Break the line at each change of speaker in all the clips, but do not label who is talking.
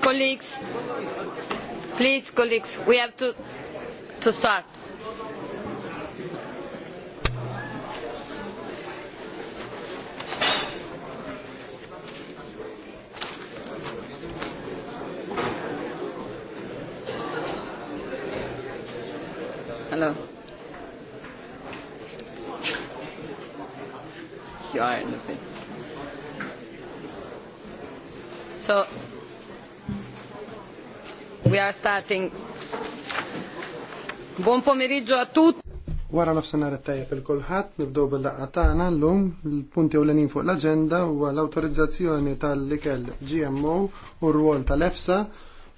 Colleagues, please, colleagues, we have to, to start. So we are starting. Buon pomeriggio a tutti.
Wara nofsenar it-tajjeb il-kulħadd nibdow bil-laqgħa tagħna llum il-punti ewlenin fuq l-aġenda huwa l-awtorizzazzjoni tal-ikel GMO u r-rwol tal-EFSA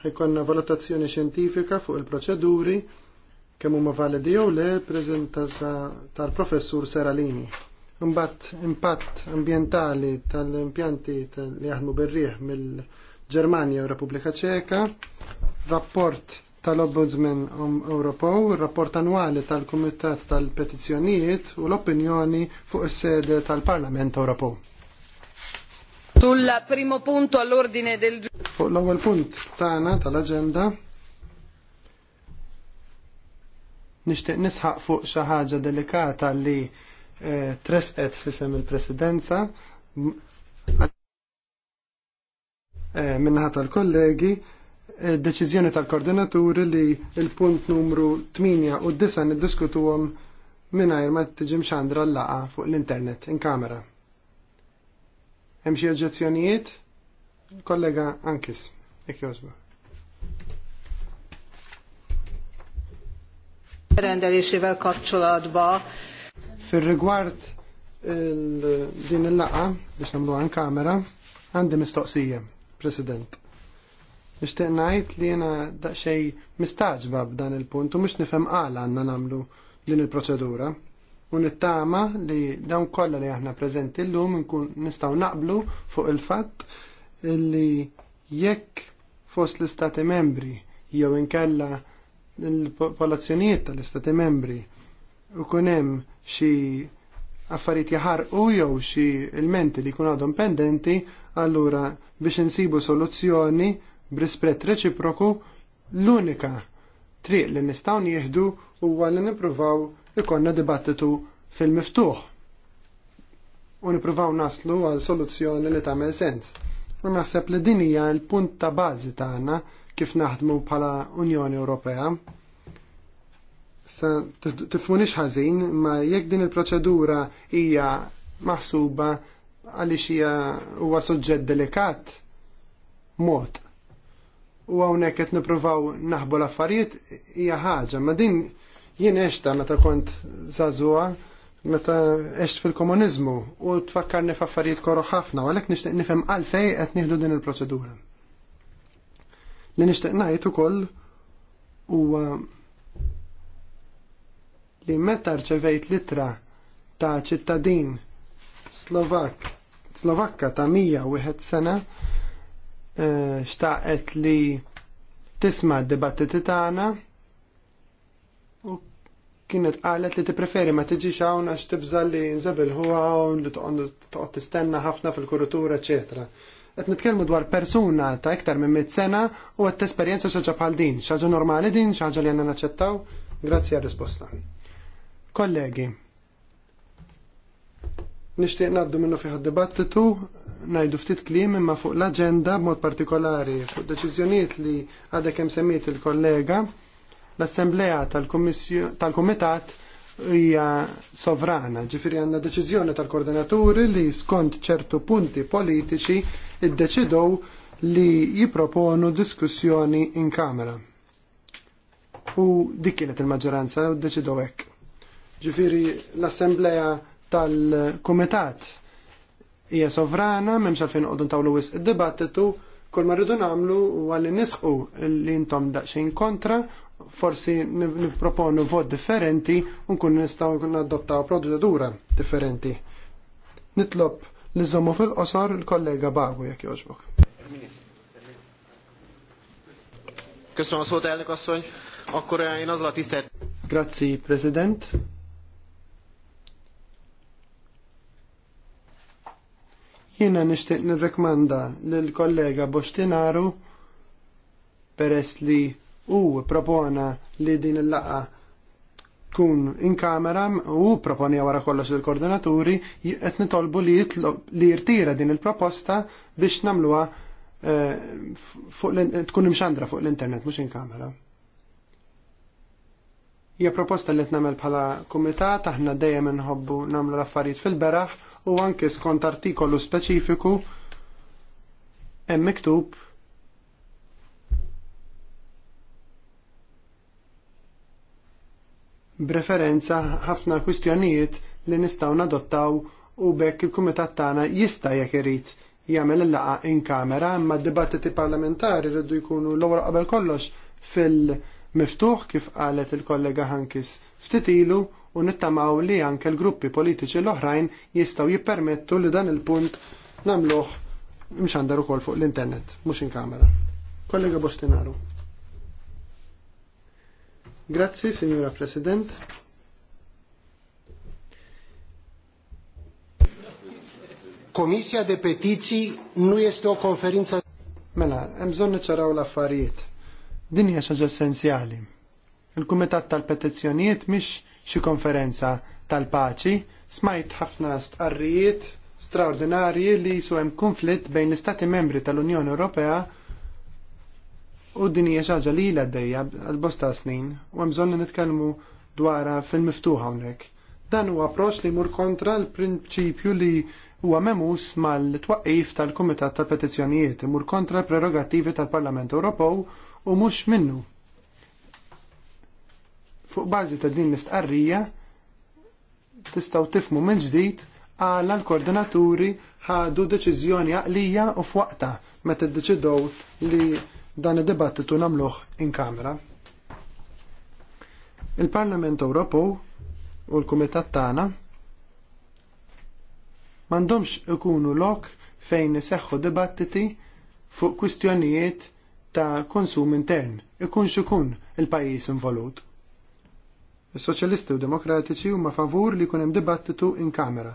ħajkonna valutazzjoni xjentifika fuq il-proċeduri kemm huma validi jew le preżentanza tal-professur Seralini imbagħad impatt ambjentali tal-impjanti li jaħdmu bir-rieħ mill-Ġermanja u Repubblika Ċeka, rapport tal-Ombudsman Ewropew, rapport annwali tal-Kumitat tal-Petizzjonijiet u l-opinjoni fuq is-sede tal-Parlament Ewropew.
Sul primo punto all'ordine del giorno.
Fuq l-ewwel punt tagħna tal-aġenda nixtieq nisħaq fuq xi ħaġa delikata li tresqet fisem il-presidenza eh, minnaħat tal-kollegi eh, deċiżjoni tal-koordinaturi li il-punt numru 8 u 9 niddiskutuhom mingħajr ma tiġim xandra l-laqa fuq l-internet in kamera. Hemm xi oġġezzjonijiet? Kollega Ankis, ek jogħġbu. rendelésével kapcsolatba Fil-rigward din il-laqa biex namlu għan kamera, għandi mistoqsija, President. Nishtiq ngħid li jena daqsxej mistaġba b'dan il-punt u mhux nifhem qala għandna nagħmlu din il-proċedura. U nittama li dawn kollha li aħna preżenti llum nkun nistgħu naqblu fuq il-fatt li jekk fost l-Istati Membri jew inkella l popolazzjonijiet tal-Istati Membri ikun hemm xi affarijiet jaħarqu jew xi ilmenti li jkun għadhom pendenti, allura biex insibu soluzzjoni b'rispett reċiproku l-unika triq li nistgħu nieħdu huwa li nippruvaw ikonna dibattitu fil-miftuħ. U nippruvaw naslu għal soluzzjoni li tagħmel sens. U naħseb li din hija l-punt ta' bażi tagħna kif naħdmu bħala Unjoni Ewropea sa tifmunix ħażin, ma jekk din il-proċedura hija maħsuba għaliex hija huwa suġġett delikat mod. U hawnhekk qed nippruvaw naħbu l-affarijiet hija ħaġa, ma din jien eċta meta kont żagħżugħa meta eċt fil-komuniżmu u tfakkarni f'affarijiet korru ħafna u għalhekk nixtieq nifhem għalfejn qed nieħdu din il-proċedura. Li nixtieq ngħid ukoll huwa li meta rċevejt litra ta' ċittadin Slovak Slovakka ta' 101 sena eh, xtaqet li tisma' d-dibattiti tagħna u kienet qalet li tippreferi ma tiġix hawn għax tibżal li nżabel huwa li toqgħod tistenna ħafna fil-kuritura eċetera. Qed nitkellmu dwar persuna ta' iktar minn mit sena u qed tesperjenza xi ħaġa bħal din, xaġa normali din, xaġa li għandna naċċettaw. Grazzi għal risposta. Kollegi, nishtiq naddu minnu fiħad dibattitu najdu ftit klim imma fuq l-agenda b'mod partikolari fuq deċiżjonijiet li għadha kemm semmiet il-kollega l-Assembleja tal-Kumitat hija sovrana, ġifieri għandna deċiżjoni tal-koordinaturi li skont ċertu punti politiċi ddeċidow li jiproponu diskussjoni in kamera. U dik kienet il-maġġoranza u ddeċidow hekk. Ġifiri l-assembleja tal-komitat hija sovrana, memx għalfejn qogħdu tawlu wisq id-dibattitu, kol ma rridu nagħmlu huwa li li intom daqsxejn kontra, forsi nipproponu vot differenti unkun nistaw nistgħu nadottaw procedura differenti. Nitlob li żommu fil-qosor il-kollega Bagu jekk jogħġbok. Köszönöm a szót, elnök asszony. Akkor eh, én azzal a tisztelt... President. Jiena nixtieq nirrekmanda lill kollega Boċtinaru peress li u propona li din il laqgħa tkun in kamera u proponi wara kollox il-koordinaturi qed nitolbu li jitlob li jirtira din il-proposta biex nagħmluha eh, tkun imxandra fuq l-internet mhux in kamera. Hija proposta li tnamel bħala kumitat aħna dejjem inħobbu nagħmlu l-affarijiet fil-beraħ u anke skont artikolu speċifiku hemm miktub b'referenza ħafna kwistjonijiet li nistgħu nadottaw u bekk il-kumitat tagħna jista' jekk irid jagħmel il-laqa in kamera imma d-dibattiti parlamentari rridu jkunu l-ewwel qabel kollox fil-miftuħ kif qalet il-kollega Hankis ftit ilu u nittamaw li anke l-gruppi politiċi l-oħrajn jistaw jippermettu li dan il-punt namluħ mxandar ukoll fuq l-internet, mhux in kamera. Kollega Bostinaru. Grazzi, Signora President. Komisja de petizi nu jeste o konferenza. Mela, hemm bżonn niċċaraw l-affarijiet. Din hija xaġa essenzjali. Il-Kumitat tal-Petizzjonijiet mhix xi konferenza tal-paċi, smajt ħafna stqarrijiet straordinarji li jisu hemm konflitt bejn l-Istati membri tal-Unjoni Ewropea u din hija xi ħaġa li ilha għaddejja għal-bosta snin u hemm bżonn li nitkellmu dwarha fil-miftuħ hawnhekk. Dan huwa approċċ li jmur kontra l-prinċipju li huwa memus mal-twaqqif tal-Kumitat tal-Petizzjonijiet imur kontra l-prerogattivi tal-Parlament Ewropew u mhux minnu. Fuq bażi ta' din l-istqarrija tistgħu tifmu minn ġdid għala l-koordinaturi ħadu deċiżjoni għaqlija u f'waqta meta ddeċidew li dan id-dibattitu nagħmluh in kamera. Il-Parlament Ewropew u l-Kumitat tagħna m'għandhomx ikunu lok fejn iseħħu dibattiti fuq kwistjonijiet ta' konsum intern, Ikunx ikun il pajjiż involut. Is-Soċjalisti u Demokratiċi huma favur li jkun hemm dibattitu in kamera.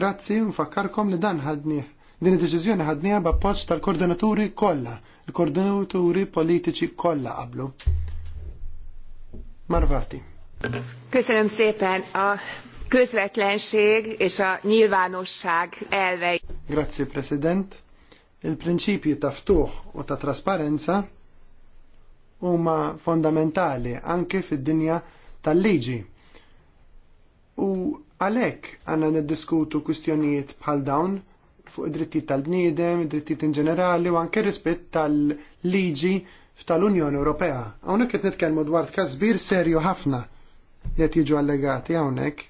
Grazzi nfakkarkom li dan ħadnieh din id-deċiżjoni ħadniha b'appoġġ tal-koordinaturi kollha, il-koordinaturi politiċi kollha qablu. Marvati. Köszönöm szépen a közvetlenség és a nyilvánosság elvei. Grazie, President. Il-prinċipji ta' ftuħ u ta' trasparenza huma fondamentali anke fid-dinja tal-liġi. U għalhekk għandna niddiskutu kwistjonijiet bħal dawn fuq id-drittijiet tal-bniedem, id-drittijiet in ġenerali u anke rispett tal-liġi tal-Unjoni Ewropea. Hawnhekk qed nitkellmu dwar kazbir serju ħafna li qed jiġu allegati hawnhekk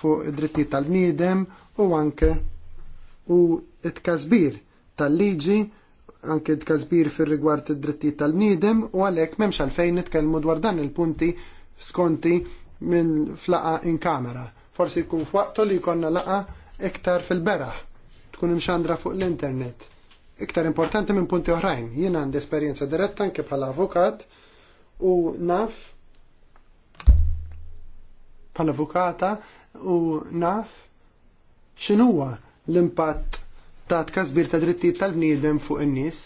fuq id-drittijiet tal-bniedem u anke u it-kazbir tal-liġi anke t-kazbir fir rigward id-drittijiet tal-bniedem u għalhekk m'hemmx għalfejn nitkellmu dwar dan il-punti skonti minn flaqa in kamera. Forsi jkun f'waqtu li jkollna laqa iktar fil-beraħ, tkun imxandra fuq l-internet. Iktar importanti minn punti oħrajn. Jien għandi esperjenza diretta anke bħala avukat u naf bħala avukata u naf x'inhuwa l-impatt ta' tkasbir ta' drittijiet tal-bniedem fuq in-nies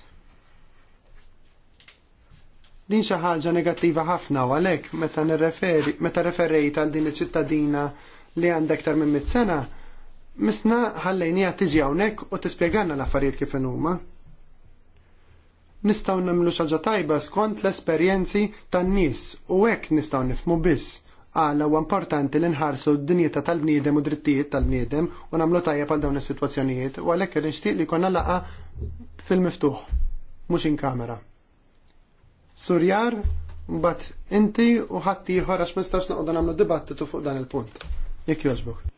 Din xi ħaġa negattiva ħafna u għalhekk meta nirreferi meta referejt għal din iċ-ċittadina li għandha aktar minn mit sena, misna ħallejnija tiġi hawnhekk u tispjegana l-affarijiet kif huma. Nistgħu nagħmlu xi ħaġa tajba skont l-esperjenzi tan-nies u hekk nistgħu nifhmu biss għala u importanti li nħarsu d-dinjeta tal-bniedem u drittijiet tal-bniedem u namlu tajja għal dawn is-sitwazzjonijiet u għalhekk nixtieq li konna laqa fil-miftuħ, mhux in kamera. Surjar, bat inti u ħatti ieħor għax mistax noqogħdu nagħmlu dibattitu fuq dan il-punt. Jekk jogħġbok.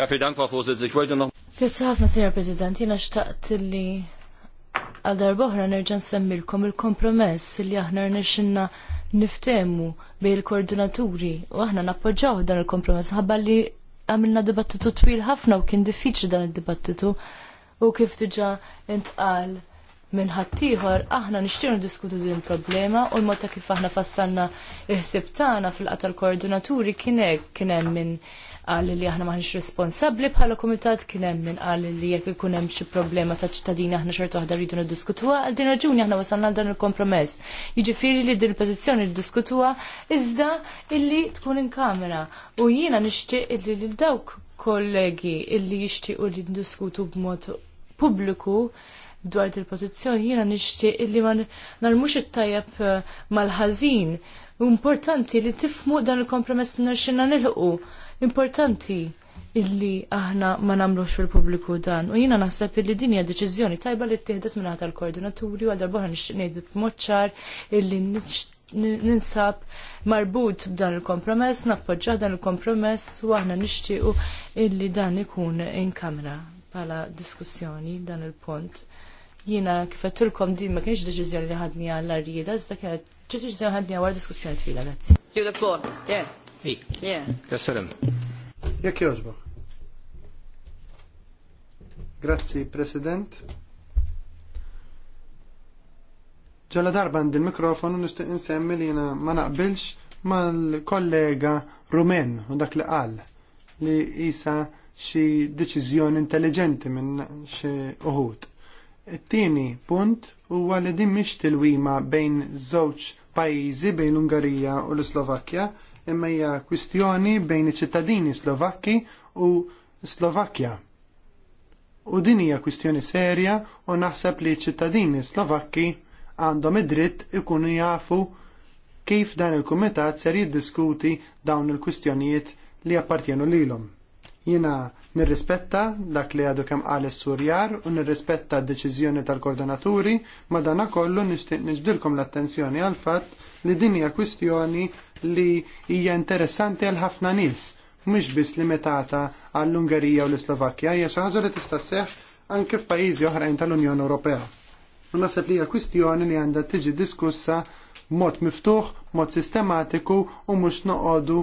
Ja, fil dank Frau Vorsitzende, ich no.
Grazie ħafna, Sir President, jena xtaqt li għal darboħra nerġan semmilkom il-kompromess li aħna rnexinna niftemu bej il-koordinaturi u aħna nappoġġaw dan il-kompromess ħabba li għamilna dibattitu twil ħafna u kien diffiċli dan il-dibattitu u kif diġa intqal minn ħaddieħor aħna nishtiru diskutu din il-problema u l-mod ta' kif aħna fassanna il ħsib tagħna fil-qatal koordinaturi kien hekk kien hemm minn qal li aħna maħniex responsabbli bħala kumitat kien hemm min qal li jekk ikun hemm xi problema ta' ċittadini aħna xorta waħda rridu niddiskutuha għal din raġuni aħna wasalna dan il-kompromess. Jiġifieri li din il pożizzjoni niddiskutuha iżda illi tkun inkamera u jiena nixtieq illi lil dawk kollegi illi jixtiequ li ndiskutu b'mod pubbliku dwar il-pozizjoni jiena nixtieq illi ma narmux it-tajjeb eh, mal-ħażin. Importanti li tifmu dan il-kompromess li nirxinna nilħu. Importanti illi aħna ma namlux fil-pubbliku dan. U jina naħseb illi din hija deċiżjoni tajba li ttieħdet minn ħadd l-koordinaturi u għal boħra nixtieq ngħid b'moċċar illi ninsab marbut b'dan il-kompromess, nappoġġa dan il-kompromess u aħna nixtiequ illi dan ikun inkamra pala bħala diskussjoni dan il-pont. Jiena kifettilkom din ma kienx deċiżjoni li ħadni għall rjida iżda kienet deċiżjoni ħadni għal diskussjoni twila, grazzi.
You the floor. Yeah. Yeah. Jassalim. Jekk Grazzi, President. Ġalla darba għandi l-mikrofonu nishtiq insemmi li jena ma naqbilx mal-kollega Rumen u dak li qal li jisa xi deċiżjoni intelligenti minn xi uħud. It-tieni punt huwa li din mhix tilwima bejn żewġ pajjiżi bejn l-Ungarija u l-Slovakkja, imma hija kwistjoni bejn iċ-ċittadini Slovakki u Slovakkja. U din hija kwistjoni serja u naħseb li ċittadini Slovakki għandhom id-dritt ikunu jafu kif dan il-kumitat ser jiddiskuti dawn il-kwistjonijiet li appartjenu lilhom. Jiena nirrispetta dak li għadu kemm qal surjar u nirrispetta d-deċiżjoni tal-koordinaturi, ma dana kollu nixtieq niġdilkom l-attenzjoni għal fatt li din hija kwistjoni li hija interessanti għal ħafna nies, mux biss limitata għall-Ungerija u l-Slovakkja, hija xi ħaġa li tista' sseħħ anke f'pajjiżi oħrajn tal-Unjoni Ewropea. U naħseb li hija kwistjoni li għandha tiġi diskussa b'mod miftuħ, mod sistematiku u mhux noqogħdu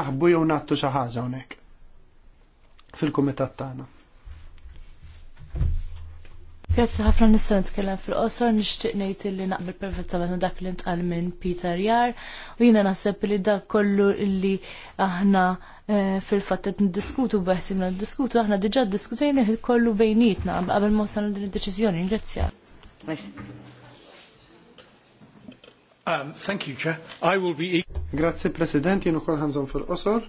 naħbu jew nattu xi ħaġa hawnhekk fil-kumitat tagħna.
Grazzi ħafna nista' nitkellem fil-qosor nixtieq ngħid li naqbel perfettament ma' dak li ntqal minn Peter Jar u jiena naħseb li dak kollu li aħna eh, fil-fatt qed niddiskutu beħsibna niddiskutu aħna diġà ddiskutejna kollu bejnietna qabel ma wasalna din id-deċiżjoni. Ringrazzja.
Um, thank you, Chair. I will be... E- Grazie, President, jenu kol fil osor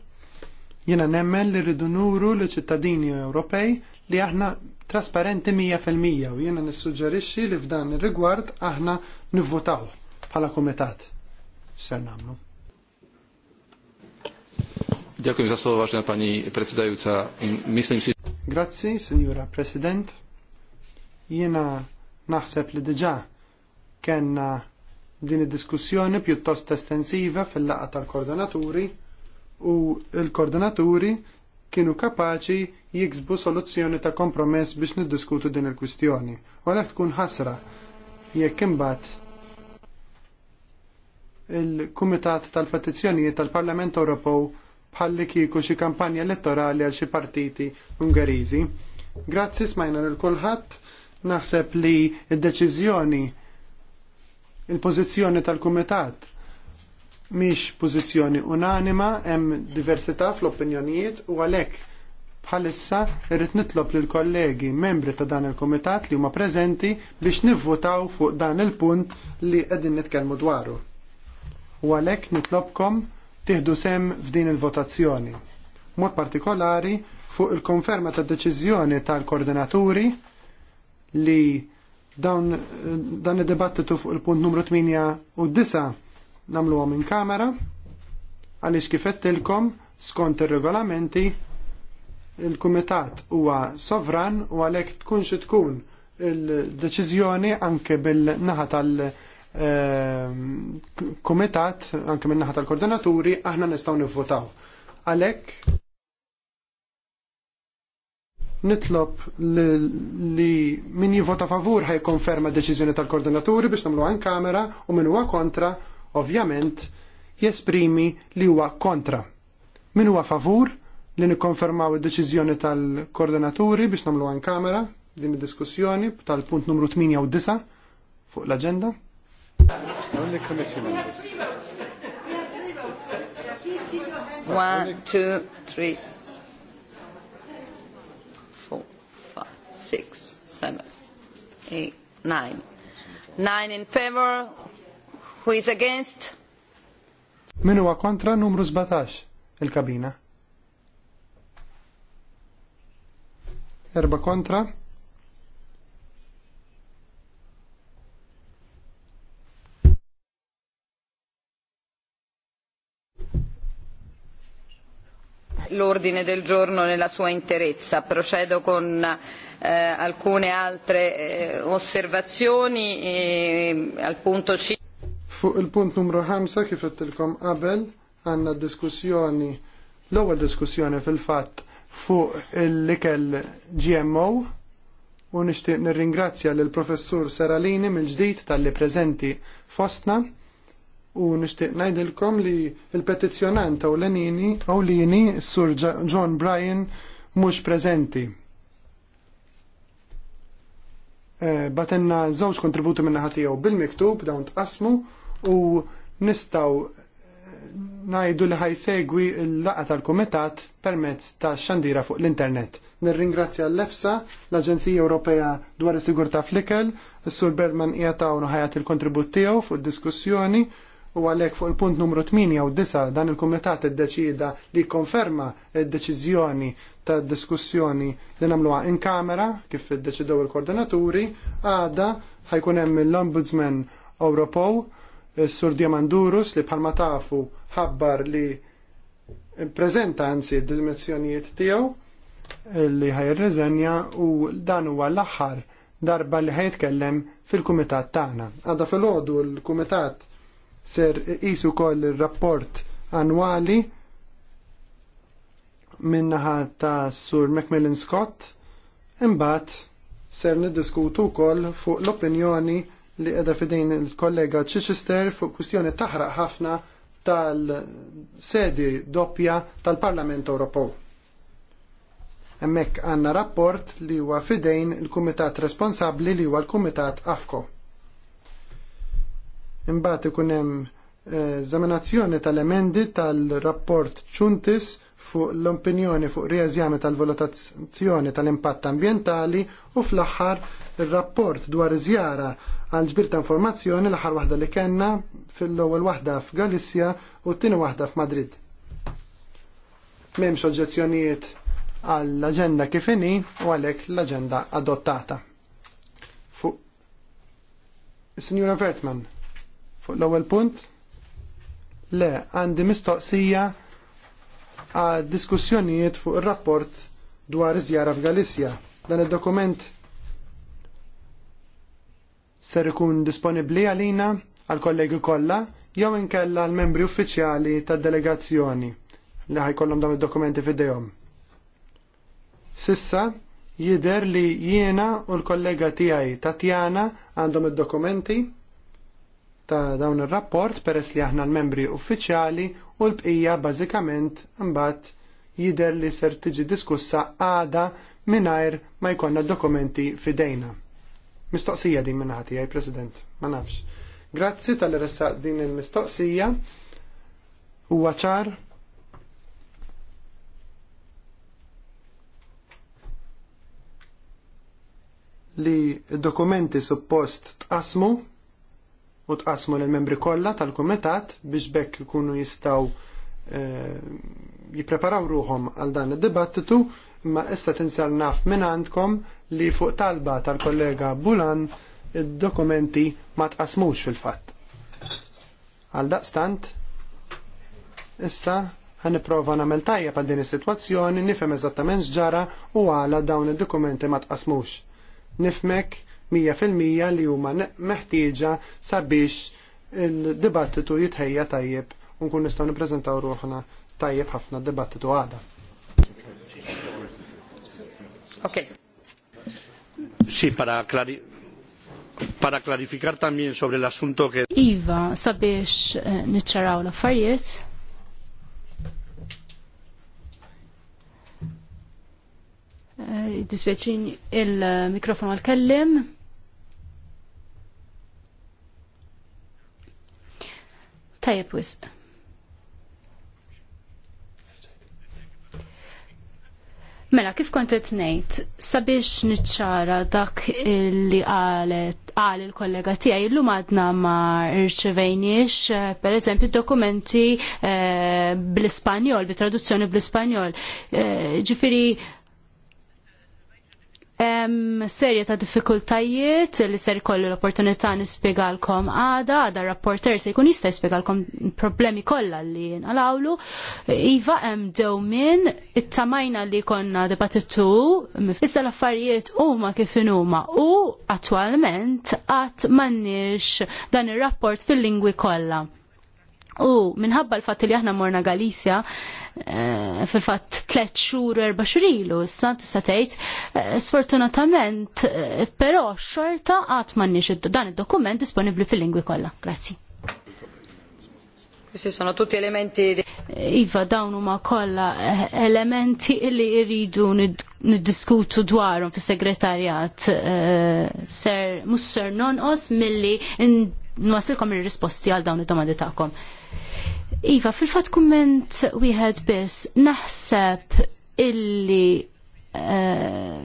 Jiena nemmen li rridu nuru li ċittadini Ewropej li aħna trasparenti 100% u jiena nissuġġerixxi li f'dan ir-rigward aħna nivvotaw bħala kumitat. Ser nagħmlu. Dziękuję za słowo, ważna pani prezydentka. Myślę, że... Grazzi, signora president. Jiena naħseb li diġà kellna din id-diskussjoni pjuttost estensiva fil laqgħa tal-koordinaturi u l-koordinaturi kienu kapaċi jiksbu soluzzjoni ta' kompromess biex niddiskutu din il-kwistjoni. U għalek tkun ħasra jekk imbagħad il-Kumitat tal-Petizzjonijiet tal-Parlament Ewropew bħalli kieku xi kampanja elettorali għal xi partiti Ungarizi. Grazzi smajna lil kulħadd naħseb li d deċiżjoni il-pożizzjoni tal-Kumitat miex pożizzjoni unanima, hemm diversità fl-opinjonijiet u għalhekk bħalissa irrid nitlob lil kollegi membri ta' dan il-kumitat li huma preżenti biex nivvutaw fuq dan il-punt li qegħdin nitkellmu dwaru. U għalhekk nitlobkom tieħdu sem f'din il-votazzjoni. Mod partikolari fuq il-konferma ta' deċiżjoni tal-koordinaturi li dawn eh, dan id-dibattitu fuq il-punt numru 8 u 9 namlu għom in kamera għalix kifettilkom skont il-regolamenti il-kumitat huwa sovran u għalek tkun xi tkun il-deċiżjoni anke bil-naħa tal- ehm, kumitat anke minn naħa tal-koordinaturi aħna nistgħu nivvotaw. Għalhekk nitlob li min jivota favur ħaj konferma deċiżjoni tal-koordinaturi biex namlu għan kamera u min huwa kontra ovvjament jesprimi li huwa kontra. Min huwa favur li nikkonfermaw id-deċiżjoni tal-koordinaturi biex nagħmlu għan kamera din id-diskussjoni tal-punt numru 8 u 9 fuq l aġenda One,
two, three, four, five, six, seven, eight, nine. Nine in favor, Who is against?
Min huwa kontra numru 17 il-kabina. Erba kontra.
l'ordine del giorno nella sua interezza. Procedo con eh, alcune altre eh, osservazioni eh,
al punto 5. Fuq il-punt numru 5 kif għedtilkom qabel għanna diskussjoni, l-ewwel diskussjoni fil-fatt fuq il-likel GMO u nixtieq nirringrazzja lil professur Seralini mill-ġdid tal-li preżenti fostna u nixtieq ngħidilkom li il-petizzjonant l Awlini Sur John Bryan mhux preżenti Eh, batenna żewġ kontributi minna ħatijaw bil-miktub dawn t-qasmu, u nistaw eh, najdu li ħajsegwi l-laqa tal-Kumitat permezz ta' xandira fuq l-internet. Nirringrazzja l-EFSA, l-Aġenzija Ewropea dwar is-Sigurtà fl-ikel, is-Sur Berman jgħataw ħajat il-kontribut tiegħu fuq diskussjoni u għalhekk fuq il-punt numru 8 u 9 dan il-Kumitat iddeċida li konferma d deċiżjoni ta' diskussjoni li namluha in kamera kif iddeċidew il-koordinaturi għada ħajkun hemm l-Ombudsman Ewropew Sur Diamandurus li bħalma tafu ħabbar li prezenta anzi d-dimensjonijiet tiegħu li reżenja u dan huwa l-aħħar darba li ħajtkellem fil-kumitat tagħna. Għada fil-għodu l-kumitat ser isu koll il-rapport annwali minnaħa ta' Sur Macmillan Scott, imbagħad ser niddiskutu wkoll fuq l-opinjoni li qiegħda fidejn il-kollega Chichester fuq kwistjoni taħraq ħafna tal-sedi doppja tal-Parlament Ewropew. Hemmhekk għandna rapport li huwa fidejn il-kumitat responsabbli li huwa l-kumitat AFCO. Imbagħad ikun hemm eh, eżaminazzjoni tal-emendi tal-rapport Ċuntis fuq l-opinjoni fuq reżjami tal-valutazzjoni tal-impatt ambientali u fl-aħħar ir-rapport dwar żjara għal ġbir ta' informazzjoni l-aħħar waħda li kellna fil-ewwel waħda f'Galissja u t-tieni waħda f'Madrid. M'hemmx oġġezzjonijiet għall-aġenda kif inhi u għalhekk l-aġenda adottata. Fuq Signora Vertman, fuq l-ewwel punt, le għandi mistoqsija għad diskussjonijiet fuq ir-rapport dwar iżjara f'Galizja. Dan id-dokument ser ikun disponibbli għalina għal kollegi kollha jew inkella għal membri uffiċjali tad-delegazzjoni li ħajkollhom dawn id-dokumenti f'idejhom. Sissa jider li jiena u l-kollega tiegħi Tatjana għandhom id-dokumenti ta' dawn ir-rapport peress li aħna l-membri uffiċjali u l-bqija bażikament imbagħad jidher li ser tiġi diskussa għada mingħajr ma jkollna dokumenti fidejna. Mistoqsija din minn ħati għaj, President, ma nafx. Grazzi tal-ressaq din il-mistoqsija. Huwa ċar li dokumenti suppost tqasmu u tqasmu l-membri kollha tal-kumitat biex bekk ikunu jistaw eh, jippreparaw ruhom għal dan id-dibattitu imma issa tinsar naf minn għandkom li fuq talba tal-kollega Bulan id-dokumenti ma tqasmux fil-fatt. Għal daqstant, issa ħaniprofa nagħmel tajja għal din is-sitwazzjoni nifhem eżattament x'ġara u għala dawn id-dokumenti ma tqasmux. Nifmek 100% li huma meħtieġa sabiex il-dibattitu jitħejja tajjeb u nkun nistgħu nippreżentaw ruħna tajjeb ħafna dibattitu għada. Ok. Sì, para, clari para clarificar también sobre l-assunto que...
Iva, sabiex eh, nitxaraw l-affarijiet, eh, Dispjaċin il-mikrofon għal-kellim. Tajjeb wisq. Mela, kif kont qed ngħid, sabiex niċċara dak li qalet qal il-kollega tiegħi llum għadna ma rċevejniex eh, pereżempju dokumenti eh, bl-Ispanjol, bit-traduzzjoni bl-Ispanjol. Eh, Ġifieri Hemm serje ta' diffikultajiet li ser kollu l-opportunità nispjegalkom għada, għada rapporter se jkun jista' jispjegalkom problemi kollha li nalawlu. Iva hemm dewmin it-tamajna li konna debatitu, issa l-affarijiet huma kif huma u attwalment qatt m'għandniex dan ir-rapport fil-lingwi kollha. U minħabba l-fatt li aħna morna Galizja eh, fil-fatt tlet xhur erba' xhur ilu, issa tista' tgħid eh, sfortunatament, eh, però xorta qatt m'għandniex dan id-dokument disponibbli fil-lingwi kollha. Grazzi. Questi sono tutti elementi Iva dawn huma kollha elementi li rridu niddiskutu dwarhom fis-segretarjat e, ser mhux ser nonqos milli nwasilkom ir-risposti għal dawn id-domandi tagħkom. Iva, fil-fat kumment wieħed biss, naħseb illi uh,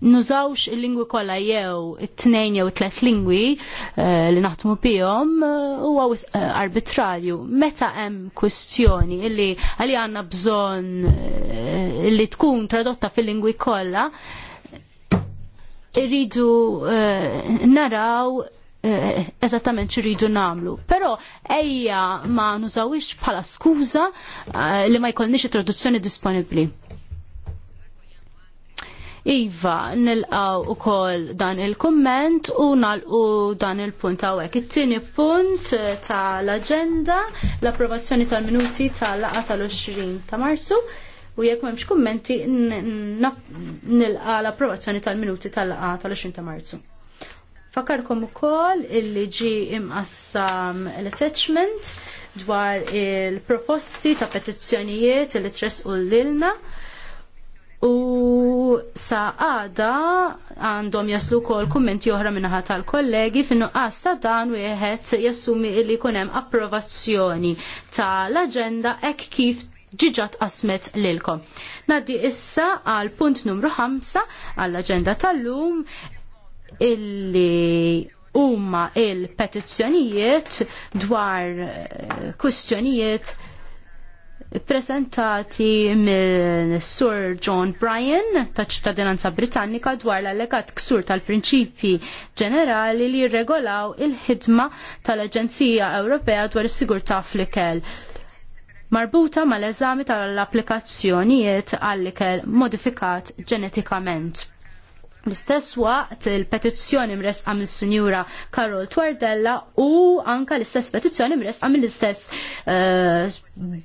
nużawx il-lingwi kollha jew it-tnejn jew it-tlet lingwi uh, li naħdmu bihom eh, huwa uh, uh, arbitrarju. Meta hemm kwistjoni illi għalli għandna bżonn li tkun tradotta fil-lingwi kollha, irridu naraw Eh, eżattament xiridu namlu. Pero ejja ma nużawix bħala skuża eh, li ma jkollniex traduzzjoni disponibbli. Iva, nilqaw u koll dan il-komment u nalqu dan il-punt għawek. It-tini punt eh, tal-agenda, l-approvazzjoni tal-minuti tal-laqa tal-20 ta' marzu u jekk memx kommenti nilqa l-approvazzjoni tal-minuti tal-laqa tal-20 ta' marzu. Fakarkom ukoll illi ġi imqassam l-attachment dwar il-proposti ta' petizzjonijiet li tresqu l-ilna u sa' għada għandhom jaslu kol kummenti oħra minnaħa tal-kollegi finnu għasta dan wieħed jassumi illi kunem approvazzjoni tal-agenda ek kif ġiġat qasmet lilkom. Naddi issa għal punt numru 5 għall-agenda tal-lum illi huma il-petizzjonijiet dwar eh, kwistjonijiet presentati mill-Sur John Bryan ta' ċittadinanza Britannika dwar l-allegat ksur tal-prinċipi ġenerali li jirregolaw il-ħidma tal-Aġenzija Ewropea dwar is-sigurtà fl-ikel marbuta mal-eżami tal-applikazzjonijiet għall-ikel modifikat ġenetikament. L-istess waqt il-petizzjoni mresqa minn sinjura Karol Twardella u anka l-istess petizzjoni mresqa minn l-istess uh,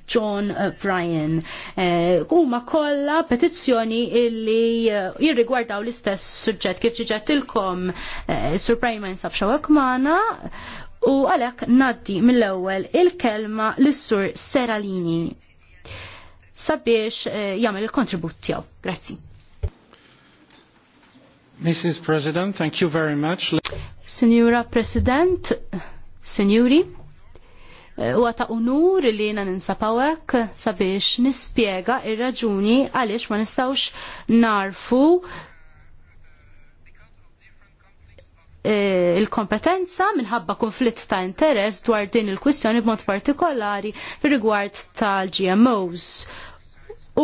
John Bryan. Eh, huma ma kollha petizzjoni illi uh, jirrigwardaw l-istess suġġett kif ġiġet ilkom uh, Sur Bryan ma u għalhekk naddi mill-ewwel il-kelma lis-Sur Seralini sabiex uh, jagħmel il-kontribut tiegħu. Grazzi.
Mrs. President, thank you very much.
Signora President, Signori, eh, huwa ta' unur li jena ninsapawek sabiex nispjega r raġuni għaliex ma nistgħux narfu eh, il-kompetenza minħabba konflitt ta' interess dwar din il-kwistjoni b'mod partikolari fir rigward tal-GMOs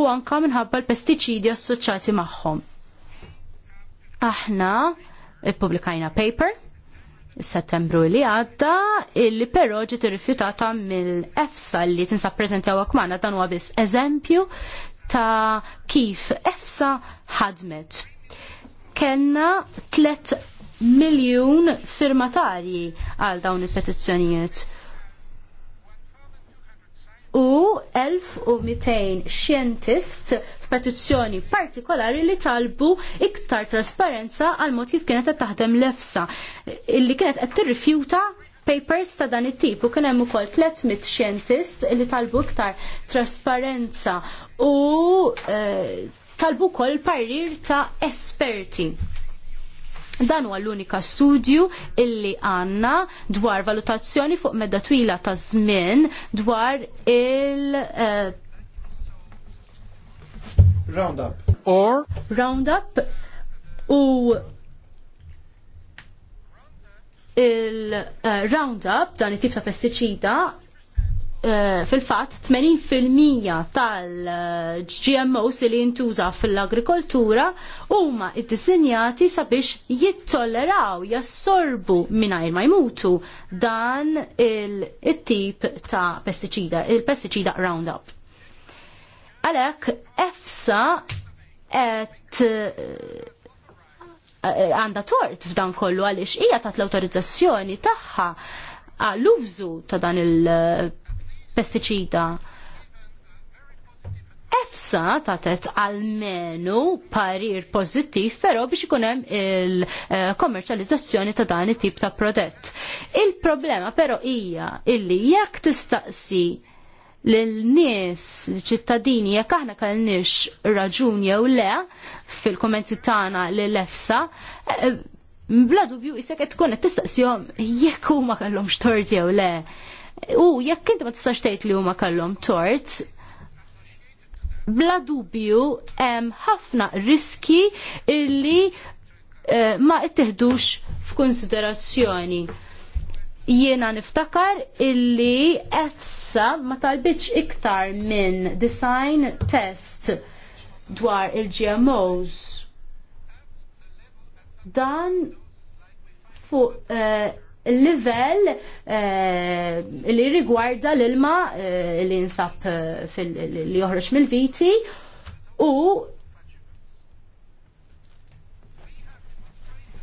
u anka minħabba l-pestiċidi assoċjati magħhom Aħna publikajna paper settembru li għadda illi però ġiet rifjutata mill-EFSA li tinsa preżentjaw għakmana dan huwa biss eżempju ta' kif EFSA ħadmet. Kenna 3 miljun firmatarji għal dawn il-petizzjonijiet u 1200 xjentist f'petizzjoni partikolari li talbu iktar trasparenza għal mod kif kienet qed taħdem l-EFSA illi kienet qed tirrifjuta papers ta' dan it-tip u kien hemm ukoll 300 xjentist li talbu iktar trasparenza u eh, talbu wkoll parir ta' esperti. Dan huwa l-unika studju illi għanna dwar valutazzjoni fuq medda twila ta' żmien dwar il- uh, eh, Roundup. Or? Roundup u il-roundup, eh, dan it-tip ta' pesticida, Eh, fil-fat 80% tal-GMOs li jintuża fil-agrikoltura huma id-disinjati sabiex jittolleraw, jassorbu mingħajr ma jmutu dan il-tip ta' pesticida, il-pesticida Roundup. Għalek, EFSA et eh, għanda tort f'dan kollu għaliex hija tat l-autorizzazzjoni tagħha għall-użu ta' dan il- pestiċida. EFSA tatet għalmenu parir pozittif pero biex ikunem il-kommerċalizzazzjoni ta' dan it-tip ta' prodett. Il-problema però hija illi jekk tistaqsi l-nies, ċittadini, jekk aħna kellniex raġun jew le fil-kommenti tagħna l-EFSA, eh, bla dubju isek qed tkun qed tistaqsihom jekk huma kellhomx tort jew le. U jekk inti ma tistax tgħid li huma kellhom tort, bla dubju hemm ħafna riski illi eh, ma ittieħdux f'konsiderazzjoni. Jiena niftakar illi EFSA ma talbitx iktar minn design test dwar il-GMOs. Dan fuq eh, il livell eh, li rigwarda l-ilma eh, li nsab eh, li joħroġ mill-viti u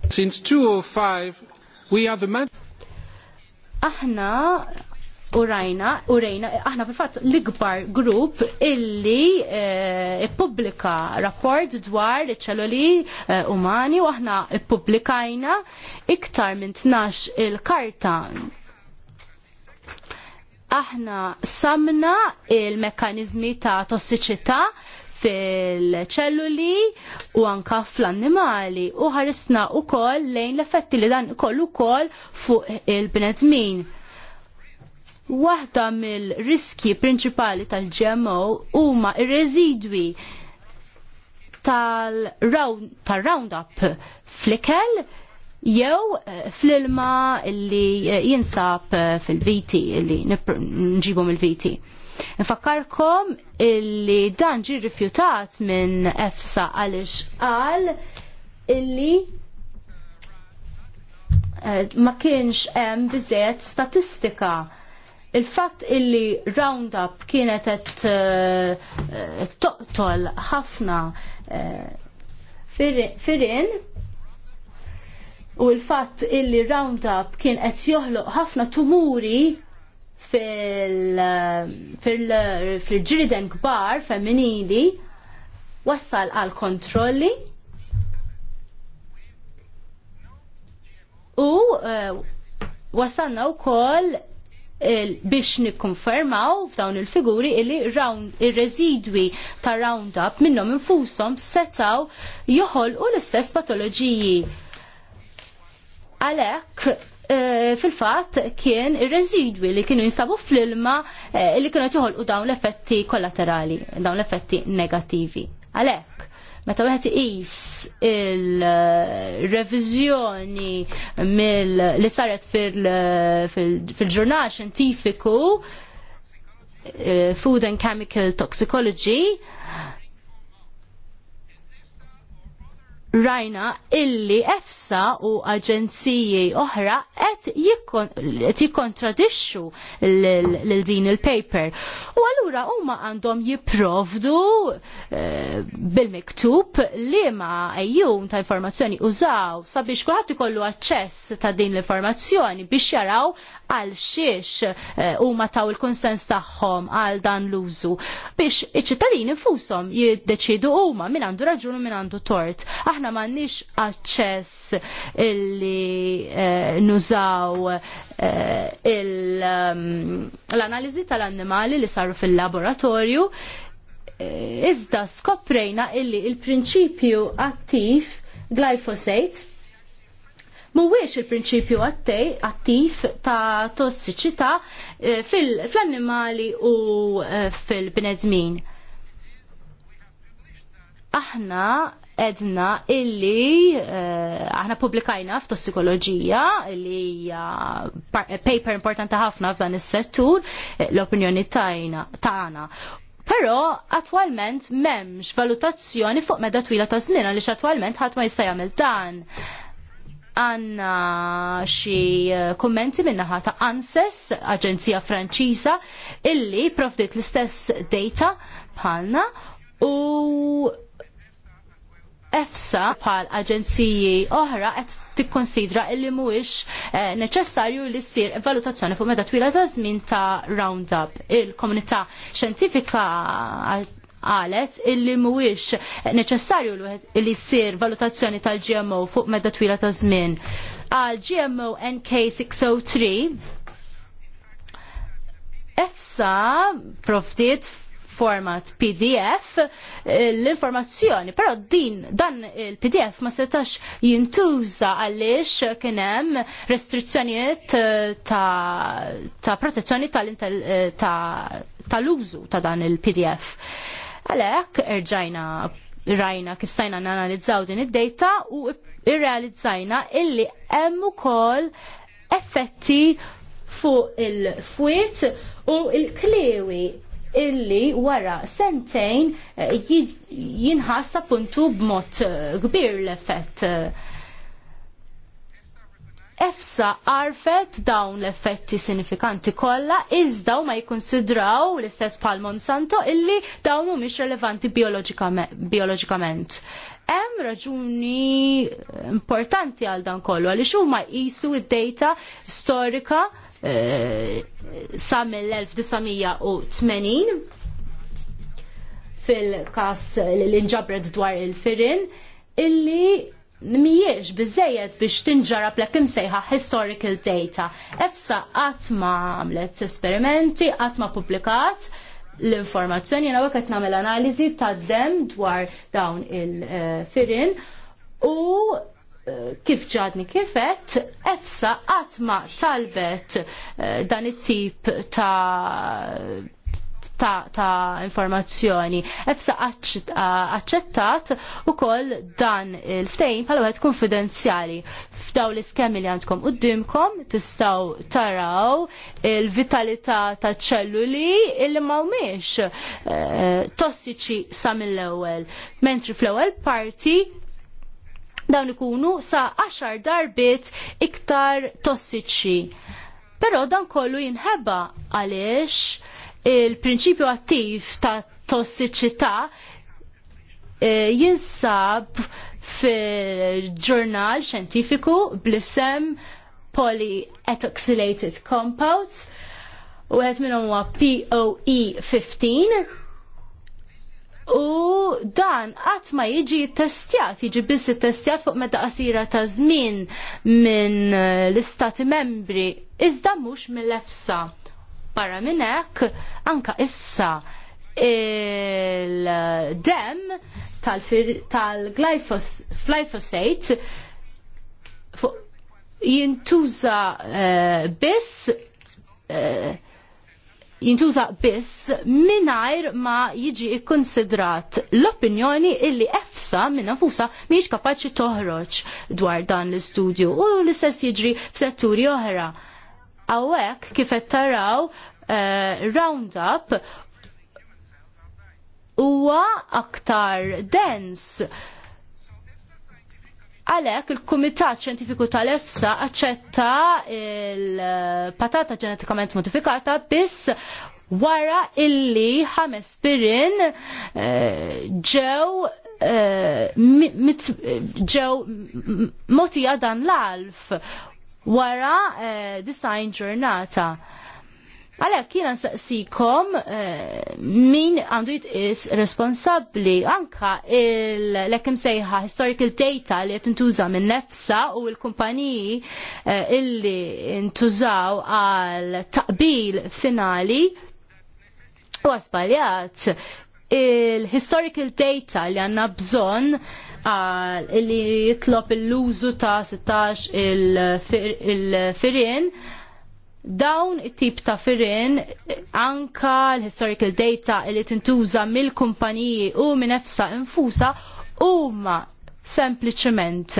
Since 205 we are the man
Aħna u rajna, u rejna, aħna fil-fatt l-ikbar grupp illi eh, ippubblika rapport dwar iċ-ċelluli eh, umani u aħna ippubblikajna iktar minn tnax il-karta aħna samna il mekanizmi ta' tossiċità fil-ċelluli u anka fl-annimali u ħarisna u koll lejn l-effetti li dan kollu koll fuq il-bnedmin. Waħda mill-riski prinċipali tal-GMO huma ir-residwi tal-Roundup tal gmo huma ir residwi tal roundup fl ikel jew eh, fl-ilma li eh, jinsab eh, fil-viti li nġibu mill-viti. Nfakkarkom illi dan ġi rifjutat minn EFSA għaliex qal illi ma kienx hemm biżejjed statistika il-fatt illi Roundup kienet qed eh, toqtol ħafna eh, firin u l-fatt illi Roundup kien qed joħloq ħafna tumuri fil-ġriden kbar femminili wassal għal kontrolli u u eh, wkoll biex nikkonfermaw f'dawn il-figuri illi ir-residwi ta' Roundup minnhom infushom setaw joħolqu l-istess patoloġiji. Għalhekk e, fil-fatt kien ir-residwi li kienu jinstabu fl-ilma e, li kienu joħolqu dawn l-effetti kollaterali, dawn l-effetti negattivi. Għalhekk meta wieħed iqis il-reviżjoni mill li saret fil-ġurnal xjentifiku eh, Food and Chemical Toxicology rajna illi EFSA u aġenziji oħra qed jikkontradixxu lil din il-paper. U allura huma għandhom jipprovdu eh, bil-miktub li ma ejjum ta' informazzjoni użaw sabiex kulħadd ikollu aċċess ta' din l-informazzjoni biex jaraw għal xiex eh, huma taw il-konsens tagħhom għal dan l-użu biex iċ-ċittadini fushom jiddeċidu huma min għandu raġun u min għandu tort aħna m'għandniex aċċess illi eh, nużaw eh, ehm, l-analiżi tal-annimali li saru fil-laboratorju eh, iżda skoprejna illi il-prinċipju attiv glyphosate Mhuwiex il-prinċipju attiv ta' tossiċità eh, fil-annimali u eh, fil-bnedmin. Aħna edna illi uh, aħna publikajna f'tossikoloġija illi hija paper importanti ħafna f'dan is-settur eh, l-opinjoni tagħna. Però attwalment m'hemmx valutazzjoni fuq meda twila ta' żmien għaliex attwalment ħadd ma jista' jagħmel dan għanna xi eh, kummenti minnaħa ta' ANSES, aġenzija Franċiża illi provdit l-istess data bħalna u EFSA bħal aġenziji oħra qed tikkonsidra illi mhuwiex eh, neċessarju li ssir valutazzjoni fuq meta twila ta' żmien ta' Roundup. Il-komunità xjentifika qalet illi mhuwiex neċessarju li ssir valutazzjoni tal-GMO fuq meta twila ta' żmien. Għal GMO NK603 EFSA provdiet format PDF eh, l-informazzjoni, però din dan il-PDF ma setax jintuża għaliex kien hemm restrizzjonijiet eh, ta', ta protezzjoni eh, tal-użu ta, ta, ta' dan il-PDF. Għalhekk erġajna rajna kif sajna nanalizzaw din id-data u irrealizzajna illi hemm ukoll effetti fuq il fwit u il-klewi illi wara sentejn eh, jinħass appuntu b'mod eh, kbir l-effett. EFSA arfet dawn l-effetti sinifikanti kollha iżda ma jikkonsidraw l-istess pal Monsanto illi dawn mhumiex relevanti bioloġikament hemm raġuni importanti għal dan kollu għaliex huma jqisu id-data storika Eh, sa mill-1980 fil-kas l-inġabred dwar il-firin illi mijiex bizzejed biex tinġara plek imsejħa historical data. EFSA għatma għamlet esperimenti, għatma publikat l-informazzjoni, jena għeket namel analizi ta' dem dwar dawn il-firin eh, u kif ġadni kifet, EFSA għatma talbet eh, dan it-tip ta' ta', ta informazzjoni. EFSA aċċettat u koll dan il-ftejn pal għed konfidenzjali. F'daw l-iskemi li għandkom u dimkom tistaw taraw il-vitalità ta' ċelluli illi mawmiex eh, tossiċi sa' mill ewwel Mentri fl ewwel parti dawn ikunu sa 10 darbit iktar tossiċi. Però dan kollu jinħeba għaliex il-prinċipju attiv ta' tossiċità eh, jinsab fil-ġurnal xjentifiku bl-isem compounds u għet minnum huwa POE 15 u dan qatt ma jiġi testjat, jiġi biss testjat fuq meta qasira ta' żmien minn eh, l-istati membri, iżda mhux mill-efsa. Barra minn hekk anka issa il-dem tal-glyphosate tal jintuża uh, biss uh, jintuża biss mingħajr ma jiġi ikkonsidrat l-opinjoni illi efsa minn fusa mhijiex kapaċi toħroġ dwar dan l-istudju u l-istess jiġri f'setturi oħra. Awek kif qed taraw uh, roundup huwa aktar dens Għalhekk il-Kumitat Ċentifiku tal-EFSA aċċetta il-patata ġenetikament modifikata biss wara illi ħames pirin eh, ġew eh, ġew motija dan l-alf wara eh, design ġurnata. Għalhekk jiena nsaqsikom eh, min għandu jitqis responsabbli anka l-ekkim sejħa historical data li qed intuża minn nefsa u l-kumpaniji eh, illi ntużaw għal taqbil finali u għasbaljat il-historical data li għanna bżon li jitlob l-użu ta' 16 il-firin il dawn it-tip ta' firin anka l-historical data li tintuża mill-kumpaniji u minn nefsa infusa huma sempliċement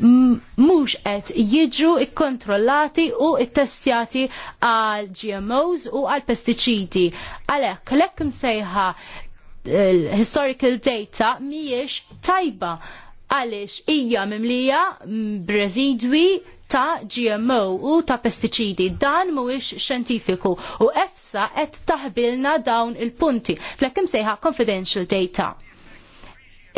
mhux qed jiġu ikkontrollati u ttestjati għal GMOs u għal pestiċidi. Għalhekk l-hekk msejħa eh, historical data mhijiex tajba għaliex hija mimlija b'residwi ta' GMO u ta' pestiċidi. Dan mhuwiex xjentifiku u EFSA qed taħbilna dawn il-punti fl-hekk imsejħa confidential data.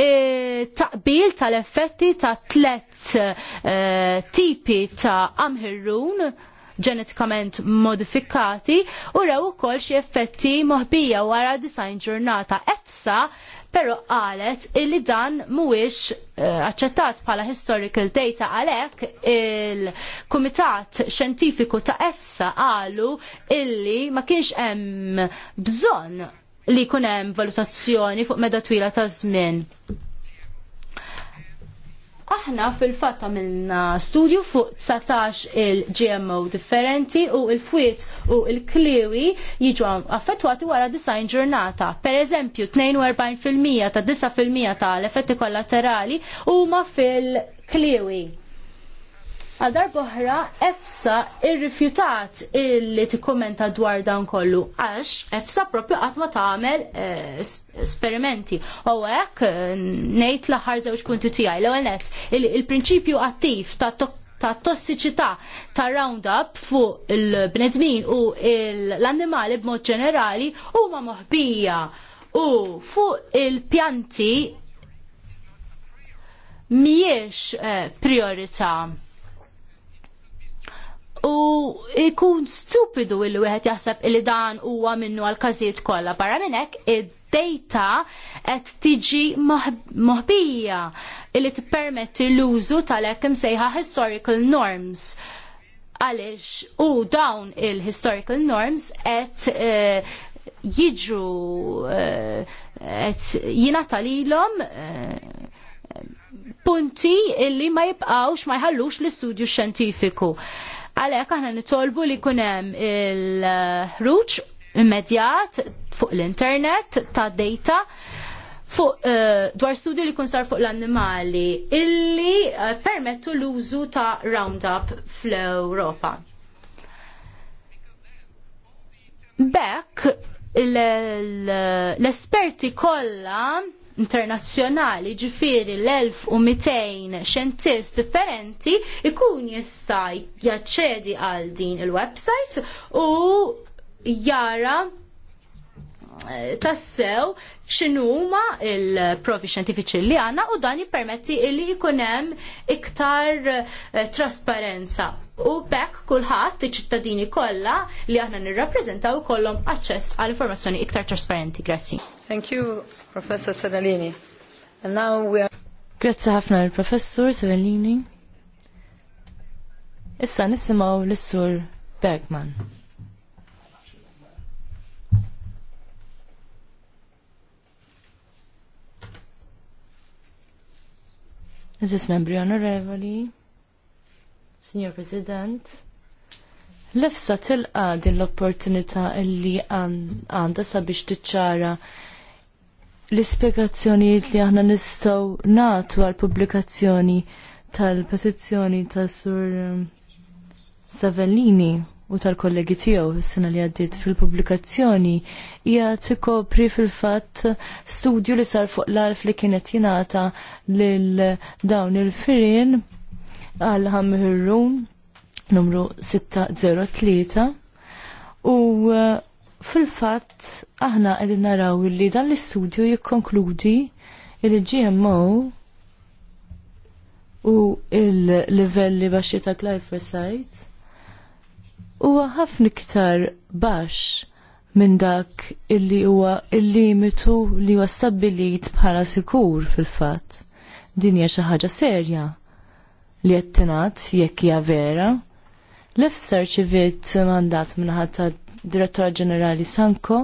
E, taqbil tal-effetti ta' tlet e, tipi ta' amherrun ġenetikament modifikati u rew ukoll xi effetti moħbija wara design ġurnata EFSA pero qalet illi dan mhuwiex eh, aċċettat bħala historical data għalhekk il-Kumitat Xjentifiku ta' EFSA qalu illi ma kienx hemm bżonn li jkun hemm valutazzjoni fuq meda twila ta' żmien. Aħna fil fatta minna studju fuq 19 il-GMO differenti u il-fwiet u il-kliwi jiġu affettwati wara design ġurnata. Per eżempju, 42% ta' 9% ta' l-effetti kollaterali huma fil-kliwi. Għal darboħra EFSA irrifjutat illi t-kommenta dwar dan kollu għax EFSA propju qatt ma tagħmel eh, esperimenti. U hekk eh, ngħid l-aħħar żewġ punti tiegħi l-ewwel il-prinċipju attiv ta' ta' tossiċità ta' Roundup fuq il-bnedmin u l-annimali b'mod ġenerali huma moħbija u fuq il-pjanti mhijiex eh, priorità u ikun stupidu illi wieħed jaħseb illi dan huwa minnu għal każijiet kollha barra minn hekk id-data qed tiġi moħbija illi tippermetti l-użu tal-hekk imsejħa historical norms għaliex u dawn il-historical norms qed eh, jiġu eh, qed jingħata lilhom eh, punti illi ma jibqawx ma jħallux l-istudju xjentifiku. Għalhekk aħna nitolbu li jkun hemm il-ħruġ immedjat fuq l-internet ta' data fuq uh, dwar studju li kun sar fuq l-annimali illi uh, permettu l-użu ta' Roundup fl-Europa. Bekk l-esperti kollha internazzjonali ġifiri l-1200 xentist differenti ikun jista' jaċċedi għal din il-website u jara eh, tassew huma il-profi xjentifiċi li għanna u dan jippermetti li hemm iktar eh, trasparenza u bekk kulħadd iċ-ċittadini kollha li aħna nirrappreżentaw kollhom aċċess għal informazzjoni iktar trasparenti. Grazzi. Thank you, Professor Sedalini. And now we are...
Grazzi ħafna l-Professur Sedalini. Issa nisimgħu lis-Sur Bergman. Eżis membri onorevoli, Signor President, l-efsa tilqa din l-opportunità illi għanda sabiex tiċċara l ispiegazzjoni li aħna nistgħu natu għal pubblikazzjoni tal-petizzjoni ta' sur um, Savellini u tal-kollegi tiegħu is-sena li għaddiet fil-pubblikazzjoni hija tikopri fil-fatt studju li sar fuq l-alf li kienet jingħata lil dawn il-firien għal ħamħirrum numru 603 u uh, fil-fatt aħna qegħdin naraw li dan l-istudju jikkonkludi il-GMO u il-livelli baxxi ta' glyphosate huwa ħafna iktar baxx minn dak illi huwa il-limitu li huwa stabbilit bħala sikur fil-fatt. Din hija xi ħaġa serja li jettinat jekk hija vera. L-ifsar ċivit mandat minnaħat ta' Direttor Ġenerali Sanko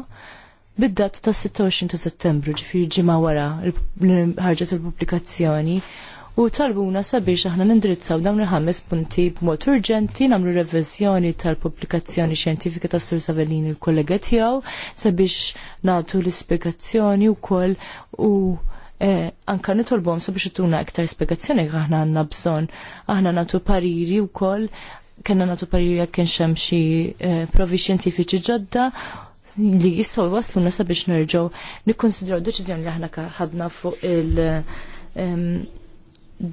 bid-dat ta' 26 ta' settembru ġifiri ġimma wara ħarġet il-publikazzjoni u talbuna sabiex aħna nindirizzaw dawn il-ħames punti b'mod urġenti nagħmlu revizjoni tal-pubblikazzjoni xjentifika ta' Sur Savellini l-kollega tiegħu sabiex nagħtu l-ispjegazzjoni wkoll u, u eh, anka nitolbom sabiex ituna iktar spiegazzjoni aħna għandna bżonn. Aħna nagħtu pariri wkoll, kena natu pariri jekk kienx hemm xi eh, provi xjentifiċi ġodda li jissaw nasa sabiex nerġgħu nikkonsidraw deċiżjoni li aħna ħadna fuq il-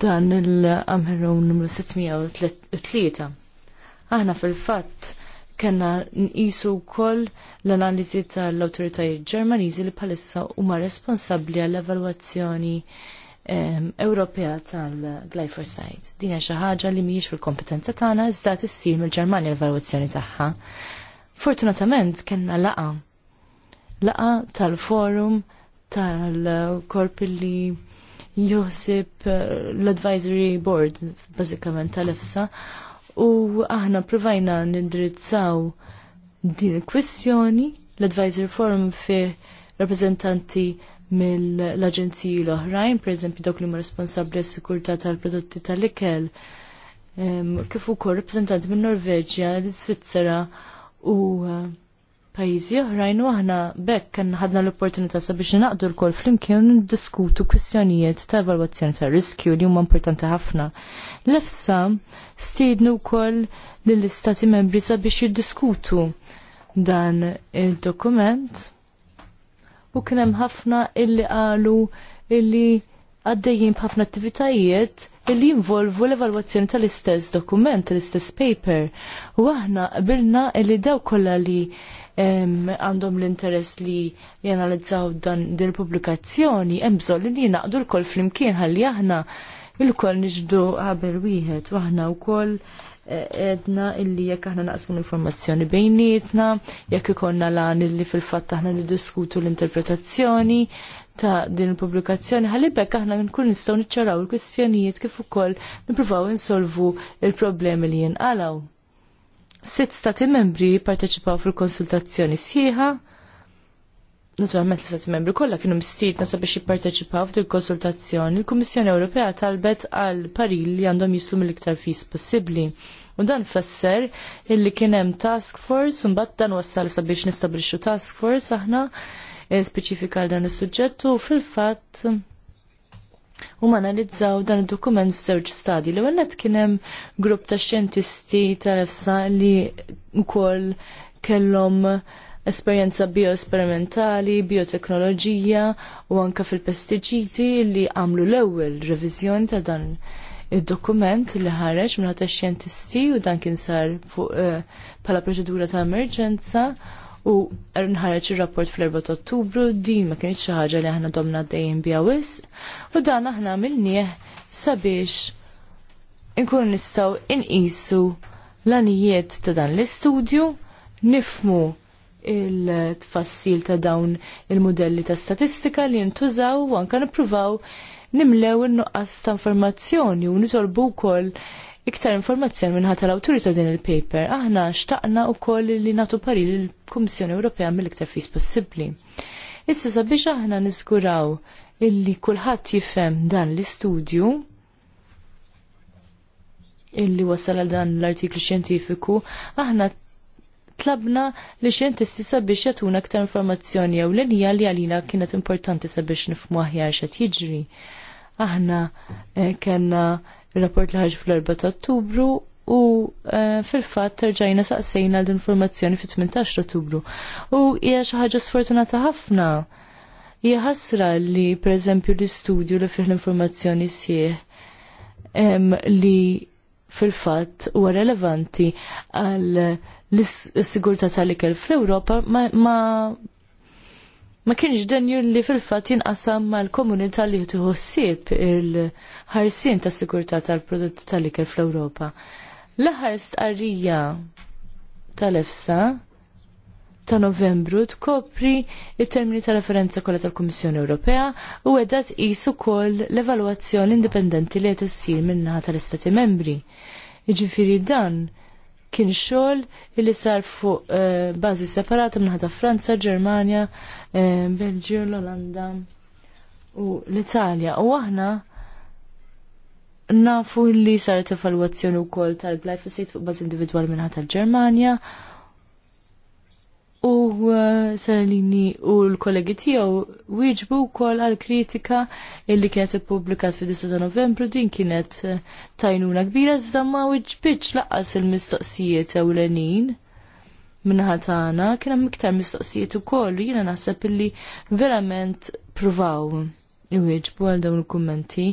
dan il-Amherum numru 603. Aħna fil-fatt kena nqisu wkoll l-analiżi tal-awtoritajiet Ġermaniżi li bħalissa huma responsabbli għall-evalwazzjoni ehm, Ewropea tal-glyphosate. Din hija xi ħaġa li mhijiex fil-kompetenza tagħna iżda tissir mill-Ġermanja l-evalwazzjoni tagħha. Fortunatament kellna laqa laqa tal-forum tal-korp li joħsib eh, l-advisory board bażikament tal-EFSA u aħna provajna nindrizzaw din il-kwistjoni l advisor forum fi rappresentanti mill-aġenziji l-oħrajn, per eżempju dawk li ma responsabbli għas-sikurtà tal-prodotti tal-ikel, kif ukoll rappresentanti minn Norveġja, l-Iżvizzera u pajjiżi oħrajn u aħna bekk kan ħadna l-opportunità sabiex naqdu l-kol flimkien diskutu kwistjonijiet ta' evalwazzjoni ta' riskju li huma importanti ħafna. L-EFSA stiednu wkoll lill-istati membri sabiex jiddiskutu dan il-dokument u kien hemm ħafna illi qalu illi għaddejjin b'ħafna attivitajiet illi jinvolvu l-evalwazzjoni tal-istess dokument, tal-istess paper. U aħna qbilna illi daw kollha li għandhom l-interess li janalizzaw dan din pubblikazzjoni hemm bżonn li jingħaqdu lkoll flimkien ħalli aħna il-koll niġdu ħaber wieħed u aħna wkoll eh, edna illi jekk aħna naqsmu l-informazzjoni bejnietna, jekk ikonna lan illi fil-fatt aħna niddiskutu l-interpretazzjoni ta' din il-pubblikazzjoni ħalibek aħna nkun nistgħu niċċaraw il-kwistjonijiet kif ukoll nippruvaw insolvu il-problemi li jinqalgħu sitt stati membri parteċipaw fil-konsultazzjoni sħiħa. Naturalment l stati membri kollha kienu nasa sabiex jipparteċipaw fil konsultazzjoni Il-Kummissjoni Ewropea talbet għal paril li għandhom jislu mill-iktar fis possibbli. U dan fesser illi kien hemm task force u mbagħad dan wassal sabiex nistabrixxu task force aħna eh, speċifika għal dan is-suġġett u fil-fatt ma analizzaw dan id-dokument f'żewġ stadji. L-ewwel qed kien hemm grupp ta' xjentisti tal-efsa li wkoll kellhom esperjenza bioesperimentali, bioteknoloġija u anka fil pestiġiti li għamlu l-ewwel reviżjoni ta' dan il-dokument li ħareġ minn tax xjentisti u dan kien sar fuq uh, proċedura ta' emerġenza u er nħarġ ir-rapport fl-4 ta' Ottubru din ma kienx xi ħaġa li aħna domna dejjem biha wisq u dan aħna minnieh sabiex inkunu nistgħu inqisu l-anijiet ta' dan l-istudju nifmu il-tfassil ta' dawn il-modelli ta' statistika li jintużaw u anka nippruvaw nimlew in-nuqqas ta' informazzjoni u nitolbu wkoll iktar informazzjoni minnħat tal autorita din il-paper, aħna xtaqna u koll li natu pari l-Kummissjoni Ewropea mill-iktar fis possibbli. Issa sabiex aħna niskuraw illi kulħadd jifhem dan l-istudju illi wasal dan l-artiklu xjentifiku, aħna tlabna li xjentisti sabiex jatuna aktar informazzjoni jew l-inja li għalina kienet importanti sabiex nifmu aħjar xa jiġri. Aħna eh, kena il-rapport li ħarġ fl-4 ta' ottubru u eh, fil-fatt terġajna saqsejna l-informazzjoni fit-18 ottubru. U hija xi ħaġa sfortunata ħafna. Hija ħasra li pereżempju l-istudju li fih l-informazzjoni sieħ li fil-fatt huwa relevanti għal l-sigurta tal-ikel fl-Europa ma ma kienx denju li fil-fat jinqasam mal komunità li jtuħu ssib il-ħarsin tas sigurtà tal-prodotti tal-ikel fl-Ewropa. L-aħħar stqarrija tal-EFSA ta' novembru tkopri il-termini ta' referenza kollha tal-Kummissjoni Ewropea u għedat tqis ukoll l-evalwazzjoni indipendenti li qed issir minnaħa tal-Istati Membri. Iġifiri dan kien xogħol li sar fuq uh, bażi separata minħata Franza, Ġermanja, uh, Belġju, l-Olanda u l-Italja. U aħna nafu li saret evalwazzjoni wkoll tal-glyphosate fuq bażi individwali minħata l-Ġermanja U uh, Salini u l-kollegi tiegħu wieġbu wkoll għal kritika illi kienet ippubblikat fid 10 ta' Novembru din kienet uh, tajnuna kbira iżda ma wieġbitx laqas il-mistoqsijiet ewlenin minnaħa tagħna kien hemm iktar mistoqsijiet ukoll jiena naħseb illi verament pruvaw iwieġbu għal dawn il-kummenti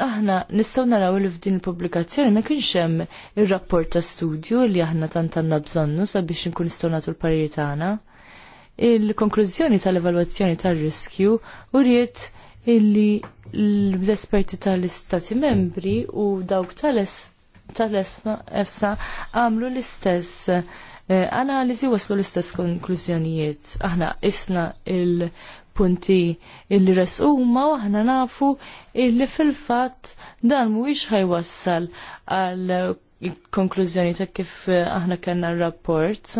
aħna nistgħu naraw li f'din il-pubblikazzjoni ma kienx hemm ir-rapport ta' studju li aħna tant għandna bżonnu sabiex inkun nistgħu nagħtu l-parir tagħna. Il-konklużjoni tal-evalwazzjoni tar-riskju uriet illi l-esperti tal-istati membri u dawk tal-esma għamlu l-istess eh, analiżi waslu l-istess konklużjonijiet. Aħna isna il- punti illi resquma u nafu illi fil-fatt dan mhuwiex ħajwassal għal konklużjoni ta' kif aħna kellna r-rapport.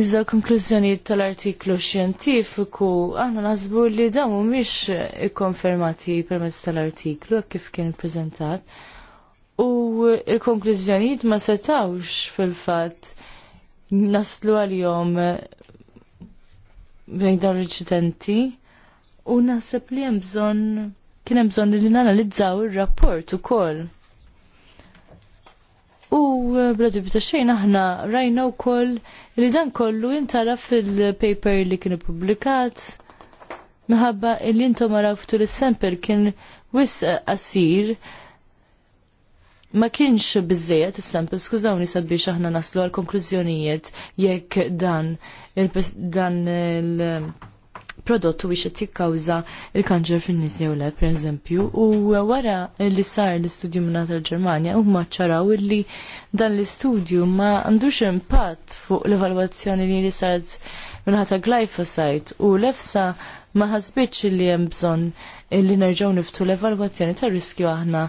Iżda l-konklużjoni tal-artiklu xjentifiku aħna naħsbu li dawn mhumiex ikkonfermati permezz tal-artiklu kif kien ippreżentat. U l-konklużjonijiet ma setawx fil-fatt naslu għal-jom bejn dawn l-inċidenti u naħseb li hemm bżonn kien hemm bżonn li nanalizzaw ir-rapport ukoll. U eh, bla dubju ta' xejn aħna rajna wkoll li dan kollu jintara fil-paper li kien ippubblikat minħabba li intom għaraw ftur is-sempel kien wis qasir ma kienx bizzejet is-sample skużawni sabiex aħna naslu għal konklużjonijiet jekk dan dan il prodott u qed jikkawża il-kanċer fin-nies jew le pereżempju u wara li sar l-istudju minn tal-Ġermanja huma ċaraw li dan l-istudju ma għandux impatt fuq l-evalwazzjoni li minn ħata glyphosite, u l-efsa ma ħasbitx li hemm bżonn illi nerġgħu niftu l-evalwazzjoni ta' riskju aħna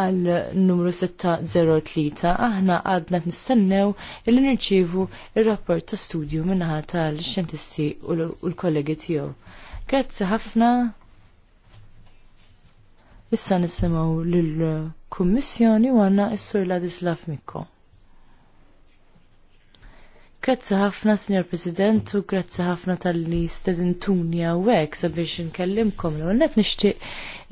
għal numru 603. Aħna għadna nistennew illi nirċievu il rapport ta' studju minnaħa tal-xjentisti u l-kollegi tiegħu. Grazzi ħafna. Issa nisimaw lill-Kummissjoni u għanna s-Sur Ladislav Mikko. Grazzi ħafna, Signor President, u grazzi ħafna tal-li stedintuni għawek sabiex nkellimkom l nishtiq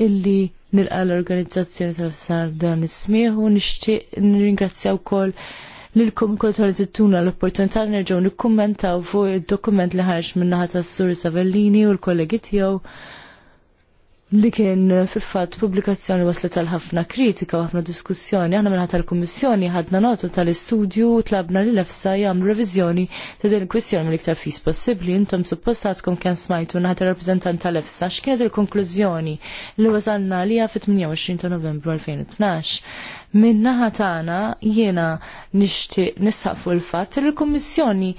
illi nilqa l-organizzazzjoni tal-sar dan ismiħ u nishtiq nirringrazzjaw kol l kol tal l-opportunità nerġaw nikkommentaw fuq il-dokument li ħarġ minnaħat tas-Sur Savellini u l-kollegi tiegħu li kien fil-fat publikazzjoni waslet għal ħafna kritika u ħafna diskussjoni. Aħna minnħat tal-Kummissjoni ħadna notu tal-istudju u tlabna li nefsa jagħmlu reviżjoni ta' din il-kwistjoni mill-iktar fis possibbli. Intom suppostatkom kien smajtu naħat il-rappreżentant tal-EFSA x'kienet il-konklużjoni li wasalna li fit-28 ta' Novembru 2012. Min naħa tagħna jiena nixtieq nissaqfu l-fatt li l-Kummissjoni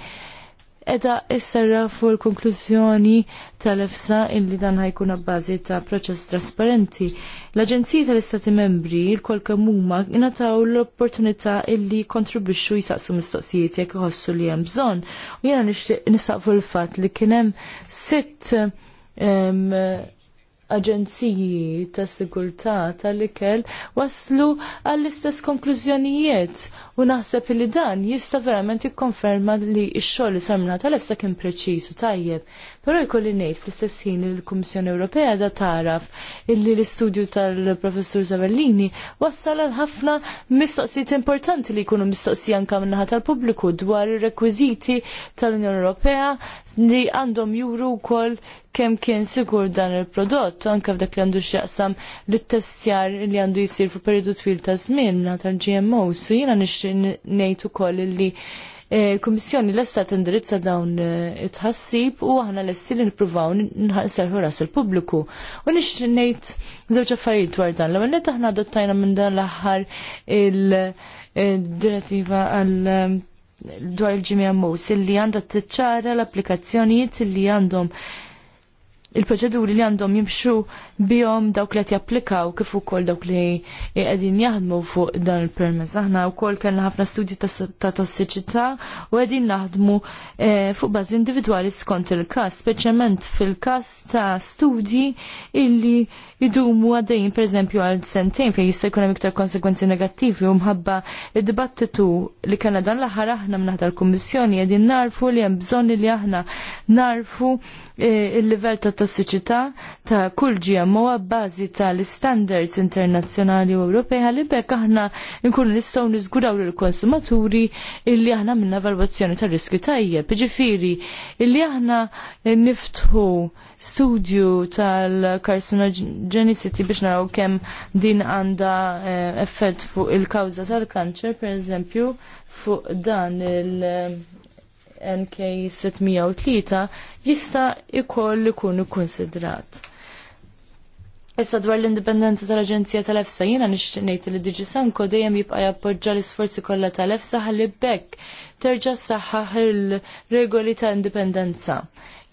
edha issarra fuq il-konklużjoni tal-EFSA illi dan ħajkun abbażi ta' proċess trasparenti. L-Aġenziji tal-Istati Membri l-kol kamuma jnataw l-opportunità illi kontribwixxu jisaqsu mistoqsijiet jekk iħossu li hemm bżonn. U jiena nixtieq nisaq l fatt li kien hemm sitt aġenziji ta' sigurtà tal-ikel waslu għall-istess konklużjonijiet u naħseb li dan jista' verament jikkonferma li x-xogħol li sarmna tal-efsa kien preċiż u tajjeb. Però jkolli ngħid fl-istess ħin li l-Kummissjoni Ewropea da taraf illi l-istudju tal-Professur Savellini wassal għal ħafna mistoqsijiet importanti li jkunu mistoqsija anke minnaħa tal-pubbliku dwar ir-rekwiżiti tal-Unjoni Ewropea li għandhom juru wkoll kemm kien sigur dan il-prodott, anke f'dak li għandu x'jaqsam li t testjar li għandu jisir fu periodu twil ta' żmien tal-GMO, so jiena nixtieq ngħid ukoll li eh, il-Kummissjoni l-esta tindirizza dawn eh, it-ħassib u aħna l-esti li nipruvaw nħarserħu ras il-pubbliku. U nix nejt zewċ affarijiet dwar dan. L-għamil net aħna adottajna minn dan l-aħħar il-direttiva eh, għal dwar il il illi għandha t-ċara l-applikazzjonijiet li għandhom il-proċeduri li għandhom jimxu bihom dawk li qed japplikaw kif ukoll dawk li qegħdin jaħdmu fuq dan il-permess. Aħna wkoll kellna ħafna studji ta' tossiċità u qegħdin naħdmu eh, fuq bażi individwali skont il-każ, speċjalment fil-każ ta' studji illi jidumu għaddejjin pereżempju għal sentejn fejn jista' jkun hemm iktar konsekwenzi negattivi u mħabba id-dibattitu li kellna dan l-aħħar aħna mnaħdar l-Kummissjoni qegħdin narfu li hemm bżonn li aħna narfu eh, il-livell ta' tossiċità ta' kull GMO bażi tal-standards internazzjonali u Ewropej għalli aħna nkunu nistgħu niżguraw lill konsumaturi illi aħna minna evalwazzjoni tar riskju tajjeb. Jiġifieri illi aħna niftħu studju tal-carcinogenicity biex naraw kemm din għandha eh, effett fuq il-kawża tal-kanċer, pereżempju, fuq dan il- NK603 jista' ikoll ikun ikkonsidrat. Issa dwar l-indipendenza tal-Aġenzija tal-EFSA jiena nixtieq ngħid li Diġi Sanko dejjem jibqa' jappoġġa l-isforzi kollha tal-EFSA ħalli bekk terġa' saħħaħ il-regoli ta' indipendenza.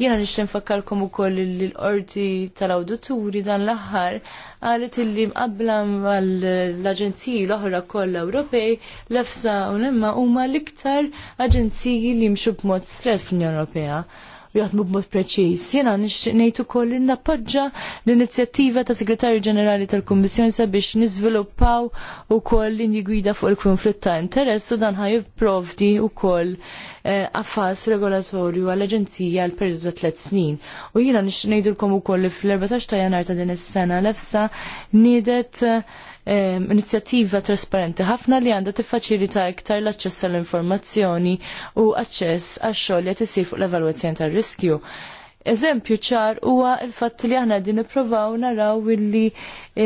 Jiena nixtieq u ukoll l-qorti tal-awdituri dan l-aħħar qalet illi mqabbla l aġenziji l-oħra kollha Ewropej l-efsa u l huma l-iktar aġenziji li jimxu b'mod stret fl Ewropea u jaħdmu b'mod preċiż. Jiena nixtieq ngħid ukoll li nappoġġa l-inizjattiva ta' Segretarju Ġenerali tal-Kummissjoni sabiex niżviluppaw ukoll linji gwida fuq il-konflitt ta' interess u dan ħaj jipprovdi wkoll eh, affas regolatorju għall-Aġenzija għal perdu ta' tliet snin. U jiena nixtieq ngħidulkom ukoll li fl-14 ta' Janar ta' din is-sena l-EFSA niedet uh, inizjattiva trasparenti ħafna li għandha tiffaċilita iktar l-aċċess għall-informazzjoni u aċċess għax-xogħol li isir fuq l-evalwazzjoni tar-riskju. Eżempju ċar huwa l-fatt li aħna din nippruvaw naraw illi E,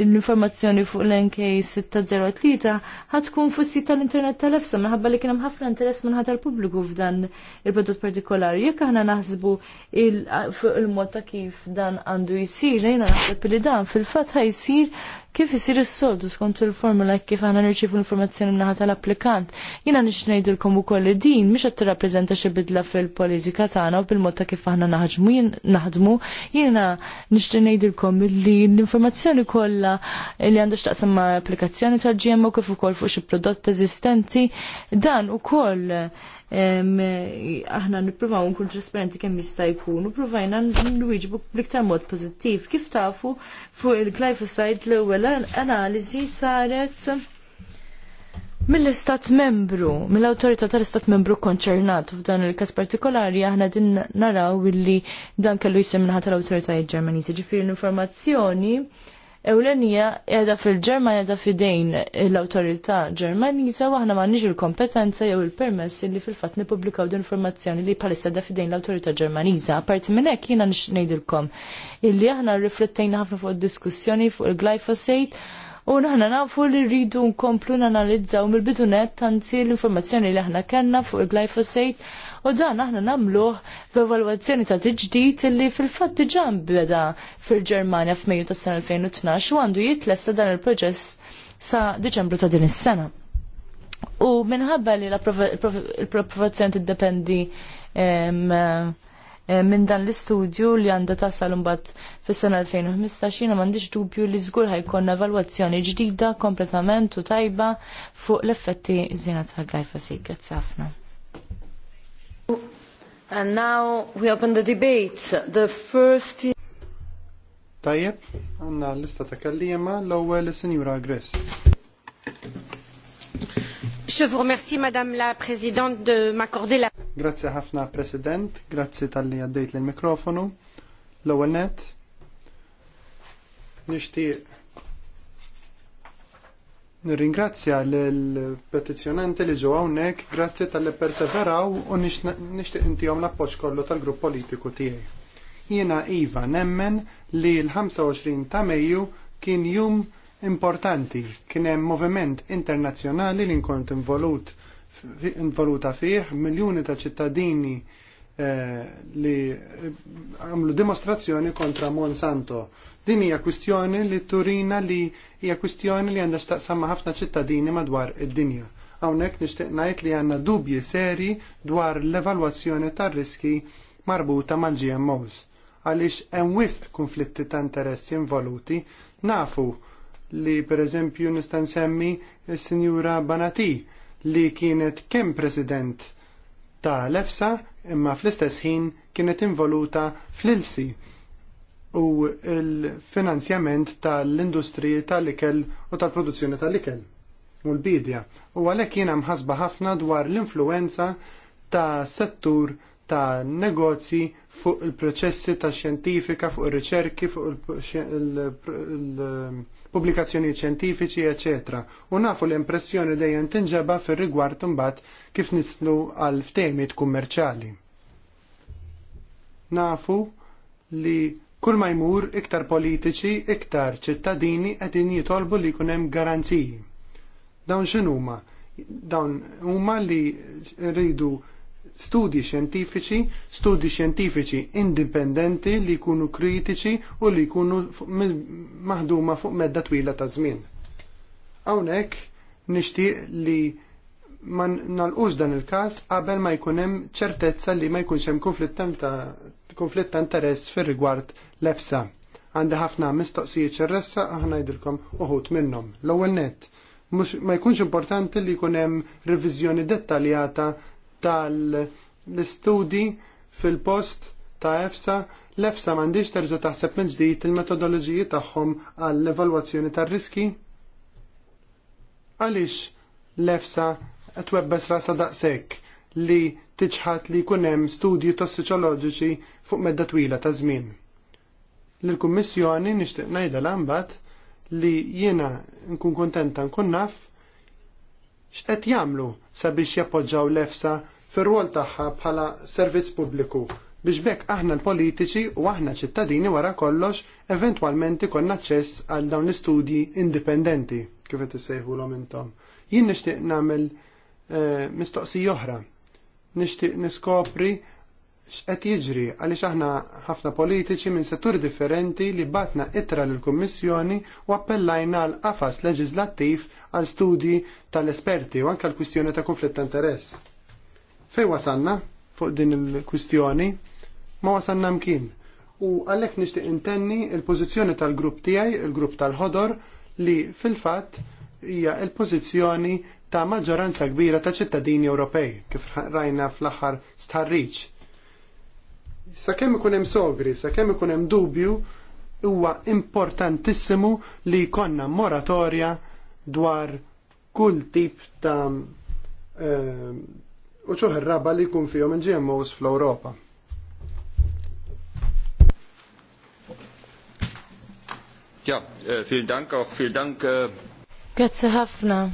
l-informazzjoni fuq l-NK603 ħatkun fuq sit tal-internet tal-efsa maħabba li kien hemm ħafna interess minn tal-pubbliku f'dan il-prodott partikolari. Jekk aħna naħsbu fuq il-mod ta' kif dan għandu jsir, jiena naħseb li dan fil-fatt jisir kif isir is-soldu skont il-formula kif aħna nirċivu l-informazzjoni minnaħa tal-applikant. Jiena nix ngħidilkom ukoll din mux qed tirrappreżenta xi bidla fil-politika tagħna u bil-mod ta' kif aħna naħdmu naħdmu. Jiena nixtieq ngħidilkom li l-informazzjoni l-informazzjoni kollha li għandu x'taqsam ma' applikazzjoni tal-GMO kif ukoll fuq xi prodott eżistenti, dan ukoll aħna nippruvaw nkun trasparenti kemm jista' jkun u pruvajna nwiġbu bliktar mod pożittiv. Kif tafu fuq il glyphosite l-ewwel analiżi saret Mill-istat membru, mill-autorità tal-istat membru konċernat f'dan il-kas partikolari, aħna din naraw illi dan kellu jisim minħat tal-autorità ġermaniżi. ġifieri l-informazzjoni ewlenija qiegħda fil ġerma qiegħda fidejn l-awtorità Ġermaniża u aħna nix il-kompetenza jew il-permess li fil-fatt nippubblikaw din informazzjoni li bħalissa qiegħda fidejn l-awtorità Ġermaniża. Apparti minn hekk jiena ngħidilkom illi aħna rriflettejna ħafna fuq id-diskussjoni fuq il-glyphosate U naħna nafu li rridu nkomplu nanalizzaw mill-bidunet tanzi l-informazzjoni li aħna kellna fuq il-glyphosate u dan aħna nagħmluh f'evalwazzjoni ta' t-ġdijt li fil-fatt diġà beda fil-Ġermanja f'Mejju tas-sena 2012 u għandu jitlessa dan il-proċess sa Diċembru ta' din is-sena. U minħabba li l-approvazzjoni t-dependi minn dan l-istudju li għanda tasal mbagħad fis-sena 2015 jiena m'għandix dubju li żgur ħajkun evalwazzjoni ġdida kompletament u tajba fuq l-effetti żiena ta' Grajfa Grazzi ħafna.
And now we open the debate. The first... Tajjeb, għanna l-lista ta' kallima l-ewwel is-Sinjura Gress.
Je vous remercie, Madame la Présidente, de m'accorder la...
Grazie ħafna, President. Grazie tal-li għaddejt l-mikrofonu. L-ewwel net. Nixtieq Nirringrazzja l-petizjonanti li ġew hawnhekk, grazzi tal-li perseveraw u nixtieq intihom l-appoġġ kollu tal-grupp politiku tiegħi. Jiena iva nemmen li l-25 ta' Mejju kien jum importanti, kien hemm moviment internazzjonali li nkont involut involuta fih, miljuni ta' ċittadini eh, li għamlu dimostrazzjoni kontra Monsanto Din hija kwistjoni li turina li hija kwistjoni li għandha x'taqsam ma' ħafna ċittadini madwar id-dinja. Hawnhekk nixtieq ngħid li għandna dubji seri dwar l-evalwazzjoni tar-riski marbuta mal-GMOs għaliex hemm wisq konflitti ta' interessi involuti nafu li pereżempju nista' nsemmi s-Sinjura Banati li kienet kemm president ta' efsa imma fl-istess ħin kienet involuta fl-ilsi u il-finanzjament tal-industriji tal-ikel u tal-produzzjoni tal-ikel u l-bidja. U għalhekk jena mħasba ħafna dwar l-influenza ta' settur ta' negozji fuq il-proċessi ta' xjentifika, fuq ir-riċerki, fuq il-pubblikazzjoni ċjentifiċi, ecc. U nafu l-impressjoni dejjem tinġeba fir-rigward mbagħad kif nislu għal ftehmiet kummerċali. Nafu li Kull ma jmur iktar politiċi, iktar ċittadini qegħdin jitolbu li jkun hemm garanziji. Dawn x'inhuma? Dawn huma li rridu studi xjentifiċi, studi xjentifiċi indipendenti li jkunu kritiċi u li jkunu maħduma fuq medda twila ta' żmien. Hawnhekk nixtieq li ma nalqux dan il-każ qabel ma jkun hemm ċertezza li ma jkunx hemm konflitt ta' konflitt ta' interess fir rigward l-EFSA. Għandi ħafna mistoqsijiet ċerressa aħna jidilkom uħut minnhom. L-ewwel net, ma jkunx importanti li jkun hemm reviżjoni dettaljata tal-istudi fil-post ta' EFSA l-EFSA mandiġ terġa taħseb minn ġdid il-metodologiji tagħhom għall evalwazzjoni tar-riski? Għaliex l-EFSA webbes rasa daqshekk li tiċħat li jkun hemm studji tossiċoloġiċi fuq medda twila ta' żmien. l kummissjoni nixtieq ngħidha mbagħad li jiena nkun kontenta nkun naf x'qed jagħmlu sabiex jappoġġaw l-EFSA fir-rwol tagħha bħala servizz pubbliku biex bekk aħna l-politiċi u aħna ċittadini wara kollox eventwalment ikonna ċess għal dawn l-istudji indipendenti kif qed issejħulhom intom. Jien nixtieq nagħmel eh, mistoqsija oħra nixtieq niskopri x'qed jiġri għaliex aħna ħafna politiċi minn setturi differenti li batna ittra lill kummissjoni u appellajna għal qafas leġislattiv għal studji tal-esperti u anke l-kwistjoni ta' konflitt ta' interess. Fej wasanna fuq din il-kwistjoni? Ma wasanna mkien. U għalhekk nixtieq intenni il-pożizzjoni tal-grupp tiegħi, il-grupp tal-ħodor, li fil-fatt hija l-pożizzjoni ta' maġġoranza kbira ta' ċittadini Ewropej, kif rajna fl-aħħar stħarriċ. kemm ikun hemm sogri, sakemm ikun hemm dubju, huwa importantissimu li jkollna moratorja dwar kull tip ta' ehm, uċuħ raba li jkun fihom il-GMOs fl-Ewropa.
Ja, eh, vielen Dank, auch vielen Dank. Eh. Grazie ħafna.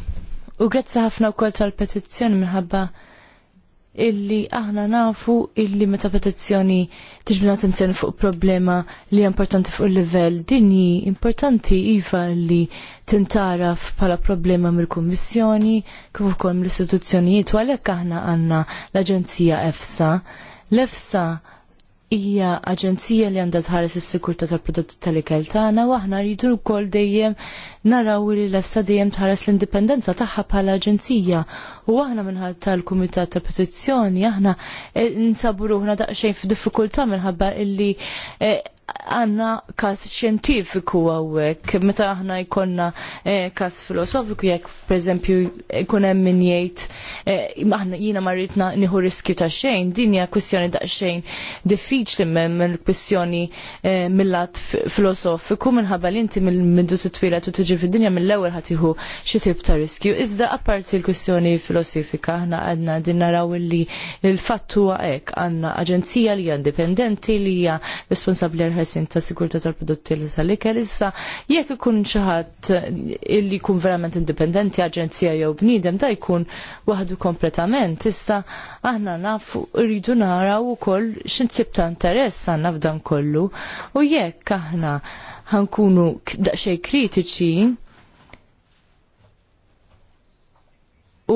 U grazzi ħafna wkoll tal-petizzjoni minħabba illi aħna nafu illi meta petizzjoni tiġbina attenzjoni fuq problema li importanti fuq il-livell dinji importanti iva li tintaraf bħala problema mill-Kummissjoni kif ukoll mill-istituzzjonijiet u għalhekk aħna għandna l-Aġenzija EFSA. L-EFSA hija aġenzija li għandha tħares is-sikurtà tal-prodotti tal-ikel tagħna u aħna rridu wkoll dejjem naraw li l-efsa dejjem tħares l-indipendenza tagħha bħala aġenzija u aħna minħabba tal-Kumitat ta' Petizzjoni aħna eh, nsaburu ħna daqsxejn f'diffikultà minħabba illi eh, għanna kas xjentifiku għawek, meta aħna jkonna eh, kas filosofiku jekk per eżempju jkun hemm min jgħid eh, aħna jiena marritna nieħu riskju ta' xejn, din hija kwistjoni ta' xejn diffiċli minn il-kwistjoni eh, mill-lat filosofiku minħabba li inti mill-mindu titwila tu tiġi fid-dinja mill-ewwel ħad tieħu xi tip ta' riskju. Iżda apparti l-kwistjoni filosofika aħna għadna din naraw li l-fatt huwa hekk għandna aġenzija li hija indipendenti li hija responsabbli ħelsin ta' sigurtà tal-prodotti li tal-ikel issa jekk ikun xi ħadd illi jkun verament indipendenti aġenzija jew bniedem da jkun waħdu kompletament issa aħna nafu rridu nara u koll x'intib ta' interess għanna f'dan kollu u jekk aħna ħankunu xej kritiċi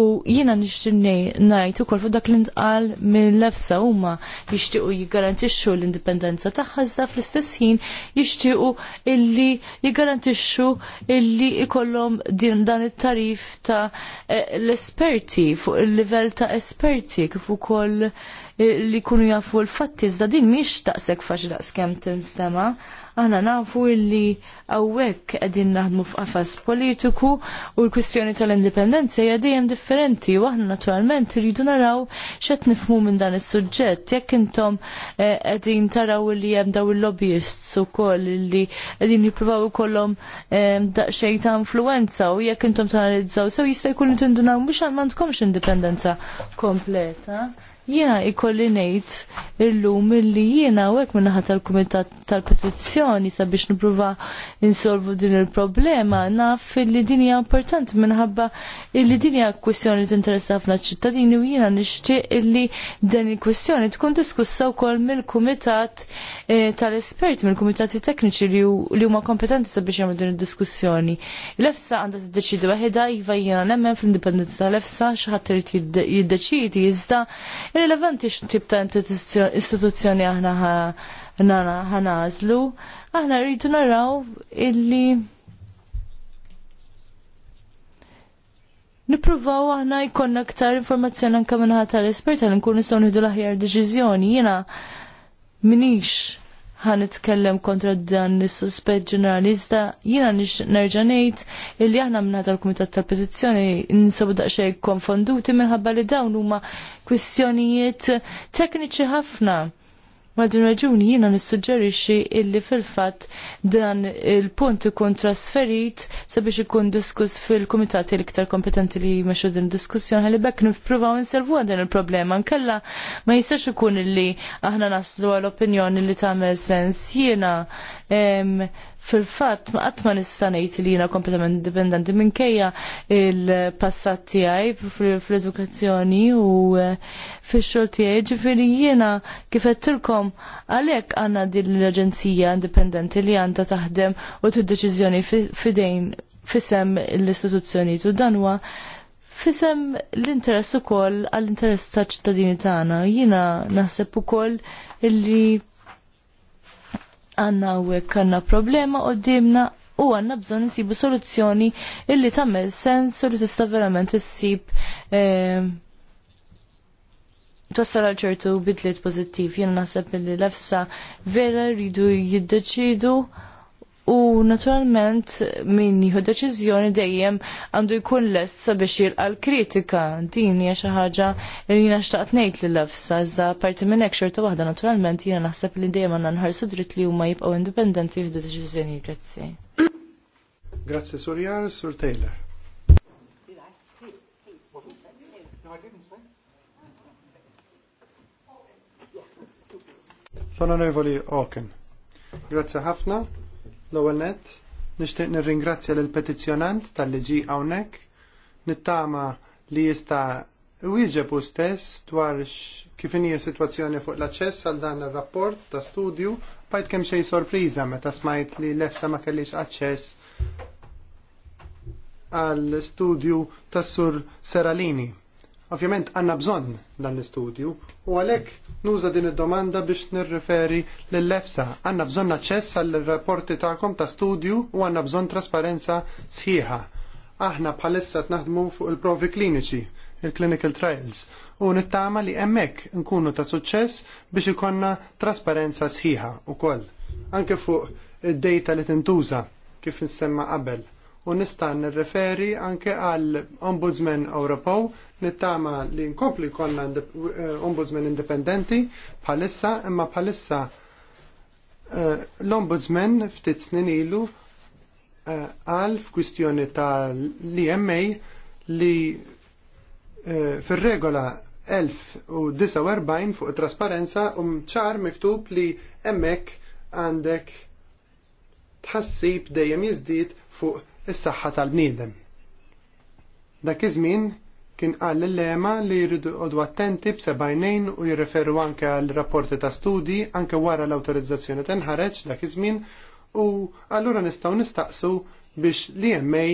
U jiena nixtinnej najtu ukoll fuq dak li ntqal mill-lefsa huma jixtiequ jiggarantixxu l-indipendenza tagħha iżda fl-istess ħin jixtiequ illi jiggarantixxu illi ikollhom din dan it-tarif ta' eh, l-esperti fuq il-livell ta' esperti kif ukoll eh, li jkunu jafu l-fatti iżda din mhix taqsek faċ kemm tinstema' Aħna nafu illi hawnhekk qegħdin naħdmu f'qafas politiku u l-kwistjoni tal-indipendenza hija dejjem differenti u aħna naturalment rridu naraw x'qed nifhmu minn dan is-suġġett jekk intom eh, qegħdin taraw illi hemm daw il-lobbyists ukoll illi qegħdin jippruvaw ikollhom eh, daqsxejn ta' influwenza u jekk intom tanalizzaw sew jista' jkun li tindunaw mhux għandkomx indipendenza kompleta. Jiena ikolli ngħid illum illi jiena hekk min-naħa tal-kumitat tal-petizzjoni sabiex nippruva insolvu din il-problema naf illi din hija importanti minħabba illi din hija kwistjoni li tinteressa ħafna ċittadini u jiena nixtieq illi din il kwestjoni tkun diskussa wkoll mill-kumitat eh, tal-esperti mill-kumitati tekniċi li huma kompetenti sabiex jagħmlu din id-diskussjoni. L-EFSA għandha deċidu waħedha iva jiena nemmen fl-indipendenza tal-EFSA xi ħadd irid jiddeċidi iżda Irrelevanti x'tip ta' istituzzjoni aħna ħanażlu, aħna rridu naraw illi Nipruvaw aħna jkollna aktar informazzjoni anke minnħata tal-espert għal nkun nistgħu nieħdu l-aħjar deċiżjoni. Jiena minix ħan itkellem kontra dan is-suspett ġeneralista. jiena nerġa' ngħid illi aħna mingħata l-Kumitat tal-Petizzjoni ninsabu daqsxejn konfonduti minħabba li dawn huma kwistjonijiet tekniċi ħafna Ma din raġuni jiena nissuġġerixxi illi fil-fatt dan il-punt ikun trasferit sabiex ikun diskuss fil-kumitati l-iktar kompetenti li jmexxu din diskussjoni għalli bekk nippruvaw inselvu din il-problema. Nkella ma jistax ikun illi aħna naslu għal opinjoni li tagħmel sens jiena fil-fatt ma qatt ma nista' ngħid li jiena kompletament indipendenti minkejja il-passat tiegħi fl-edukazzjoni u eh, fix-xogħol tiegħi ġifieri jiena kif qedtilkom għalhekk għandna din l-aġenzija indipendenti li għandha taħdem u tiddeċiżjoni fidejn fisem l-istituzzjoni u dan huwa fisem l-interess ukoll għall-interess ta' ċittadini tagħna. Jiena naħseb ukoll illi għanna u għanna problema u dimna u għanna bżon nsibu soluzzjoni illi tammel sens u li tista verament issib eh, twassal għal ċertu bidliet pozittiv. jenna naħseb illi l-efsa vera rridu jiddeċidu U naturalment min jieħu deċiżjoni dejjem għandu jkun lest sabiex jilqa' l-kritika. Din hija xi ħaġa li jiena xtaqt ngħid li lafsa iżda parti minn hekk xorta waħda naturalment jiena naħseb li dejjem għandna nħarsu dritt li huma jibqgħu indipendenti jieħdu deċiżjoni. Grazzi.
Grazzi Surjar, Sur Taylor. L-Onorevoli Oken. Grazie ħafna. L-ewwel nett, nixtieq nirringrazzja lill petizzjonant tal liġi hawnhekk, nittama li jista' wieġeb hu stess dwar kif hija sitwazzjoni fuq l-aċċess għal dan ir-rapport ta' studju bajt kemm xejn sorpriża meta smajt li l-efsa ma kellix aċċess għal studju tas-sur Seralini. Ovvjament għandna bżonn dan l-istudju U għalhekk nuża din id-domanda biex nirriferi lill lefsa Għanna bżonn aċċess għall-rapporti tagħkom ta' studju u għandna bżonn trasparenza sħiħa. Aħna bħalissa tnaħdmu fuq il-provi kliniċi il-clinical trials u nittama li emmek nkunu ta' suċċess biex ikonna trasparenza sħiħa u koll. Anke fuq id-data li tintuża kif nsemma qabel u nista' nirreferi anke għal Ombudsman Ewropew nittama li nkompli konna eh, Ombudsman indipendenti bħalissa imma bħalissa eh, l-Ombudsman ftit snin ilu eh, għal f'kwistjoni ta' l-EMA li fir-regola 1049 fuq it trasparenza u ċar miktub li hemmhekk għandek tħassib dejjem jiżdied fuq is-saħħa tal-bniedem. Dak iż-żmien kien qal l-lema li jridu għodu attenti b'sebajnejn u jirreferu anke għal rapporti ta' studi anke wara l-autorizzazzjoni tenħareġ dak iż-żmien u allura nistgħu nistaqsu biex l-EMA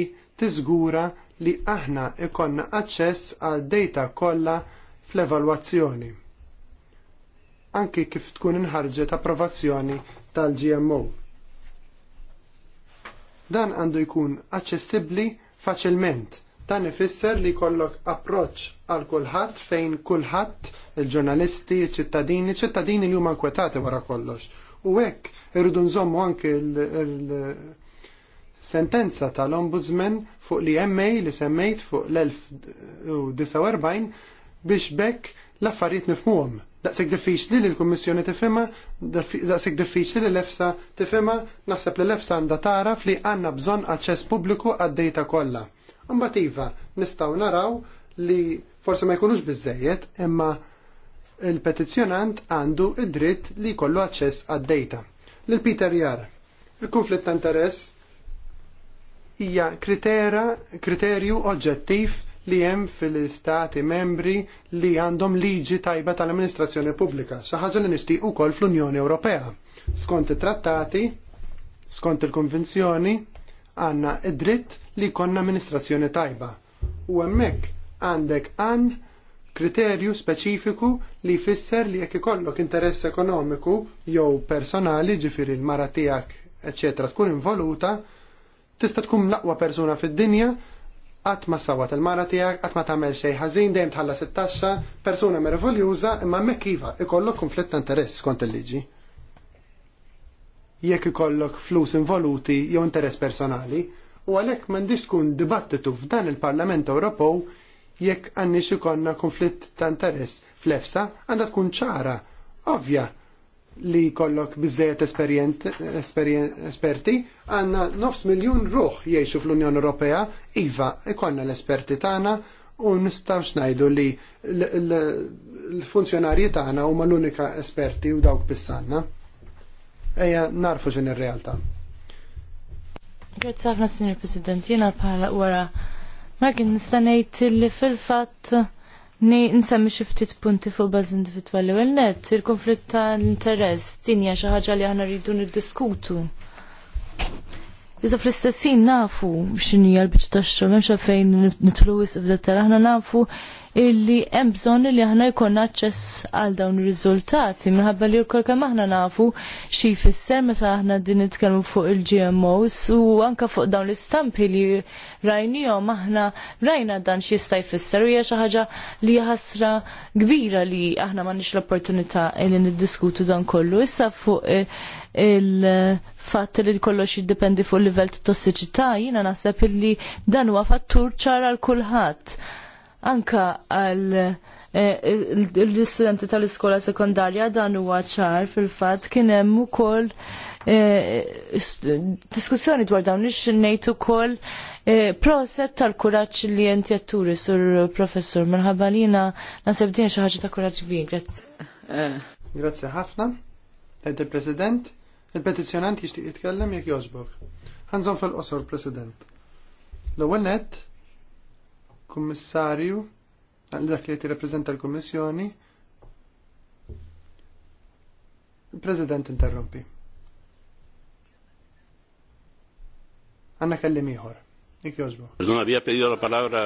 tiżgura li aħna ikonna aċċess għal data kollha fl-evalwazzjoni. Anki kif tkun inħarġet approvazzjoni tal-GMO. Dan għandu jkun aċċessibbli faċilment. Dan ifisser li jkollok approċċ għal kulħadd fejn kulħadd il-ġurnalisti, iċ-ċittadini, ċittadini li huma nkwetati wara kollox. U hekk irridu nżommu anke l-sentenza tal-Ombudsman fuq li MA li semmejt fuq l-1049 biex bekk l-affarijiet nifmuhom daqseg diffiċli li l-Kummissjoni tifhimha, daqseg diffiċli li l-EFSA tifhimha, naħseb li l-EFSA għandha taraf li għandna bżonn aċċess pubbliku għad-dejta kollha. Imbagħad iva nistgħu naraw li forsi ma jkunux biżejjed imma il-petizzjonant għandu id-dritt li jkollu aċċess għad-dejta. Lil Peter Jar, il-konflitt ta' interess hija kriterju oġġettiv li hemm fil-istati membri li għandhom liġi tajba tal-amministrazzjoni pubblika, xi ħaġa li nixtieq ukoll fl-Unjoni Ewropea. Skont it-trattati, skont il-konvenzjoni, għandna id-dritt li jkollna amministrazzjoni tajba. U hemmhekk għandek għan kriterju speċifiku li jfisser li jekk ikollok interess ekonomiku jew personali ġifiri l-mara tiegħek eċetera tkun involuta, tista' tkun l-aqwa persuna fid-dinja qatt ma sawat il-mara tiegħek, qatt ma tagħmel xejn ħażin dejjem tħallas it-taxxa, persuna meraviljuża imma mekk iva ikollok konflitt ta' interess kont il-liġi. Jekk ikollok flus involuti jew interess personali, u għalhekk m'għandix tkun dibattitu f'dan il-Parlament Ewropew jekk għandix ikollna konflitt ta' interess f'lefsa għandha tkun ċara, ovvja, li kollok bizzejet esperti, għanna nofs miljon ruħ jiexu fl-Unjoni Ewropea, iva ikonna l-esperti tagħna u nistaw xnajdu li l-funzjonarji tagħna huma l-unika esperti u dawk bissanna. Eja, narfu xin il realtà
Grazie ħafna, Signor President, jena pala wara ma kien nistanejt li fil fat Nsemmi xi ftit punti fuq baż individwali u net il-konflitt ta' interess din hija xi ħaġa li aħna rridu niddiskutu. Iżda fl-istessin nafu x'inhi l-biċċa tax-xogħol hemm fejn nitluwis wisq aħna nafu illi hemm bżonn li aħna jkollna aċċess għal dawn ir-riżultati minħabba li wkoll kemm aħna nafu xi jfisser meta aħna din nitkellmu fuq il-GMOs u anke fuq dawn l-istampi li rajnihom aħna rajna dan xi jista' jfisser u hija xi ħaġa li ħasra kbira li aħna m'għandniex l-opportunità li niddiskutu dan kollu issa fuq eh, il-fatt li kollox jiddependi fuq il livell ta' tossiċità jiena naħseb illi dan huwa fattur ċara l kulħadd anka għal eh, l-istudenti tal-iskola sekondarja dan huwa ċar fil-fatt kien hemm ukoll eh, diskussjoni dwar dawn ix ngħid ukoll eh, proset tal-kuraġġ li qed jatturi sur professur minħabba li jiena naħseb din xi ħaġa ta'
kuraġġ kbir. Grazzi. Grazzi ħafna. Ed il-President, il-petizzjonant jixtieq jitkellem jekk jogħġbok. Ħanżon fil-qosor President. L-ewwel nett kummissarju għal dak li jirrappreżenta l-Kummissjoni. Il-President interrompi. Għanna kellim ieħor. Ik jożbu. Perdona bija periodo la palabra.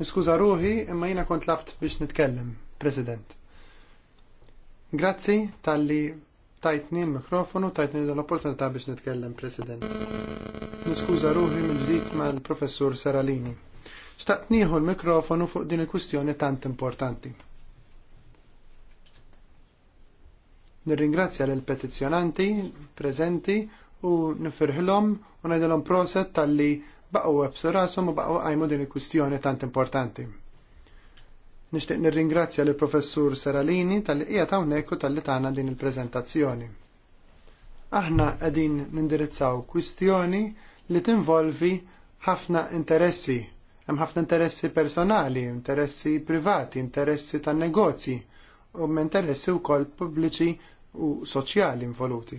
Niskuża ruħi imma jiena kont labt biex nitkellem, President. Grazzi tal-li tajtni l-mikrofonu, tajtni l-opportunità biex nitkellem, President. Niskuża ruħi mill-ġdid mal-Professur Saralini. Xtaqt nieħu l-mikrofonu fuq din il-kwistjoni tant importanti. Nirringrazzja l petizzjonanti prezenti u nifirħilhom u najdilom proset talli baqgħu websu rashom u baqgħu għajmu din il-kwistjoni tant importanti. Nixtieq nirringrazzja lill professur Seralini talli qiegħed hawnhekk u talli tagħna din il-preżentazzjoni aħna qegħdin nindirizzaw kwistjoni li tinvolvi ħafna interessi Hemm ħafna interessi personali, interessi privati, interessi tan-negozji u interessi wkoll pubbliċi u soċjali involuti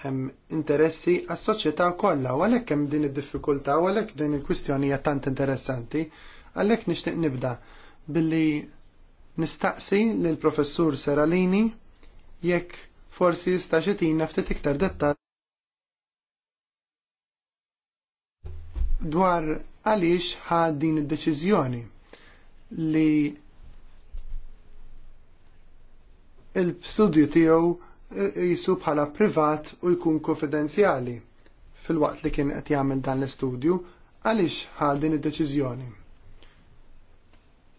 hemm interessi għas-soċjetà kollha u għalhekk hemm din id-diffikultà u għalhekk din il-kwistjoni hija tant interessanti, għalhekk nixtieq nibda billi nistaqsi lill professur Seralini jekk forsi jista' tina ftit iktar dettal dwar għaliex ħa din id-deċiżjoni li il-studju tiegħu e, jisu bħala privat u jkun konfidenzjali fil-waqt li kien qed jagħmel dan l-istudju għaliex ħa din id-deċiżjoni.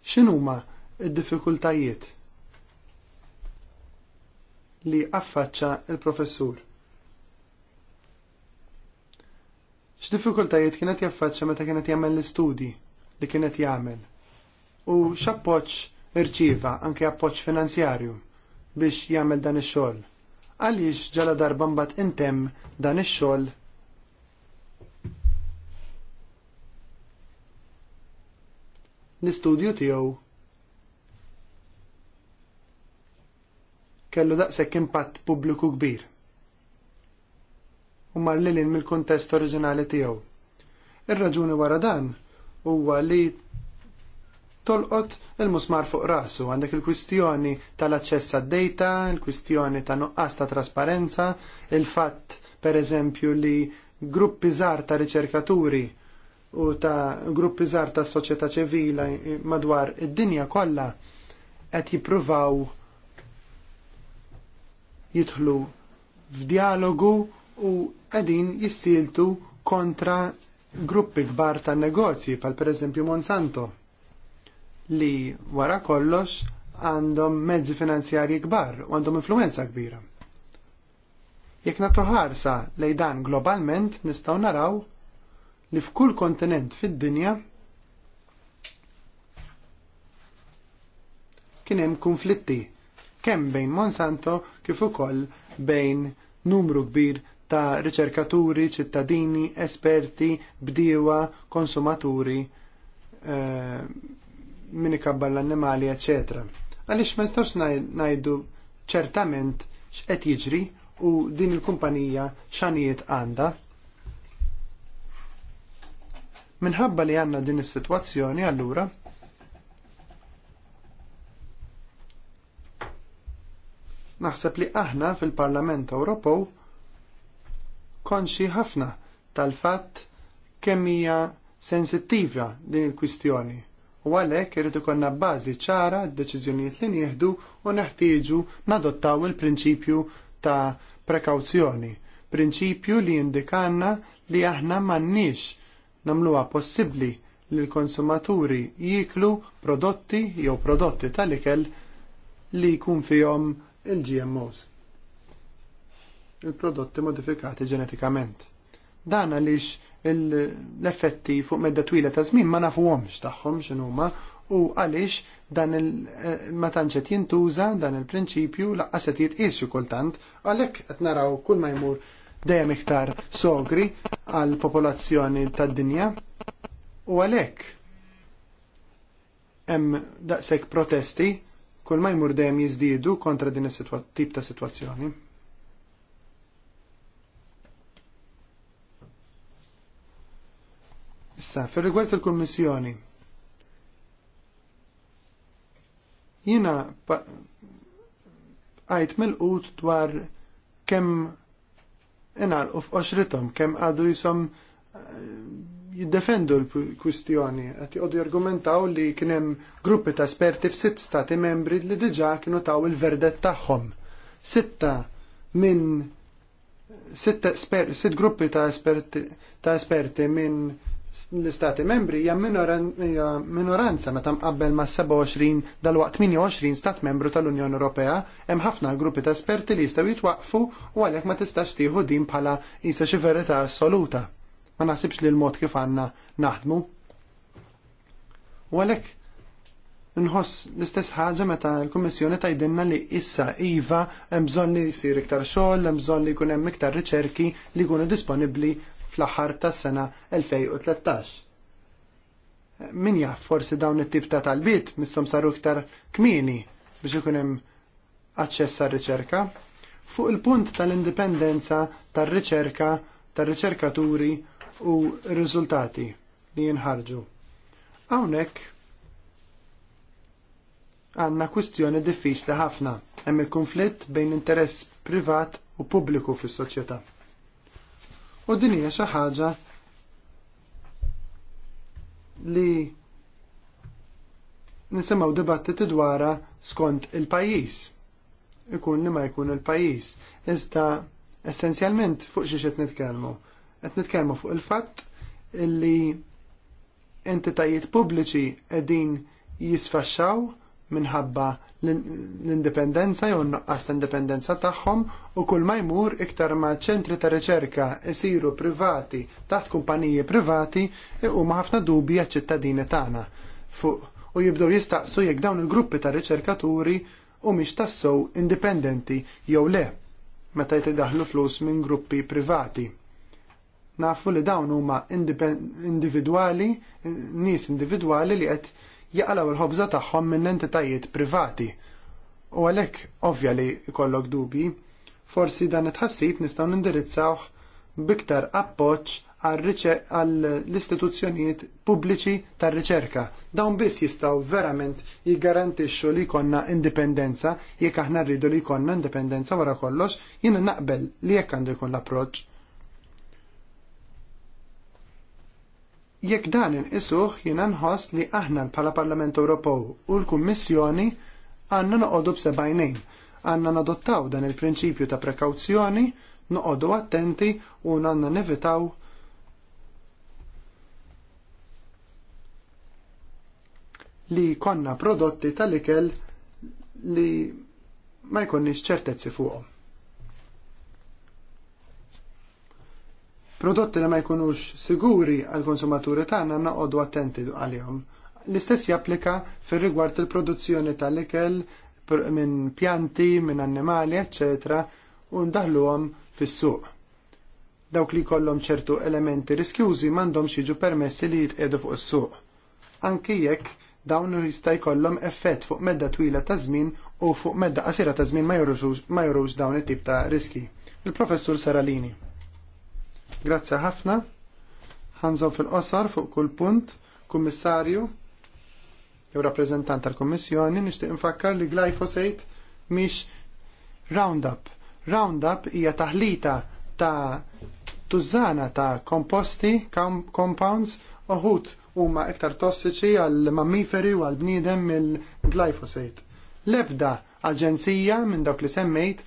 X'inhuma d-diffikultajiet li affaċċa il-professur? X'diffikultajiet kienet jaffaċċja meta kienet jagħmel l-istudji li kienet jagħmel? U x'appoġġ irċiva anke appoġġ finanzjarju biex jagħmel dan ix-xogħol? Għaliex ġala darba mbagħad intemm dan ix-xogħol l-istudju tiegħu kellu daqshekk impatt pubbliku kbir u marlilin lilin mill kontest oriġinali tiegħu. Ir-raġuni wara dan huwa li tolqot il-musmar fuq rasu, għandek il-kwistjoni tal-aċċess għad-data, il-kwistjoni ta' nuqqas ta' trasparenza, il-fatt per eżempju li gruppi żgħar ta' riċerkaturi u ta' gruppi żgħar ta' soċjetà ċivila madwar id-dinja kollha qed jippruvaw jidħlu f'dialogu u qegħdin jissiltu kontra gruppi kbar ta' negozji pal pereżempju Monsanto li wara kollox għandhom mezzi finanzjarji kbar u għandhom influenza kbira. Jekk nagħtu ħarsa lejn dan globalment nistgħu naraw li f'kull kontinent fid-dinja kien hemm konflitti kemm bejn Monsanto kif ukoll bejn numru kbir ta' riċerkaturi, ċittadini, esperti, bdiewa, konsumaturi, eh, min l-annimali, ecc. Għaliex ma nistax ngħidu ċertament x'qed jiġri u din il-kumpanija x'anijiet għandha. Minħabba li għandna din is-sitwazzjoni allura naħseb li aħna fil-Parlament Ewropew konxi ħafna tal-fatt kemm hija sensittiva din il-kwistjoni u għalhekk irid ikollna bażi ċara d-deċiżjonijiet li nieħdu u neħtieġu nadottaw il-prinċipju ta' prekawzjoni, prinċipju li jindikanna li aħna m'għandniex nagħmluha possibbli li l-konsumaturi jiklu prodotti jew prodotti tal-ikel li jkun fihom il-GMOs il-prodotti modifikati ġenetikament. Dan għaliex l-effetti fuq medda twila ta' żmien ma nafuhomx tagħhom x'inhuma u għaliex dan eh, ma tantx qed jintuża dan il-prinċipju laqqas jitqis jitqies kultant għalhekk qed naraw kull ma jmur dejjem iktar sogri għall popolazzjoni tad-dinja u għalhekk hemm daqshekk protesti kull ma jmur dejjem jiżdiedu kontra din is-tip ta' sitwazzjoni. Issa, fil rigward il-Kommissjoni, jina għajt mill-qut dwar kem inal u f'oxritom, kem għadu jisom eh, jiddefendu l-kwistjoni, għat jgħodu jargumentaw li kienem gruppi ta' esperti f'sitt stati membri li diġa kienu taw il-verdet tagħhom. Sitta minn sitt gruppi ta' esperti, ta' esperti minn l-istati membri hija minoranza meta mqabbel ma' 27 dal-waqt 28 stat membru tal-Unjoni Ewropea hemm ħafna gruppi ta' esperti li jistgħu jitwaqfu u għalhekk ma tistax tieħu din bħala isa xi verità assoluta. Ma naħsibx li l-mod kif għandna naħdmu. U għalhekk nħoss l-istess ħaġa meta l-Kummissjoni Tgħidilna li issa iva hemm bżonn li jsir iktar xogħol, hemm bżonn li jkun hemm iktar riċerki li jkunu disponibbli fl-aħħar tas-sena 2013. Min jaf forsi dawn it-tip ta' talbiet missom saru iktar kmini biex ikun hemm aċċess riċerka Fuq il-punt tal-indipendenza tar-riċerka tar-riċerkaturi u r-riżultati li jinħarġu. Hawnhekk għanna kwistjoni diffiċli ħafna hemm il-konflitt bejn interess privat u pubbliku fis-soċjetà. U din hija xi ħaġa li nisimgħu dibattiti dwarha skont il-pajjiż. Ikun li ma jkun il-pajjiż. Iżda essenzjalment fuq xi qed nitkellmu. Qed nitkellmu fuq il-fatt li entitajiet pubbliċi qegħdin jisfaxxaw minħabba l-indipendenza jew n-nuqqas l-indipendenza tagħhom u kull ma jmur iktar ma ċentri ta' riċerka isiru privati taħt kumpaniji privati e huma ħafna dubi għaċ-ċittadini tagħna fuq u jibdew jistaqsu jekk dawn il-gruppi ta' riċerkaturi u miex tassow indipendenti jew le meta jtidaħlu flus minn gruppi privati. Nafu li dawn huma individwali, nies individwali li qed jaqalaw il-ħobza tagħhom minn entitajiet privati. U għalhekk ovvja li jkollok dubji, forsi dan it-ħassib nistgħu nindirizzawh biktar appoġġ għall-istituzzjonijiet pubbliċi tar riċerka Dawn biss jistaw verament jiggarantixxu li jkollna indipendenza, jekk aħna rridu li jkollna indipendenza wara kollox, jiena naqbel li jekk għandu jkun l-approċċ. Jekk dan inqisuh jiena nħoss li aħna bħala Parlament Ewropew u l-Kummissjoni għandna noqogħdu b'sebgħinejn. Għandna nadottaw dan il-prinċipju ta' prekawzjoni, noqogħdu attenti u għandna nevitaw li konna prodotti tal-ikel li ma jkunniex ċertezzi fuqhom. Prodotti li ma jkunux siguri għal konsumaturi tagħna noqogħdu attenti għalihom. L-istess japplika fir rigward il-produzzjoni tal-ikel minn pjanti, minn annimali, eccetera, u ndaħluhom fis-suq. Dawk li jkollhom ċertu elementi riskjużi m'għandhomx jiġu permessi li jitqiedu fuq is-suq. Anki jekk dawn jista' jkollhom effett fuq medda twila ta' żmien u fuq medda qasira ta' żmien ma jorux dawn it-tip ta' riski. Il-professur Saralini. Grazzi ħafna. Ħanżaw fil-qosar fuq kull punt, kummissarju, jew rappreżentant tal-Kummissjoni, nixtieq infakkar li glyphosate mhix Roundup. Roundup hija taħlita ta' tużana ta' komposti, compounds, oħud huma iktar tossiċi għal mammiferi u għal bniedem mill-glyphosate. Lebda aġenzija minn dawk li semmejt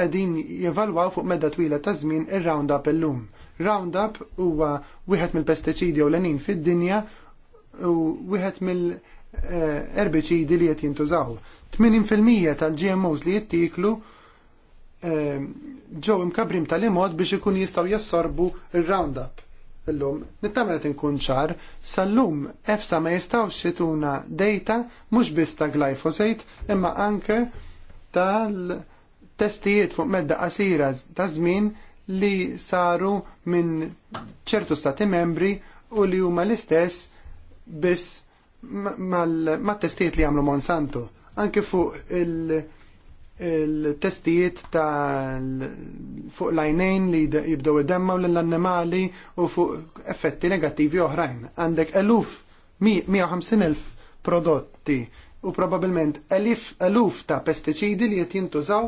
qegħdin jevalwaw fuq medda twila ta' żmien ir-Roundup illum. Roundup huwa wieħed mill-pestiċidi ewlenin fid-dinja u wieħed mill-erbiċidi li qed jintużaw. 80% tal-GMOs li jittiklu eh, ġew imkabrim tal-imod biex ikun jistgħu jassorbu il-Roundup. Illum, nittamret inkun ċar, sal-lum EFSA ma jistgħux jituna data mhux biss ta' glyphosate imma anke tal-testijiet fuq medda qasira ta' żmien li saru minn ċertu stati membri u li huma l-istess biss mat-testijiet li għamlu Monsanto. Anke fuq il-testijiet ta' fuq lajnejn li jibdew id-demma u l-annimali u fuq effetti negattivi oħrajn. Għandek eluf, 150.000 prodotti u probabilment eluf ta' pesticidi li jett jintużaw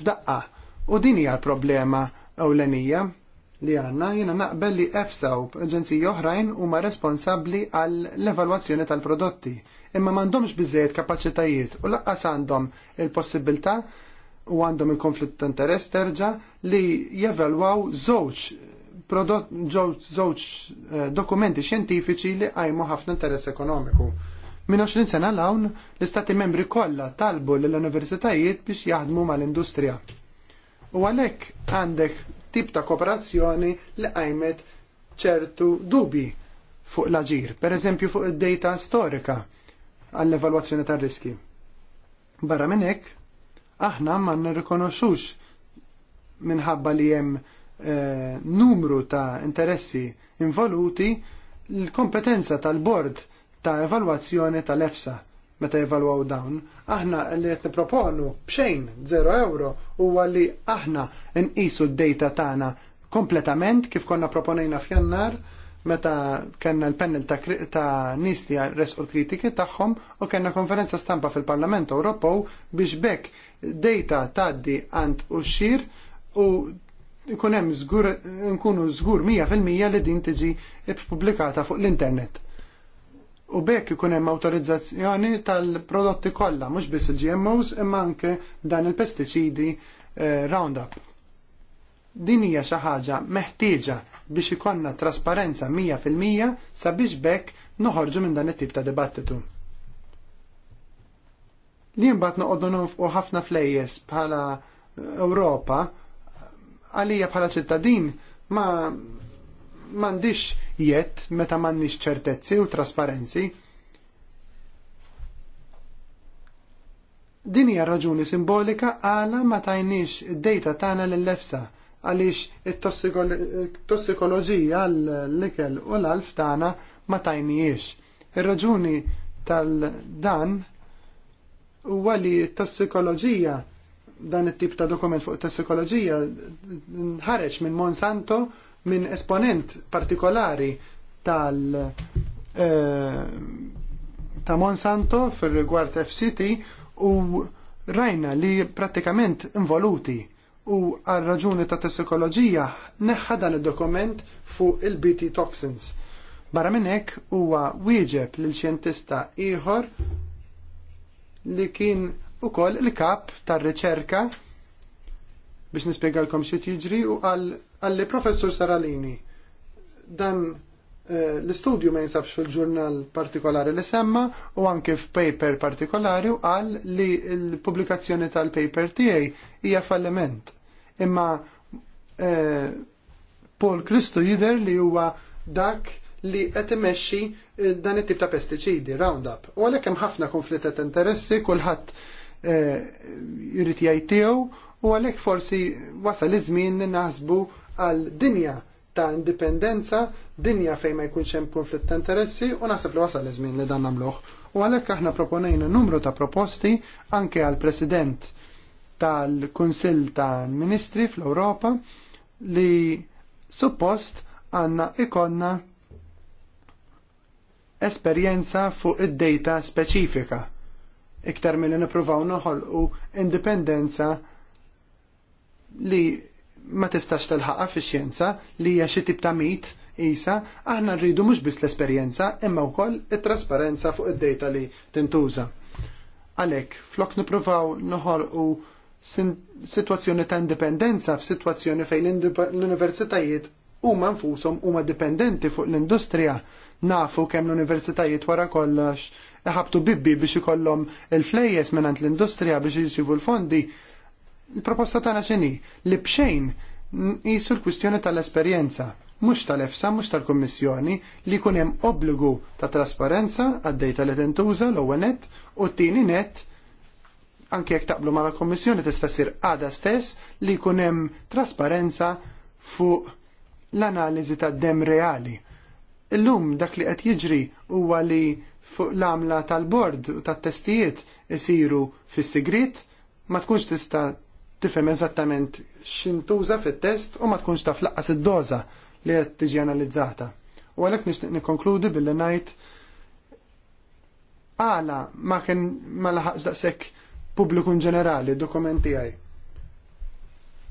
f'daqqa U din hija l-problema ewlenija li għanna jena naqbel li EFSA u ġenziji oħrajn huma responsabbli għall l-evalwazzjoni tal-prodotti, imma m'għandhomx biżejjed kapaċitajiet u laqqas għandhom il-possibilità u għandhom il-konflitt ta' interess terġa li jevalwaw żewġ zoċ eh, dokumenti xjentifiċi li għajmu ħafna interess ekonomiku. Min 20 sena l-hawn, l-istati membri kollha talbu lill universitajiet biex jaħdmu mal-industrija U għalhekk għandek tip ta' kooperazzjoni li għajmet ċertu dubi fuq l-aġir, per eżempju fuq id-data storika għall-evalwazzjoni tar riski. Barra minn hekk, aħna ma nirrikonoxux minħabba li hemm eh, numru ta' interessi involuti l-kompetenza tal-bord ta' evalwazzjoni tal-EFSA meta jevalwaw dawn. Aħna li qed niproponu b'xejn 0 euro huwa li aħna nqisu d-dejta tagħna kompletament kif konna proponejna f'jannar meta kellna l-panel ta', ta nies li resqu l-kritiki tagħhom u kellna konferenza stampa fil-Parlament Ewropew biex bekk dejta tgħaddi għand u xir u ikun hemm żgur nkunu żgur 100% li din tiġi ppubblikata fuq l-internet u bekk ikun hemm awtorizzazzjoni tal-prodotti kollha, mhux biss il-GMOs imma anke dan il-pestiċidi eh, Roundup. Din hija xi ħaġa meħtieġa biex ikonna trasparenza 100% sabiex bekk noħorġu minn dan it-tip ta' dibattitu li mbagħad noqogħdu nofqu ħafna flejjes bħala Ewropa għalija bħala ċittadin ma m'għandix jiet, meta mandiċ ċertezzi u trasparenzi. Din hija raġuni simbolika għala ma tajniex id-dejta tagħna lill-efsa għaliex it-tossikoloġija l-ikel u l-alf tagħna ma tajniex. Ir-raġuni tal-dan huwa li t-tossikoloġija dan it-tip ta' dokument fuq t-tossikoloġija ħareġ minn Monsanto minn esponent partikolari tal eh, ta' Monsanto fir rigward FCT u rajna li pratikament involuti u għal raġuni ta' tessikoloġija neħħa dan id-dokument fuq il-BT toxins. Barra minn hekk huwa wieġeb lil xjentista ieħor li kien ukoll il-kap tar-riċerka biex nispjegalkom xi jiġri u għal Għalli professur Saralini, dan eh, l-istudju ma jinsabx fil-ġurnal partikolari li semma u anke f'paper partikolari u qal li l-pubblikazzjoni tal-paper tiegħi hija falliment. Imma eh, Paul Kristu jider li huwa dak li qed imexxi eh, dan it-tip ta' pestiċidi, Roundup. U għalhekk hemm ħafna konflitt ta' interessi, kulħadd eh, jrid jgħid tiegħu u għalhekk forsi wasal iż-żmien li naħsbu għal dinja ta' indipendenza, dinja fejn ma jkunx hemm konflitt ta' interessi u naħseb li wasal iż-żmien li dan nagħmluh. U għalhekk aħna proponejna numru ta' proposti anke għal President tal-Kunsill ta' ministri fl-Ewropa li suppost għandna ikonna esperjenza fuq id-data speċifika iktar mill-li nippruvaw noħolqu indipendenza li ma tistax telħaqha fix-xjenza li hija xi tip ta' mit isa, aħna rridu mhux biss l-esperjenza imma wkoll it-trasparenza fuq id-data li tintuża. Għalhekk, flok nippruvaw noħolqu sitwazzjoni ta' indipendenza f'sitwazzjoni fejn l-universitajiet huma nfushom huma dipendenti fuq l-industrija nafu kemm l-universitajiet wara kollox iħabtu bibbi biex ikollhom il-flejjes mingħand l-industrija biex jirċivu l-fondi il-proposta tagħna x'inhi li bxejn jisu l-kwistjoni tal-esperjenza mhux tal-EFSA mhux tal-Kummissjoni li jkun hemm obbligu ta' trasparenza għaddejta li tintuża l-ewwel nett u t-tieni nett anke jekk taqblu mal kummissjoni tista' ssir għada stess li jkun hemm trasparenza fuq l-analiżi tad-dem reali. Illum dak li qed jiġri huwa li fuq l-għamla tal-bord u tat-testijiet isiru fis-sigrit ma tkunx tista' tifhem eżattament x'intuża fit-test u ma tkunx taf laqqas id-doża li qed tiġi analizzata. U għalhekk nixtieq nikkonkludi billi ngħid għala ma kien ma laħaqx daqshekk pubbliku ġenerali dokumenti għaj.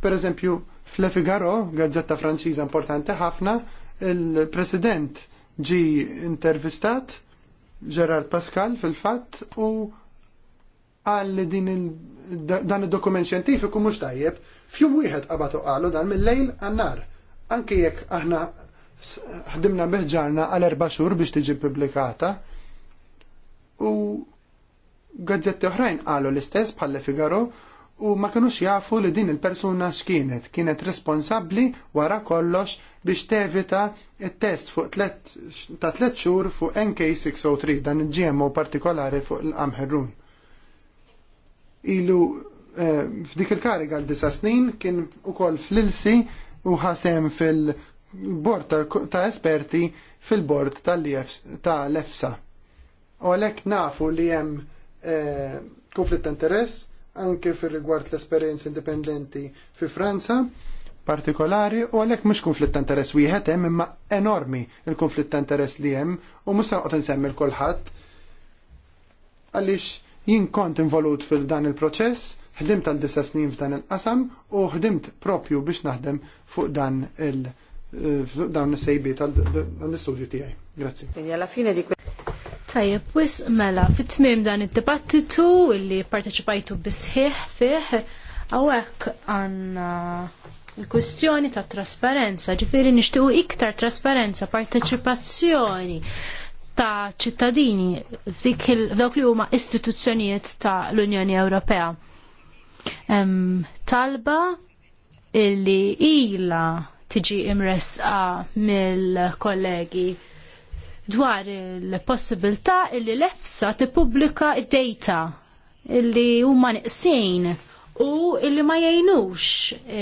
Per eżempju, fl Figaro, gazzetta franċiża importanti ħafna, il-president ġi intervistat Gerard Pascal fil-fatt u għal din dan id-dokument xjentifiku mhux tajjeb, fjum wieħed qabatu qalu dan mill-lejl għannar. Anki jekk aħna ħdimna biħġarna għal erba xhur biex tiġi publikata. U gazzetti oħrajn qalu l-istess bħal Figaro u ma kinux jafu li din il-persuna x'kienet, kienet responsabbli wara kollox biex tevita il test fuq ta' tlet xhur fuq NK603 dan il-GMO partikolari fuq l-Amherun ilu eh, f'dik il-kariga għal disa snin kien ukoll fl-ilsi u ħasem fil-bord ta' esperti fil-bord tal-EFSA. U għalhekk nafu li hemm eh, konflitt ta' interess anke fil-rigward l-esperjenzi indipendenti fi Franza partikolari u għalek mux konflitt ta' interess wieħed hemm imma enormi il-konflitt ta' interess li hemm u mhux sanqgħod insemmi l kulħadd għaliex Jien kont involut fil-dan il-proċess, ħdimt għal disa snin f'dan il-qasam u ħdimt propju biex naħdem fuq dan il- fuq dawn is-sejbi tal-istudju tiegħi. Grazzi.
Tajjeb, wis mela, fit-tmim dan id-dibattitu illi parteċipajtu bisħiħ fih, għawek għanna il-kustjoni ta' trasparenza, ġifiri nishtiqu iktar trasparenza, parteċipazzjoni ta' ċittadini dawk li huma istituzzjonijiet ta' l-Unjoni Ewropea. Talba illi ila tiġi imresqa mill-kollegi dwar il-possibilità illi l-EFSA tippubblika id-data illi huma niqsin u illi ma jgħinux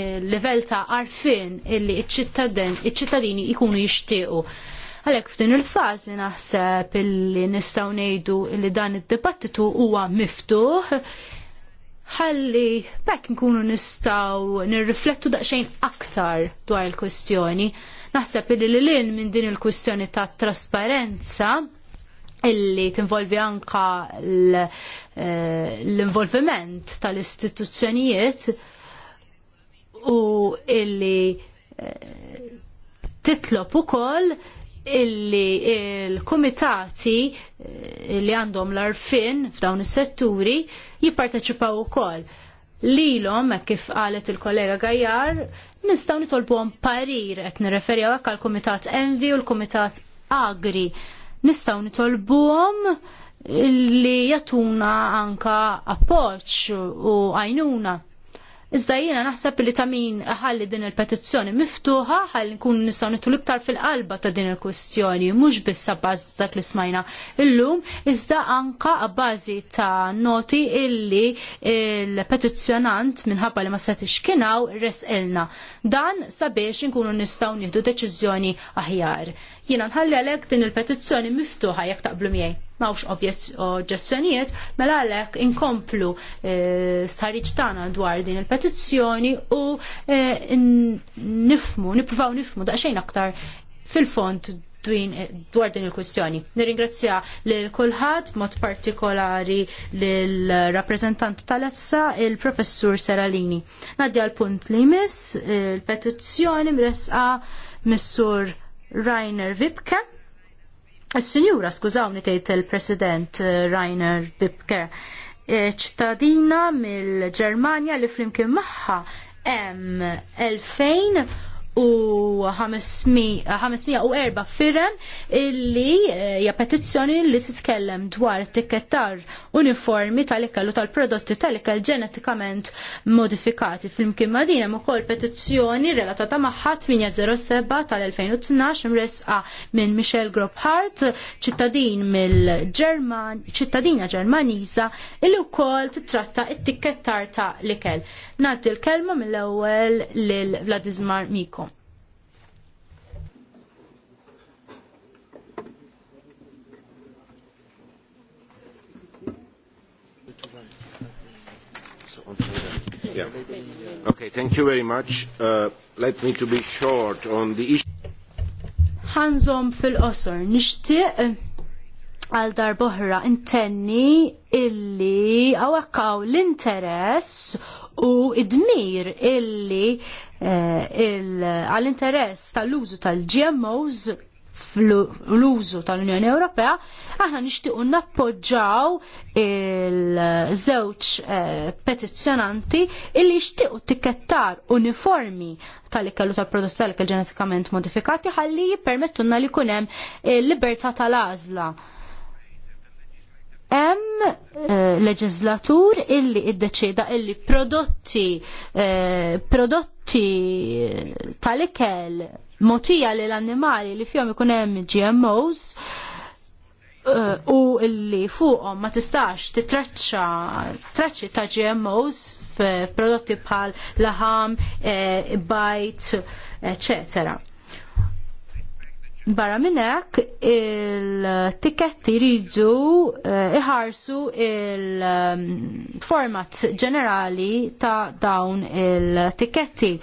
il-level ta' arfin illi iċ-ċittadini ikunu jixtiequ. Għalhekk f'din il-fażi naħseb illi nistgħu ngħidu li dan id-dibattitu huwa miftuħ ħalli bekk nkunu nistgħu nirriflettu daqsxejn aktar dwar il-kwestjoni. Naħseb illi lil minn din il-kwestjoni ta' trasparenza illi tinvolvi anka eh, l-involviment tal-istituzzjonijiet u illi eh, titlob ukoll illi il-komitati eh, li għandhom l-arfin f'dawn is-setturi jipparteċipaw ukoll. lilom kif qalet il-kollega Gajjar, nistgħu nitolbuhom parir qed nirreferjaw hekk għall kumitat Envi u l-Kumitat Agri. Nistgħu nitolbuhom li jatuna anka appoġġ u għajnuna Iżda jiena naħseb li ta' min ħalli din il-petizzjoni miftuħa ħalli nkun nistgħu nittu iktar fil-qalba ta' din il-kwistjoni, mhux biss abbażi ta' dak li smajna illum, iżda anka abbażi ta' noti illi il-petizzjonant minħabba li ma setix kienaw resqilna. Dan sabiex nkunu nistgħu nieħdu deċiżjoni aħjar. Jiena nħalli għalek din il-petizzjoni miftuħa jekk taqblu miegħi. Mawx oġġezzjonijiet, mela għalek inkomplu eh, stħarriġ tagħna dwar din il-petizzjoni u eh, nifmu, nippruvaw nifmu daqsxejn aktar fil-fond dwar din il-kwistjoni. Nirringrazzja lil kulħadd mod partikolari l rappreżentant tal-EFSA, il-professur Seralini. Nadja l-punt li jmiss il-petizzjoni mresqa missur Rainer Wipke. Signora, skużawni tgħid il-President eh, Rainer Wipke, ċittadina mill-Ġermanja li flimkien magħha m 2000 u 504 firem illi eh, hija petizzjoni li titkellem dwar tikettar uniformi tal ikkellu tal-prodotti tal-ikel ġenetikament modifikati. Flimkien madin hemm ukoll petizzjoni relatata magħha 807 tal-2012 imresqa minn Michel Grobhardt, ċittadin mill-Ġerman, ċittadina Ġermaniża illi wkoll titratta t tikkettar ta' l-ikel. Nagħti l-kelma mill-ewwel lil Vladizmar Miko.
Okay, thank you very much. Uh, let me to be short on the issue.
Ħanżom fil-qosor, nixtieq uh, għal darboħra intenni illi għawakaw l-interess u id-dmir illi uh, għall-interess tal-użu tal-GMOs fl-użu tal-Unjoni Ewropea, aħna nixtiequ nappoġġaw il-żewġ eh, petizzjonanti illi jixtiequ tikettar uniformi tal ikellu tal-prodotti tal-ikkel ġenetikament modifikati ħalli jipermettunna li jkun hemm il-libertà eh, tal-għażla. Hemm eh, leġislatur illi iddeċida illi prodotti eh, prodotti tal-ikel motija li l-annimali li fjom ikun hemm GMOs uh, u li fuqhom ma tistax titreċċa treċċi ta' GMOs f'prodotti bħal laħam, e, bajt, eccetera. Barra minn hekk il-tiketti jridu uh, iħarsu il-format um, ġenerali ta' dawn il-tiketti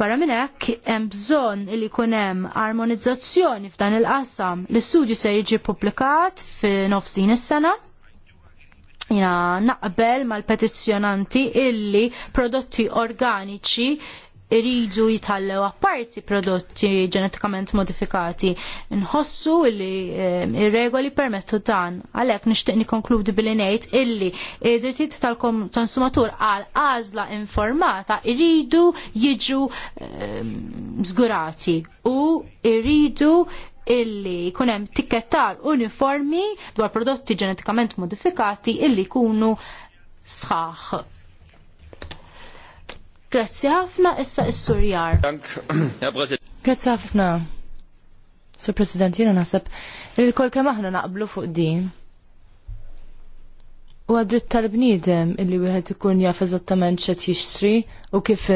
Barra minn hekk hemm bżonn li jkun hemm armonizzazzjoni f'dan il-qasam. L-istudju se jiġi pubblikat f'nofs din is-sena. Jina naqbel mal-petizzjonanti illi prodotti organiċi iridu jitallew apparti prodotti ġenetikament modifikati. Nħossu li ehm, il regoli permettu dan. Għalhekk nixtieq nikkonkludi billi ngħid illi id-drittijiet tal-konsumatur għal għażla informata iridu jiġu ehm, żgurati u iridu illi kunem tikkettar uniformi dwar prodotti ġenetikament modifikati illi kunu sħaħ Grazzi ħafna issa s surjar Grazzi ħafna.
Sur President, jena nasab il-kol kem aħna naqblu fuq din. U għadrit tal-bniedem illi wieħed ikun jaf eżattament xed jixtri u kif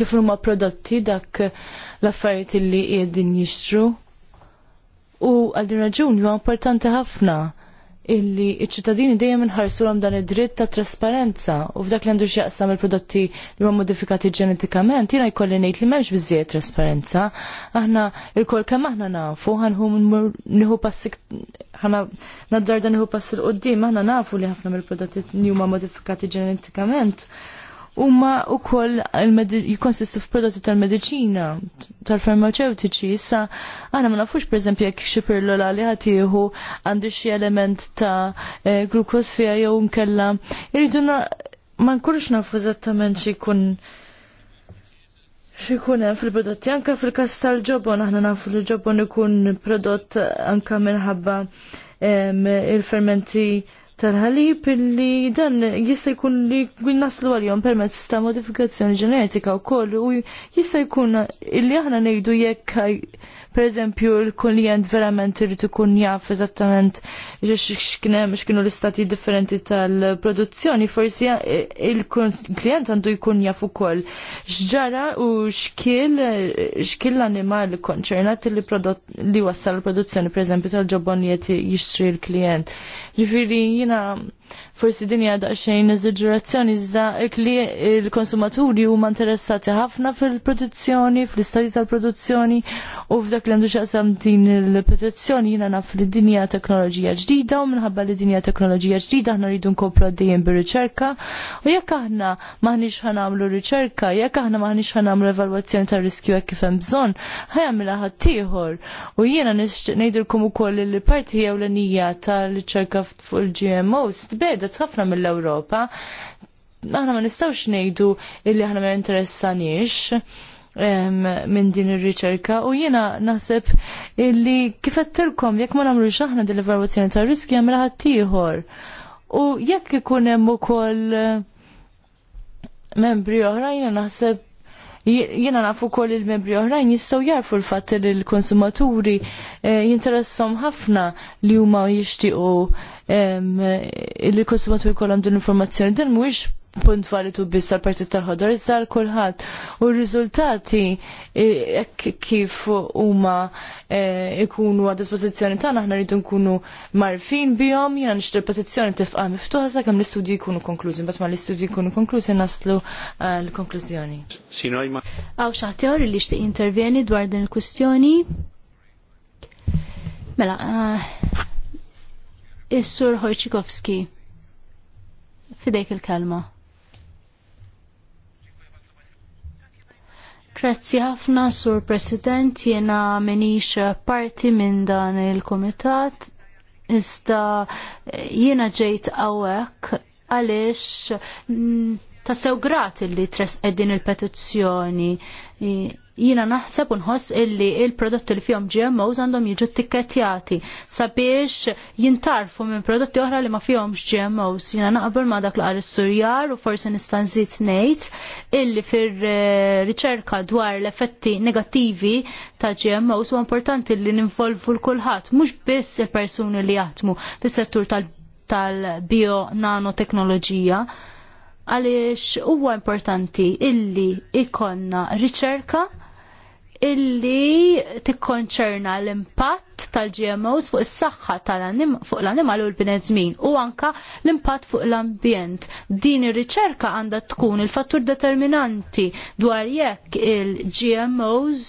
kif huma prodotti dak l-affarijiet illi qiegħdin jixtru. U għal din raġuni huwa importanti ħafna illi iċ-ċittadini dejjem inħarsulhom dan id-dritt ta' trasparenza u f'dak li għandu jaqsam il-prodotti li huma modifikati ġenetikament, jiena jkolli ngħid li m'hemmx biżżejjed trasparenza. Aħna il-kol kemm aħna nafu ħanħu nieħu passik ħana naddar dan nieħu pass il qudiem aħna nafu li ħafna mill-prodotti li huma modifikati ġenetikament huma wkoll jikkonsistu f'prodotti tal medicina tal-farmaceutiċi, issa aħna ma nafux jek jekk xi ola li ħatiħu għandi xi element ta' eh, glukos fiha jew nkella. Irridu ma nkunux nafu eżattament xi jkun xikun hemm fil-prodotti anke fil-każ tal-ġobon aħna nafu li ġobon ikun prodott anke minħabba il-fermenti tal-ħalib illi dan jista' jkun li naslu għalihom permezz ta' modifikazzjoni ġenetika wkoll u jista' jkun illi aħna ngħidu jekk pereżempju l-kuljent verament irid ikun jaf eżattament x'kienem x'kienu l-istati differenti tal-produzzjoni, forsi il klient għandu jkun jaf ukoll x'ġara u x'kiel x'kiel l-animal konċernat li prodott li wassal l-produzzjoni pereżempju tal-ġobonijiet jixtri l-klijent. Ġifieri jiena Forsi din hija daqsxejn eżaġerazzjoni iżda li l-konsumaturi huma interessati ħafna fil-produzzjoni, fl-istadji tal-produzzjoni u f'dak li għandu xaqsam din il-petizzjoni jiena naf li dinja teknoloġija ġdida u minħabba li dinja teknoloġija ġdida aħna rridu nkomplu għaddejjem bir-riċerka u jekk aħna maħniex ħanamlu riċerka, jekk aħna maħniex ħanamlu evalwazzjoni tar-riskju hekk kif hemm bżonn, ħajamilha ħaddieħor u jiena nixtieq ngħidilkom ukoll li parti jew l-nija tal-riċerka fuq il-GMOs tbedet ħafna mill-Ewropa. Aħna ma nistgħux ngħidu illi aħna ma interessanix minn din ir-riċerka u jiena naħseb illi kif qedtilkom jekk ma nagħmlux aħna din l-evalwazzjoni tar-riski ħadd ieħor. U jekk ikun hemm ukoll membri jiena naħseb Jiena nafu kol il-membri oħrajn jistgħu jarfu l-fatt li l-konsumaturi eh, jinteressom ħafna li huma jixtiequ eh, li l-konsumaturi kollha din l-informazzjoni. Dan mhuwiex punt valitu biss għal partit tal-ħodor, iżda għal kulħadd. U r-riżultati kif huma e, ikunu għad dispożizzjoni tagħna aħna rridu nkunu marfin bihom, jiena nixtri petizzjoni tifqa' miftuħa sakemm l istudji jkunu konklużi, mbagħad ma l-istudju jkunu konklużi naslu
l-konklużjoni.
Għaw
xaħtjor li xtieq intervjeni dwar din il-kwistjoni. Mela, eh, is-sur Hojċikowski fidejk il-kelma. Grazzi ħafna, Sur President, jena menix parti minn dan il-komitat. Iżda eh, jena ġejt għawek għalix mm, tassew grat li tres din il-petizzjoni jina naħseb unħoss illi il-prodotti li fihom GMOs għandhom jiġu tikketjati sabiex jintarfu minn prodotti oħra li ma fihomx GMOs. Jina naqbel ma dak l-qar surjar u forsi nistanżit ngħid illi fir-riċerka dwar l-effetti negattivi ta' GMOs u importanti li ninvolvu l-kulħadd, mhux biss il-persuni li jaħdmu fis-settur bio nanoteknologija Tal għaliex huwa importanti illi ikonna riċerka illi tikkonċerna l-impatt tal-GMOs fuq is-saħħa fuq l-animal u l-bnedmin u anka l-impatt fuq l-ambjent. Din ir-riċerka għandha tkun il-fattur determinanti dwar jekk il-GMOs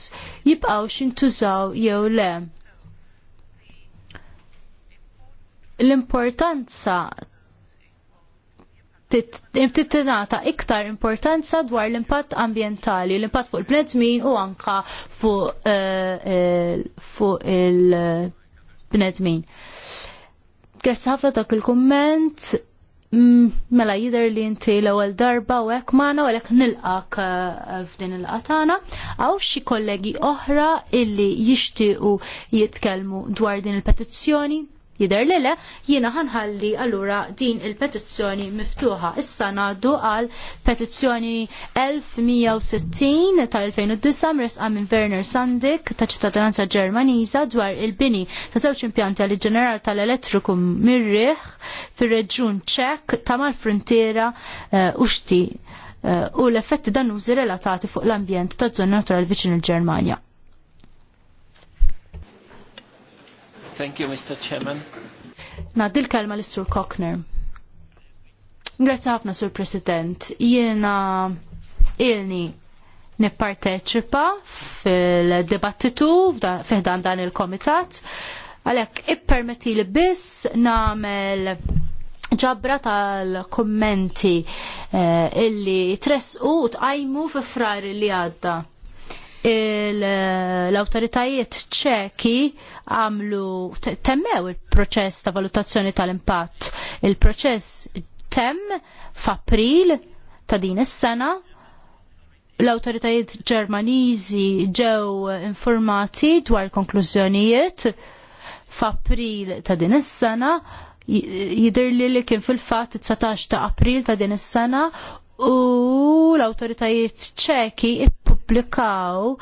jibqgħux jintużaw jew le. L-importanza titinata iktar importanza dwar l-impatt ambjentali, l-impatt fuq il-bnedmin u anka fuq eh, eh, il-bnedmin. Grazzi ħafna dak il-komment. Mela jider li inti l-ewwel darba u hekk magħna u għalhekk nilqak eh, f'din il-qatana. Għaw xi kollegi oħra illi jixtiequ jitkellmu dwar din il-petizzjoni? Jider lele, jina ħanħalli allura din il-petizzjoni miftuħa. Issa naddu għal petizzjoni 1160 tal-2009 resqa' minn Werner Sandik ta' ċittadinanza ġermaniza dwar il-bini ta' żewġ impjanti għal ġeneral tal-elettriku mirriħ fir reġjun ċek ta' mal-frontiera eh, uxti eh, u l-effetti użi relatati fuq l-ambjent ta' zona naturali viċin il-Ġermanja.
Thank you, Mr. Chairman.
Naddi l-kelma l-Sur Cockner. Grazie ħafna, Sur President. Jiena ilni nipparteċipa fil-dibattitu fiħdan dan il-komitat. Għalek, ippermeti li biss namel ġabra tal-kommenti eh, illi tresqu u tqajmu fi frar li għadda l-autoritajiet ċeki għamlu temmew il-proċess ta' valutazzjoni tal-impatt. Il-proċess tem f'April ta' din is-sena l-autoritajiet ġermaniżi ġew informati dwar konklużjonijiet f'April ta' din is-sena jidir li li kien fil-fatt 19 ta' April ta' din is-sena u l-autoritajiet ċeki napplikaw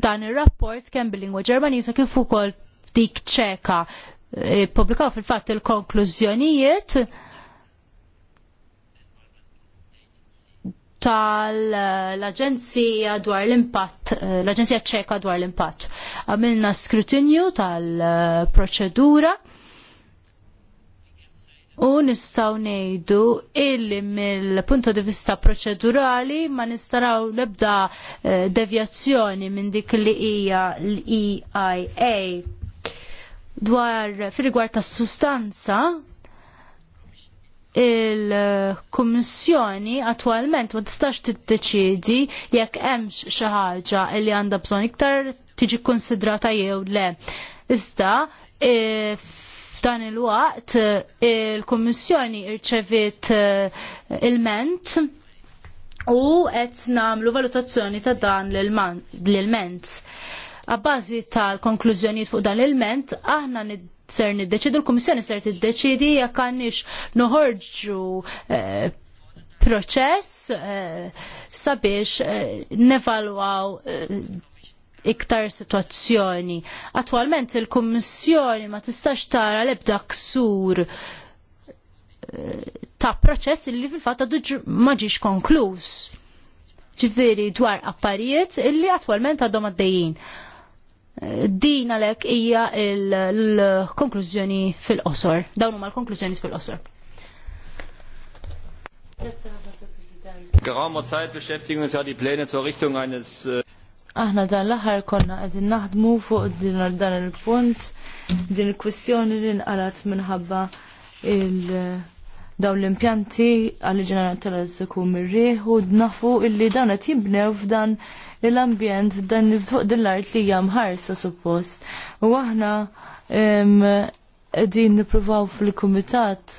dan ir-rapport kemm bil-lingwa Ġermaniża kif ukoll dik ċeka. E, publikaw fil-fatt il-konklużjonijiet tal-Aġenzija dwar l-impatt, l-Aġenzija ċeka dwar l-impatt. Għamilna skrutinju tal-proċedura u nistaw nejdu illi mill-punto di vista proċedurali ma nistaraw lebda eh, devjazzjoni minn dik li hija l-EIA. Dwar fil-rigward tas sustanza il-Kummissjoni attualment ma tistax tiddeċiedi jekk hemmx xi ħaġa li għandha bżonn iktar tiġi konsidrata jew le. Iżda eh, F'dan il-waqt eh, il-Kummissjoni irċevit eh, il-ment u qed nagħmlu valutazzjoni ta' dan l-ment. bażi tal-konklużjonijiet fuq dan il ment aħna ser niddeċidu l-Kummissjoni ser tiddeċidi jekk għandix noħorġu eh, proċess sabiex nevalwaw iktar situazzjoni. Attualment il-Kummissjoni ma tistax tara l-ebda ksur eh, ta' proċess li fil-fatt għadu ma ġiex konkluż. dwar apparijiet illi attwalment għadhom għaddejjin. Eh, din għalhekk hija l-konklużjoni fil-qosor. Dawn huma l-konklużjoni fil-qosor.
Geraumer Zeit beschäftigen uns ja die Pläne zur Richtung eines äh, aħna dan l-aħħar konna qegħdin naħdmu fuq din dan il-punt din il-kwistjoni li nqalat minħabba il daw l-impjanti għal ġenerat tal-artiku mirriħ u nafu illi dan qed jibnew f'dan l-ambjent dan fuq din l-art li hija mħarsa suppost. U aħna qegħdin nippruvaw fil-kumitat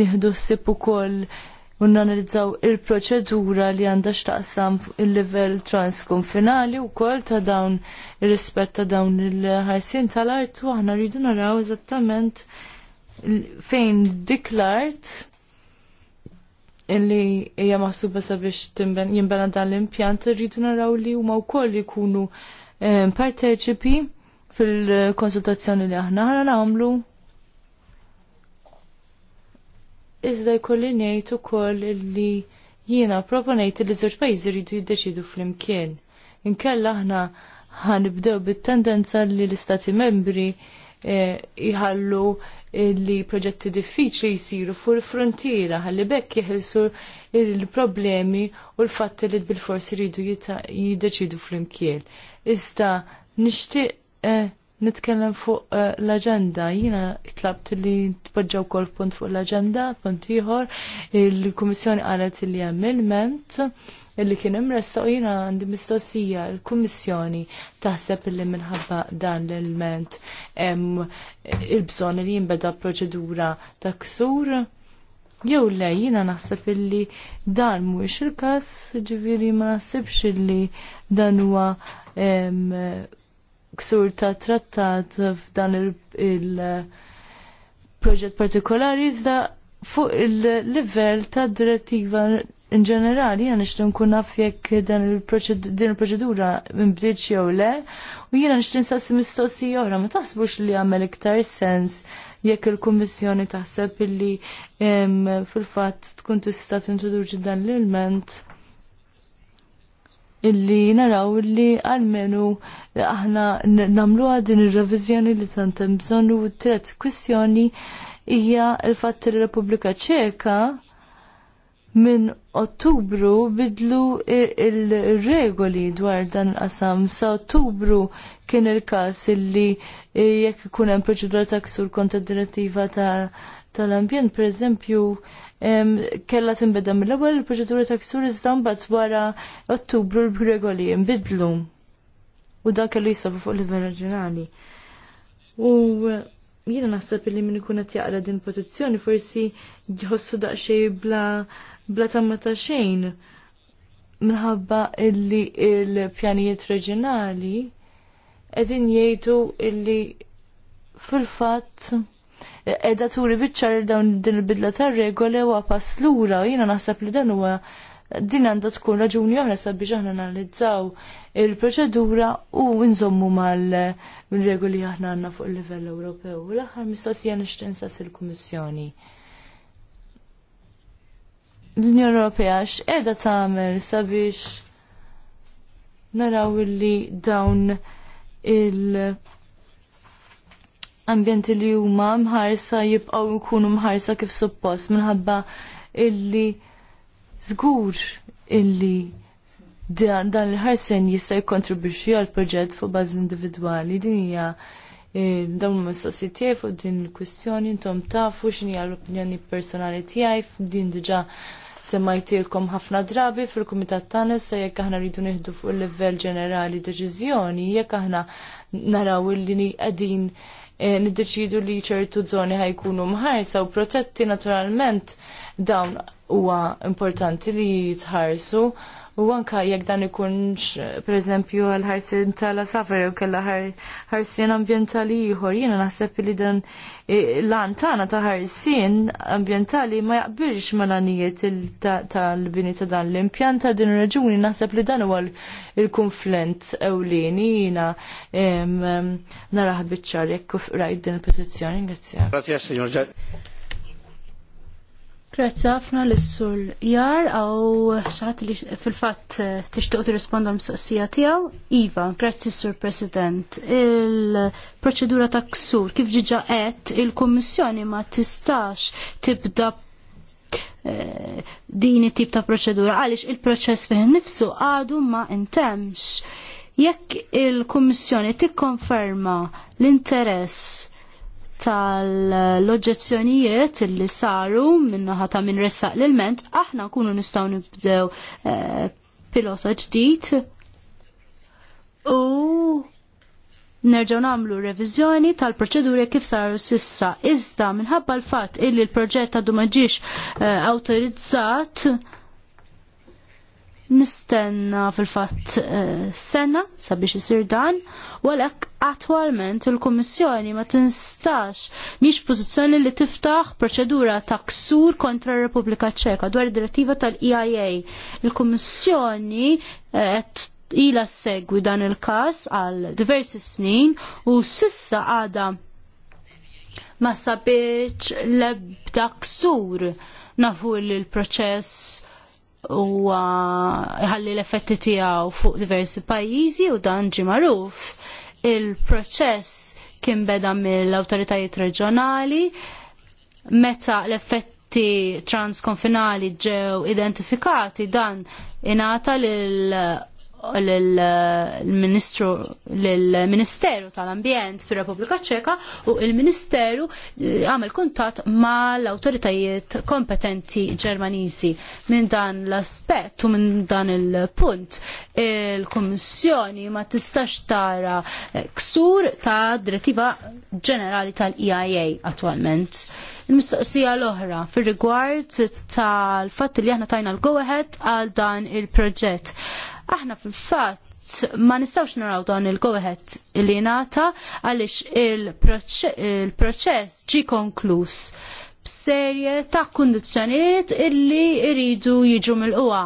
nieħdu ssib ukoll u nanalizzaw il-proċedura li għandha x'taqsam il-livell transkonfinali wkoll ta' dawn ir-rispett ta' dawn il-ħarsien tal-art u aħna rridu naraw eżattament fejn dik l-art illi hija maħsuba sabiex jinbena dan l-impjant irridu naraw li huma wkoll jkunu eh, parteċipi fil-konsultazzjoni li aħna ħana nagħmlu Iżda jkolli ngħid ukoll li jiena proponejt li żewġ pajjiżi jridu jiddeċidu flimkien. Inkella aħna ħanibdew bit-tendenza li l-istati membri jħallu eh, li proġetti diffiċli jisiru fuq il-frontiera ħalli bekk jeħilsu il-problemi u l-fatti li bil-forsi jridu jiddeċidu flimkien. Iżda nixtieq eh, nitkellem fuq eh, l-agenda. Jina tlabt li tpoġġaw kol punt fuq l-agenda, punt ieħor, il-Kummissjoni qalet li hemm ilment illi kien imressa u jina għandi mistoqsija l-Kummissjoni taħseb illi minħabba dan l-ilment il-bżon li jinbeda proċedura ta' ksur. Jew le jina naħseb illi dan mhuwiex il-każ, ġifieri ma naħsibx illi dan huwa ksur ta' trattat f'dan il-proġett il partikolari iżda fuq il level ta' direttiva in ġenerali jena nishtin kun naf jekk din il-proċedura mbdiċ jew le u jena nishtin sassi mistoqsija oħra ma taħsbux li għamel iktar sens jekk il-Kummissjoni taħseb illi fil-fatt tkun tista' tintroduċi dan l-ilment illi naraw illi għalmenu aħna namlu din ir revizjoni li tantem bżonn u t-tret kwistjoni hija l-fatt li Repubblika Ċeka minn Ottubru bidlu il-regoli dwar dan qasam sa Ottubru kien il-każ illi jekk ikun hemm proċedura ta' ksur kont direttiva ta' tal-ambjent, per eżempju, kella timbeda mill-ewwel il proċeduri ta' ksur iżdan mbagħad wara Ottubru l-regoli jinbidlu. U dan kellu jisabu fuq livell reġjonali. U jiena naħseb li min ikun qed jaqra din petizzjoni forsi jħossu daqsxejn bla bla tamma ta' xejn minħabba illi il-pjanijiet reġjonali qegħdin jgħidu illi fil-fatt edha turi biċċar dawn din il-bidla tar regoli u għapas lura jiena naħseb li dan huwa din għandha tkun raġuni oħra sabiex aħna analizzaw il-proċedura u nżommu mal-regoli aħna għandna fuq il-livell Ewropew. L-aħħar mistoqsija nixtieq insas il-Kummissjoni. L-Unjoni Ewropea x'qiegħda tagħmel sabiex naraw illi dawn il- ambjenti li huma mħarsa jibqgħu jkunu mħarsa kif suppost minħabba illi żgur illi dan il ħarsen jista' jikkontribwixxi għal proġett fuq bażi individwali din hija eh, dawn il-mistoqsijiet tiegħi fuq din il-kwistjoni intom tafu x'inhi l-opinjoni personali tiegħi f'din diġà semmajtilkom ħafna drabi fil-kumitat tagħna se jekk aħna rridu nieħdu fuq il-livell ġenerali deċiżjoni jekk aħna naraw illi qegħdin Eh, niddeċidu li ċertu żoni ħajkunu mħarsa u protetti naturalment dawn huwa importanti li jitħarsu U anka jekk dan ikunx pereżempju għal ħarsin tal safar jew kellha ħarsien ambjentali ieħor, jiena naħseb li dan e, l-antana ta' ħarsien ambjentali ma jaqbilx mal-għanijiet tal-bini ta' dan l-impjant ta' din raġuni naħseb li dan huwa il-konflent ewlieni jiena naraħ biċċar jekk rajt din il-petizzjoni. Grazie.
Grazie, signor
Grazzi ħafna l-sul jar għaw xaħat li fil-fat eh, tixtuq l mistoqsija tijaw. Iva, grazie, sur President. Il-proċedura ta' ksur kif ġiġa qed il-Kommissjoni ma tistax tibda eh, din it-tip ta' proċedura għaliex il-proċess fih nifsu għadu ma intemx. Jekk il-Kommissjoni tikkonferma l-interess tal-oġġezzjonijiet li saru minnaħa ta' minn ressaq l-ment, aħna nkunu nistaw nibdew eh, pilota ġdid u nerġaw namlu revizjoni tal-proċeduri kif saru sissa. Iżda minħabba l-fatt illi l-proġett għadu maġiex eh, autorizzat nistenna fil-fatt eh, sena sabiex isir dan, u għalhekk attwalment il-Kummissjoni ma tinstax miex pożizzjoni li tiftaħ proċedura ta' ksur kontra r-Repubblika Ċeka dwar id-direttiva tal-EIA. Il-Kummissjoni eh, qed ila segwi dan il-każ għal diversi snin u sissa għada ma sabiex l-ebda ksur nafu l-proċess u uh, ħalli l-effetti tiegħu fuq diversi pajjiżi u dan ġie magħruf. Il-proċess kien beda mill awtoritajiet reġjonali meta l-effetti transkonfinali ġew identifikati dan ingħata lil l-Ministru l-Ministeru tal-Ambjent fir Repubblika Ċeka u il-Ministeru eh, għamel kuntat ma l-autoritajiet kompetenti Ġermaniżi. Minn dan l-aspett u minn dan il-punt il-Kommissjoni ma tistax tara eh, ksur ta' direttiva ġenerali tal-EIA attwalment. Il-mistoqsija l-oħra fir rigward tal fat li aħna tajna l-go-ahead għal dan il-proġett Aħna fil-fatt ma nistawx naraw dan il-goħet li nata għalix il-proċess ġi konklus b'serje ta' kondizjoniet illi iridu jiġu mill-qwa.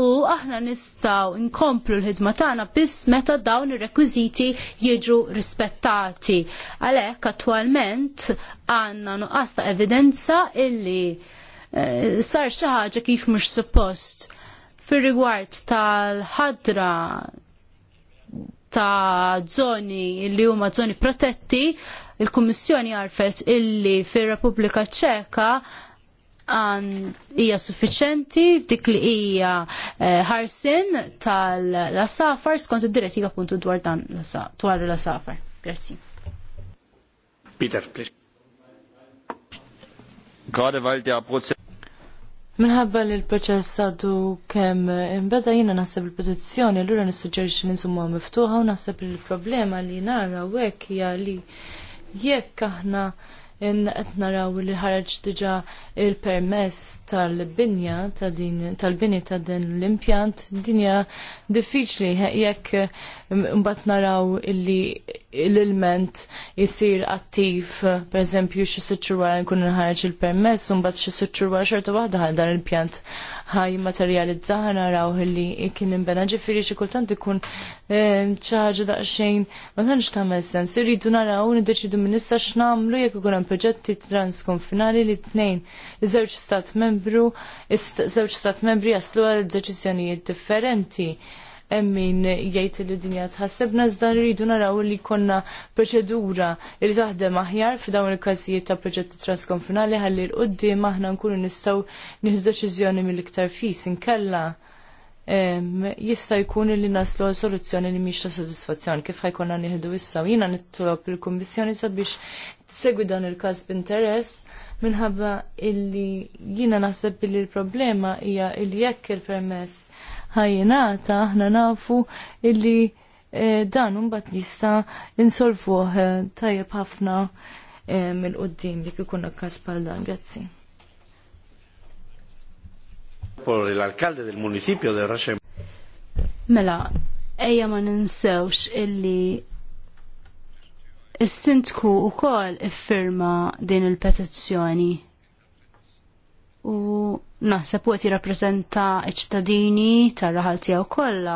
U aħna nistaw inkomplu l-ħidma tagħna biss meta dawn ir-rekwiżiti jiġu rispettati. Għalhekk attwalment għandna nuqqas ta' evidenza illi eh, sar xi ħaġa kif mhux suppost. Fir-rigward tal-ħadra ta' zoni li huma zoni protetti, il-Kummissjoni għarfet illi fir-Repubblika Ċeka għan hija suffiċenti dik li hija eh, ħarsin tal-safar skont id-direttiva appuntu dwar dan dwar l-safar. Grazzi. Peter, please. Gerade weil der Prozess
Minħabba li l-proċess għadu kem imbeda jina naħseb il-petizzjoni, l-ura nissuġġerixi ninsumma miftuħa u naħseb il-problema li nara u hija li jekk aħna in qed naraw li ħareġ diġà il-permess tal-binja tal-bini ta' din l-impjant dinja diffiċli jekk mbagħad naraw illi l-ilment jisir attiv pereżempju xi sitxur wara nkun ħareġ il-permess u mbagħad xi sitxur wara xorta waħda ħal dan il-pjant ħaj materjalizza ħanaraw li kien imbena ġifiri xi kultant ikun ehm, ċaġa daqsxejn ma tantx tagħmel sens. Irridu naraw niddeċidu minn issa x'nagħmlu jekk ikun hemm proġetti transkonfinali li tnejn iż-żewġ stat membru, żewġ stat membri jaslu għal deċiżjonijiet differenti emmin jgħid li dinja tħassebna iżda rridu naraw li konna proċedura li taħdem aħjar f'dawn il-każijiet ta' proġetti transkonfinali ħalli l-qudiem aħna nkunu nistgħu nieħdu deċiżjoni mill-iktar fis inkella jista' jkun li naslu soluzzjoni li mhix ta' sodisfazzjon kif ħajkonna nieħdu issa u jiena nitlob il-Kummissjoni sabiex tsegwi dan il-każ b'interess minħabba illi jiena naħseb li l-problema hija li jekk il-permess ħajjinata aħna nafu illi eh, dan mbagħad jista' insolvuh eh, tajjeb ħafna eh, mill-qoddim
li ikun kaspal bħal dan. Grazzi.
Por l-alkalde del municipio de Rashem.
Mela, ejja ma ninsewx illi is-sindku wkoll iffirma din il-petizzjoni u naħseb u qed jirrappreżenta ċ-ċittadini tar-raħal tiegħu kollha.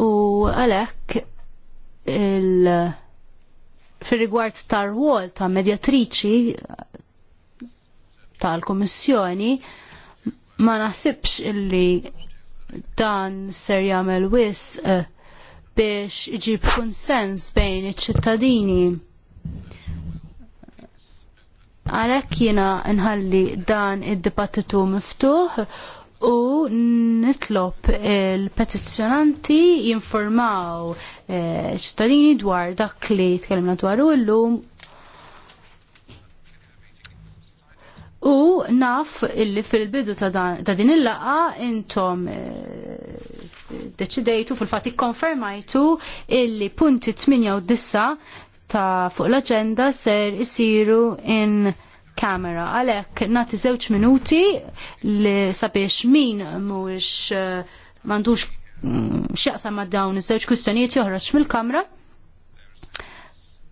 U għalhekk il fir-rigward tar-rwol ta' medjatriċi tal-Kummissjoni ma naħsibx illi dan ser jagħmel wisq eh, biex iġib konsens bejn iċ-ċittadini. Għalhekk jiena nħalli dan id-dibattitu miftuħ u nitlob il-petizzjonanti jinformaw eh, ċittadini dwar dak li tkellimna dwar u llum U naf illi fil-bidu ta' din il-laqa intom eh, deċidejtu fil-fat ikkonfermajtu illi punti 8 u ta' fuq l-agenda ser isiru in kamera. Għalek, nati zewċ minuti li sabiex min mux eh, mandux mm, xieqsa ma dawn iż-żewġ kustanijiet joħroġ mill-kamra.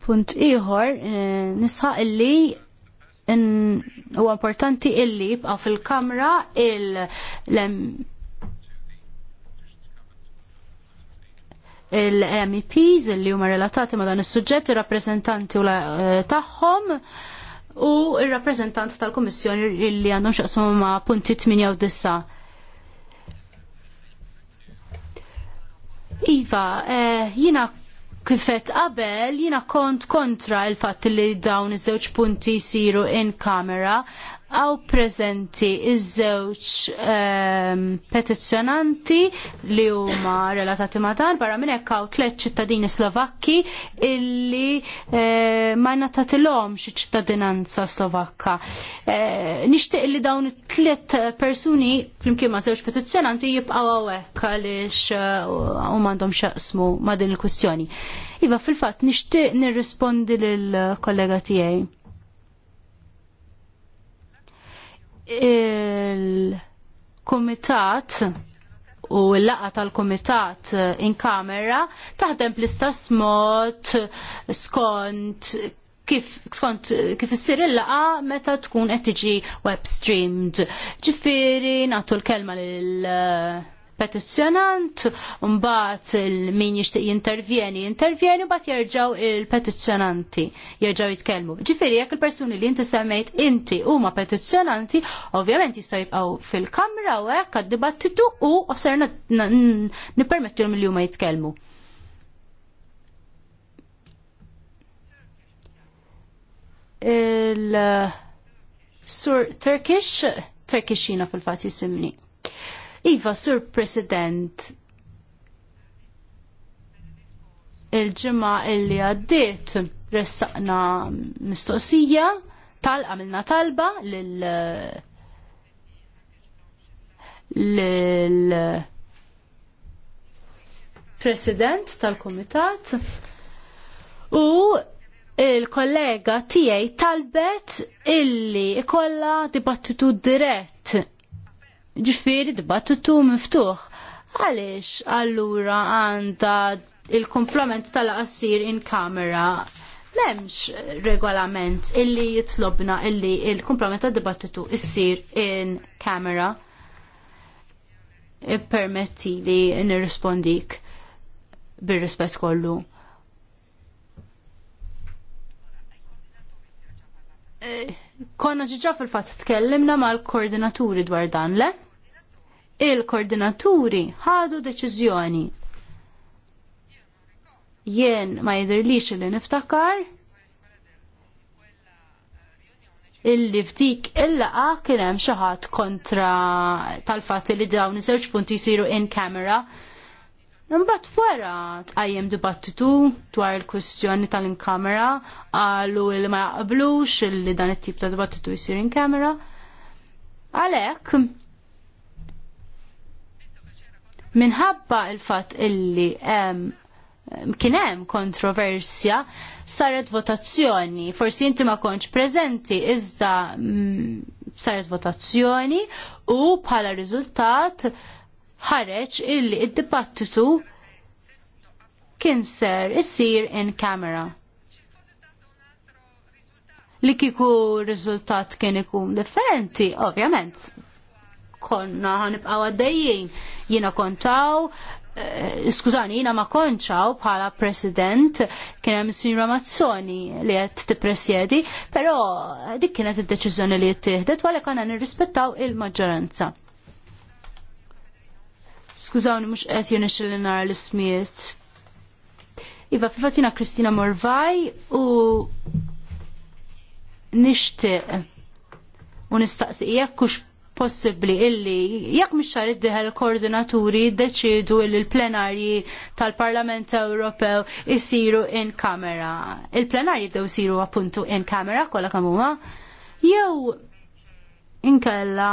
Punt iħor, eh, nisħaq illi huwa importanti illi jibqa' fil-kamra il lem il-MEPs li huma relatati ma' dan is-suġġett, ir-rappreżentanti eh, tagħhom u ir-rappreżentant tal-Kummissjoni li għandhom x'aqsmu ma' punti 8 u 9. Iva, eh, jina kifet qabel jina kont kontra il-fatt li dawn iż-żewġ punti jsiru in kamera għaw prezenti iż-żewġ um, petizzjonanti li huma relatati ma' dan barra minn hekk hawn tliet ċittadini Slovakki illi uh, ma ngħatatilhomx ċittadinanza Slovakka. Uh, Nixtieq li dawn it-tliet persuni flimkien ma' żewġ petizzjonanti jibqgħu hawnhekk għaliex eh, huma uh, għandhom xaqsmu ma' din il-kwistjoni. Iva fil-fatt nixtieq nirrispondi lill kollega tiegħi. il-Kumitat u l-laqa tal-Kumitat in kamera taħdem bl-istess mod skont kif skont kif issir il-laqa meta tkun qed tiġi web streamed. Ġifieri nagħtu l-kelma lil petizzjonant, mbagħad il-min jixtieq jintervjeni, jintervjeni u mbagħad jerġgħu il-petizzjonanti jerġgħu jitkellmu. Ġifieri jekk il-persuni li inti semmejt inti huma petizzjonanti, ovvjament jistgħu jibqgħu fil-kamra u hekk għad-dibattitu u ser nippermettilhom li huma jitkellmu. il-sur uh, Turkish, Turkishina fil-fat jisimni. Iva, Sur President, il-ġimma illi għaddiet ressaqna mistoqsija tal għamilna talba lil lil president tal-komitat u il-kollega tiegħi talbet illi ikolla dibattitu dirett Ġifiri dibattitu miftuħ. Għaliex allura għanda il-komplement tal-qassir in kamera memx regolament illi jitlobna illi il-komplement tal-dibattitu issir in kamera permetti li nirrispondik bil-rispet kollu. Eh, konna ġiġa fil-fat tkellimna mal-koordinaturi dwar dan le? il-koordinaturi ħadu deċiżjoni. Jien ma jidirlix li niftakar illi ftik illa laqa kien hemm xi ħadd kontra tal fat li dawn iż-żewġ punti jsiru in camera. Imbagħad wara tqajjem dibattitu dwar il kwestjoni tal tal-in-kamera qalu li ma jaqblux li dan it-tip ta' dibattitu jsir in kamera. Għalhekk minħabba il-fatt illi kien hemm kontroversja saret votazzjoni. Forsi inti ma kontx preżenti iżda mm, saret votazzjoni u bħala riżultat ħareġ illi id-dibattitu kien ser issir in kamera. Li kiku riżultat kien ikun differenti, ovvjament, konna ħanibqaw għaddejjien. Jiena kontaw, eh, skużani, jiena ma konċaw bħala president kien hemm Sinjura Mazzoni li qed tippresjedi, però dik kienet id-deċiżjoni li jittieħdet għalhekk għandna nirrispettaw il-maġġoranza. Skużawni mhux qed jenix li nara l smiet Iva, fifatina Kristina Morvaj u nishtiq u nistaqsi jekk possibbli illi jekk mhux xar id-dieħel koordinaturi jiddeċiedu li l-plenarji tal-Parlament Ewropew isiru in kamera. Il-plenarji bdew isiru appuntu in kamera kollha kemm huma. Jew inkella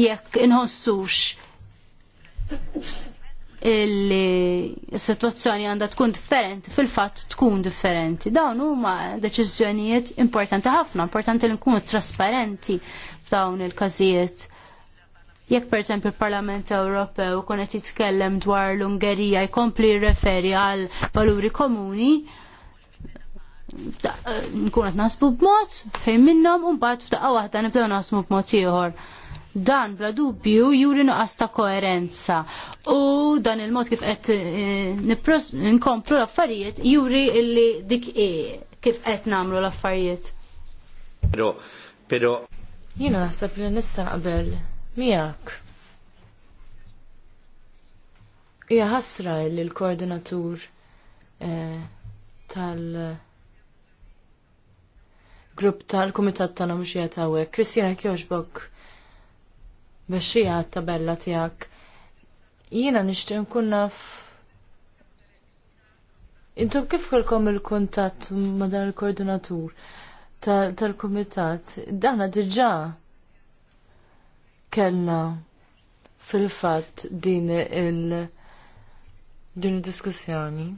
jekk inħossux il-situazzjoni għandha tkun differenti, fil-fatt tkun differenti. Dawn huma deċiżjonijiet importanti ħafna, importanti li nkunu trasparenti f'dawn il-każijiet. Jekk pereżempju l parlament Ewropew kun qed jitkellem dwar l-Ungerija jkompli referi għal valuri komuni, nkun qed nasbu b'mod fejn minnhom u mbagħad f'daqqa waħda nibdew nasbu b'mod ieħor Dan bla dubju juri nuqqas ta' koerenza u dan il-mod kif qed eh, nkomplu l-affarijiet juri illi dik e kif qed nagħmlu l-affarijiet.
Pero, pero. Jiena
naħseb li nistaqbel miegħek.
Hija ħasra li l-koordinatur eh, tal- grupp tal-komitat tal mhux ta' Kristina Kjoxbok bexxija tabella tiegħek. Jiena nixtieq nkun naf Intom kif kolkom il-kuntatt ma' dan il-koordinatur tal-kumitat? Daħna diġà kellna fil-fatt din il- din id-diskussjoni.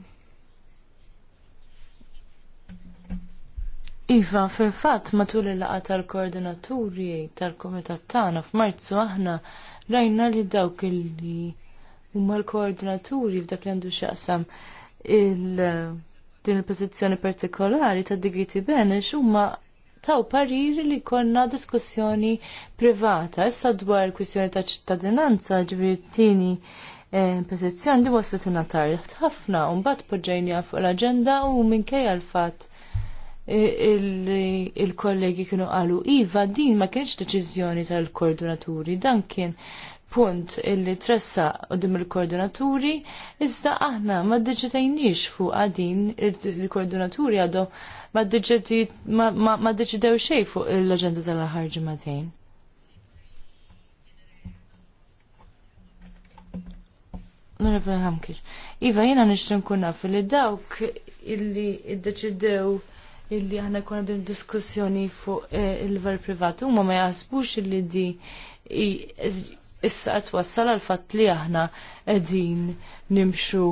Iva, fil-fat, matul il-laqa tal-koordinaturi tal-komitat tagħna f'Marzu aħna rajna li dawk illi huma l-koordinaturi f'dak li għandu x'jaqsam il- din il-pożizzjoni partikolari ta' Digriti Benex huma taw pariri li konna diskussjoni privata issa dwar kwistjoni ta' ċittadinanza ġvirtini eh, pożizzjoni li waslet natar ħafna u mbagħad poġġejnija fuq l-aġenda u minkejja l fat il-kollegi kienu qalu iva din ma kienx deċiżjoni tal-koordinaturi, dan kien punt illi tressa dim il-koordinaturi, iżda aħna ma deċitajniex fuq għadin il-koordinaturi għadhom ma deċidew xejn fuq l-aġenda tal ħarġi ġimagħtejn. Nurifil Hamkir. Iva jena nishtun kunna fil-dawk illi id-deċidew illi aħna kuna din diskussjoni fuq eh, il-ver privat. Uma ma jaħsbux illi di issa qed wassal għal fatt li aħna qegħdin nimxu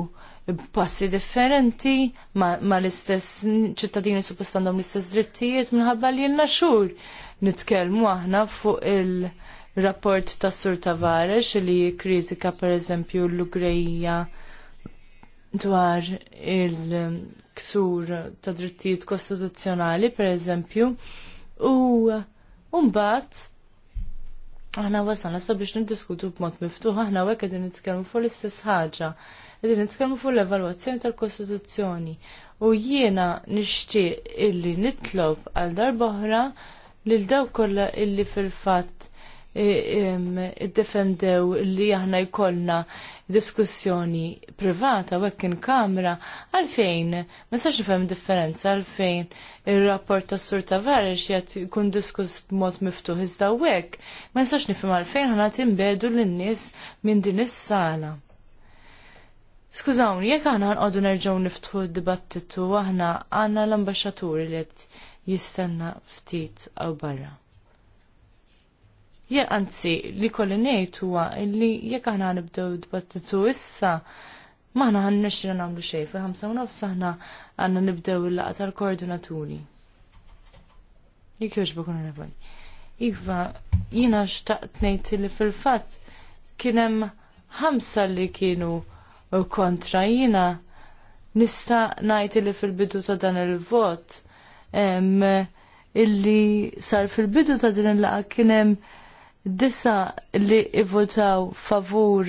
passi differenti ma l-istess ċittadini suppost għandhom l-istess drittijiet minħabba li jenna xhur nitkellmu aħna fuq il- rapport ta' Sur Tavares li kritika per eżempju l-ugrejja dwar il- ksur ta' drittijiet kostituzzjonali, per eżempju, u mbagħad aħna wasalna sabiex niddiskutu b'mod miftuħ aħna hekk qegħdin nitkellmu fuq l-istess ħaġa. Qegħdin nitkellmu fuq l-evalwazzjoni tal-Kostituzzjoni. U jiena nixtieq illi nitlob għal darba oħra lil dawk kollha illi fil-fatt id-defendew li aħna jkollna diskussjoni privata u in kamra għalfejn, ma nifhem differenza għalfejn ir-rapport tas Sur Tavares jgħat jkun diskuss b'mod miftuħ iżda u hekk, ma sax nifhem għalfejn ħana timbedu lin-nies minn din is-sala. Skużawni, jekk aħna nqogħdu nerġgħu niftħu d-dibattitu aħna għandna l-ambaxxaturi li qed jistenna ftit għaw barra. Ja, anzi li kolli ngħid huwa li jekk aħna nibdew dibattitu issa maħna għan nexxina nagħmlu xejn fil-ħamsa u nofs aħna għandna nibdew il-laqgħa tal-koordinaturi. Jekk bukun nevoli. Iva, jiena xtaqt nejt li fil-fatt kien hemm ħamsa li kienu kontra jina nista' ngħid li fil-bidu ta' dan il-vot illi sar fil-bidu ta' din il-laqa kien hemm disa li ivvotaw favur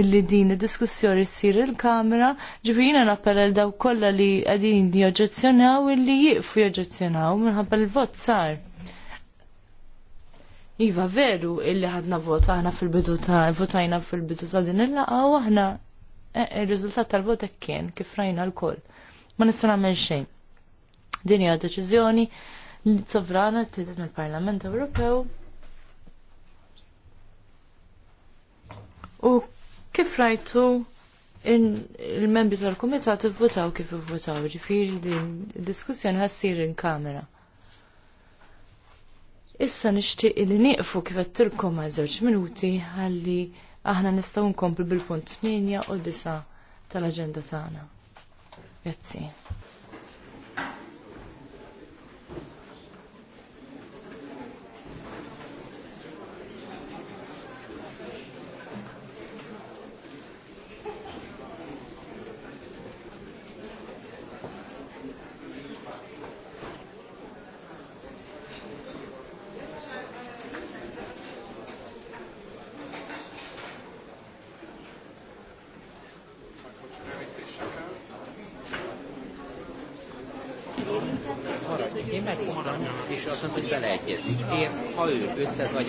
illi din diskussjoni ssir il-Kamra, ġifirina nappella l daw kollha li qegħdin joġġezzjonaw illi jiqfu joġġezzjonaw minħabba l-vot sar. Iva veru illi ħadna vot aħna fil-bidu ta' votajna fil-bidu ta' din il laqgħa u aħna eh, ir-riżultat tal-vot hekk kien kif rajna l-koll. Ma nista' nagħmel xejn. Din hija deċiżjoni sovrana t mill-Parlament Ewropew U kif rajtu il-membri tal-kumitat ivvotaw kif ivvotaw, ġifiri din diskussjoni ħassir in-kamera. Issa nixtieq li nieqfu kif qed tilkom għal żewġ minuti għalli aħna nistgħu nkompli bil-punt 8 u 9 tal-aġenda tagħna. Grazzi.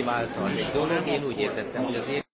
által. De dolog én úgy értettem, hogy az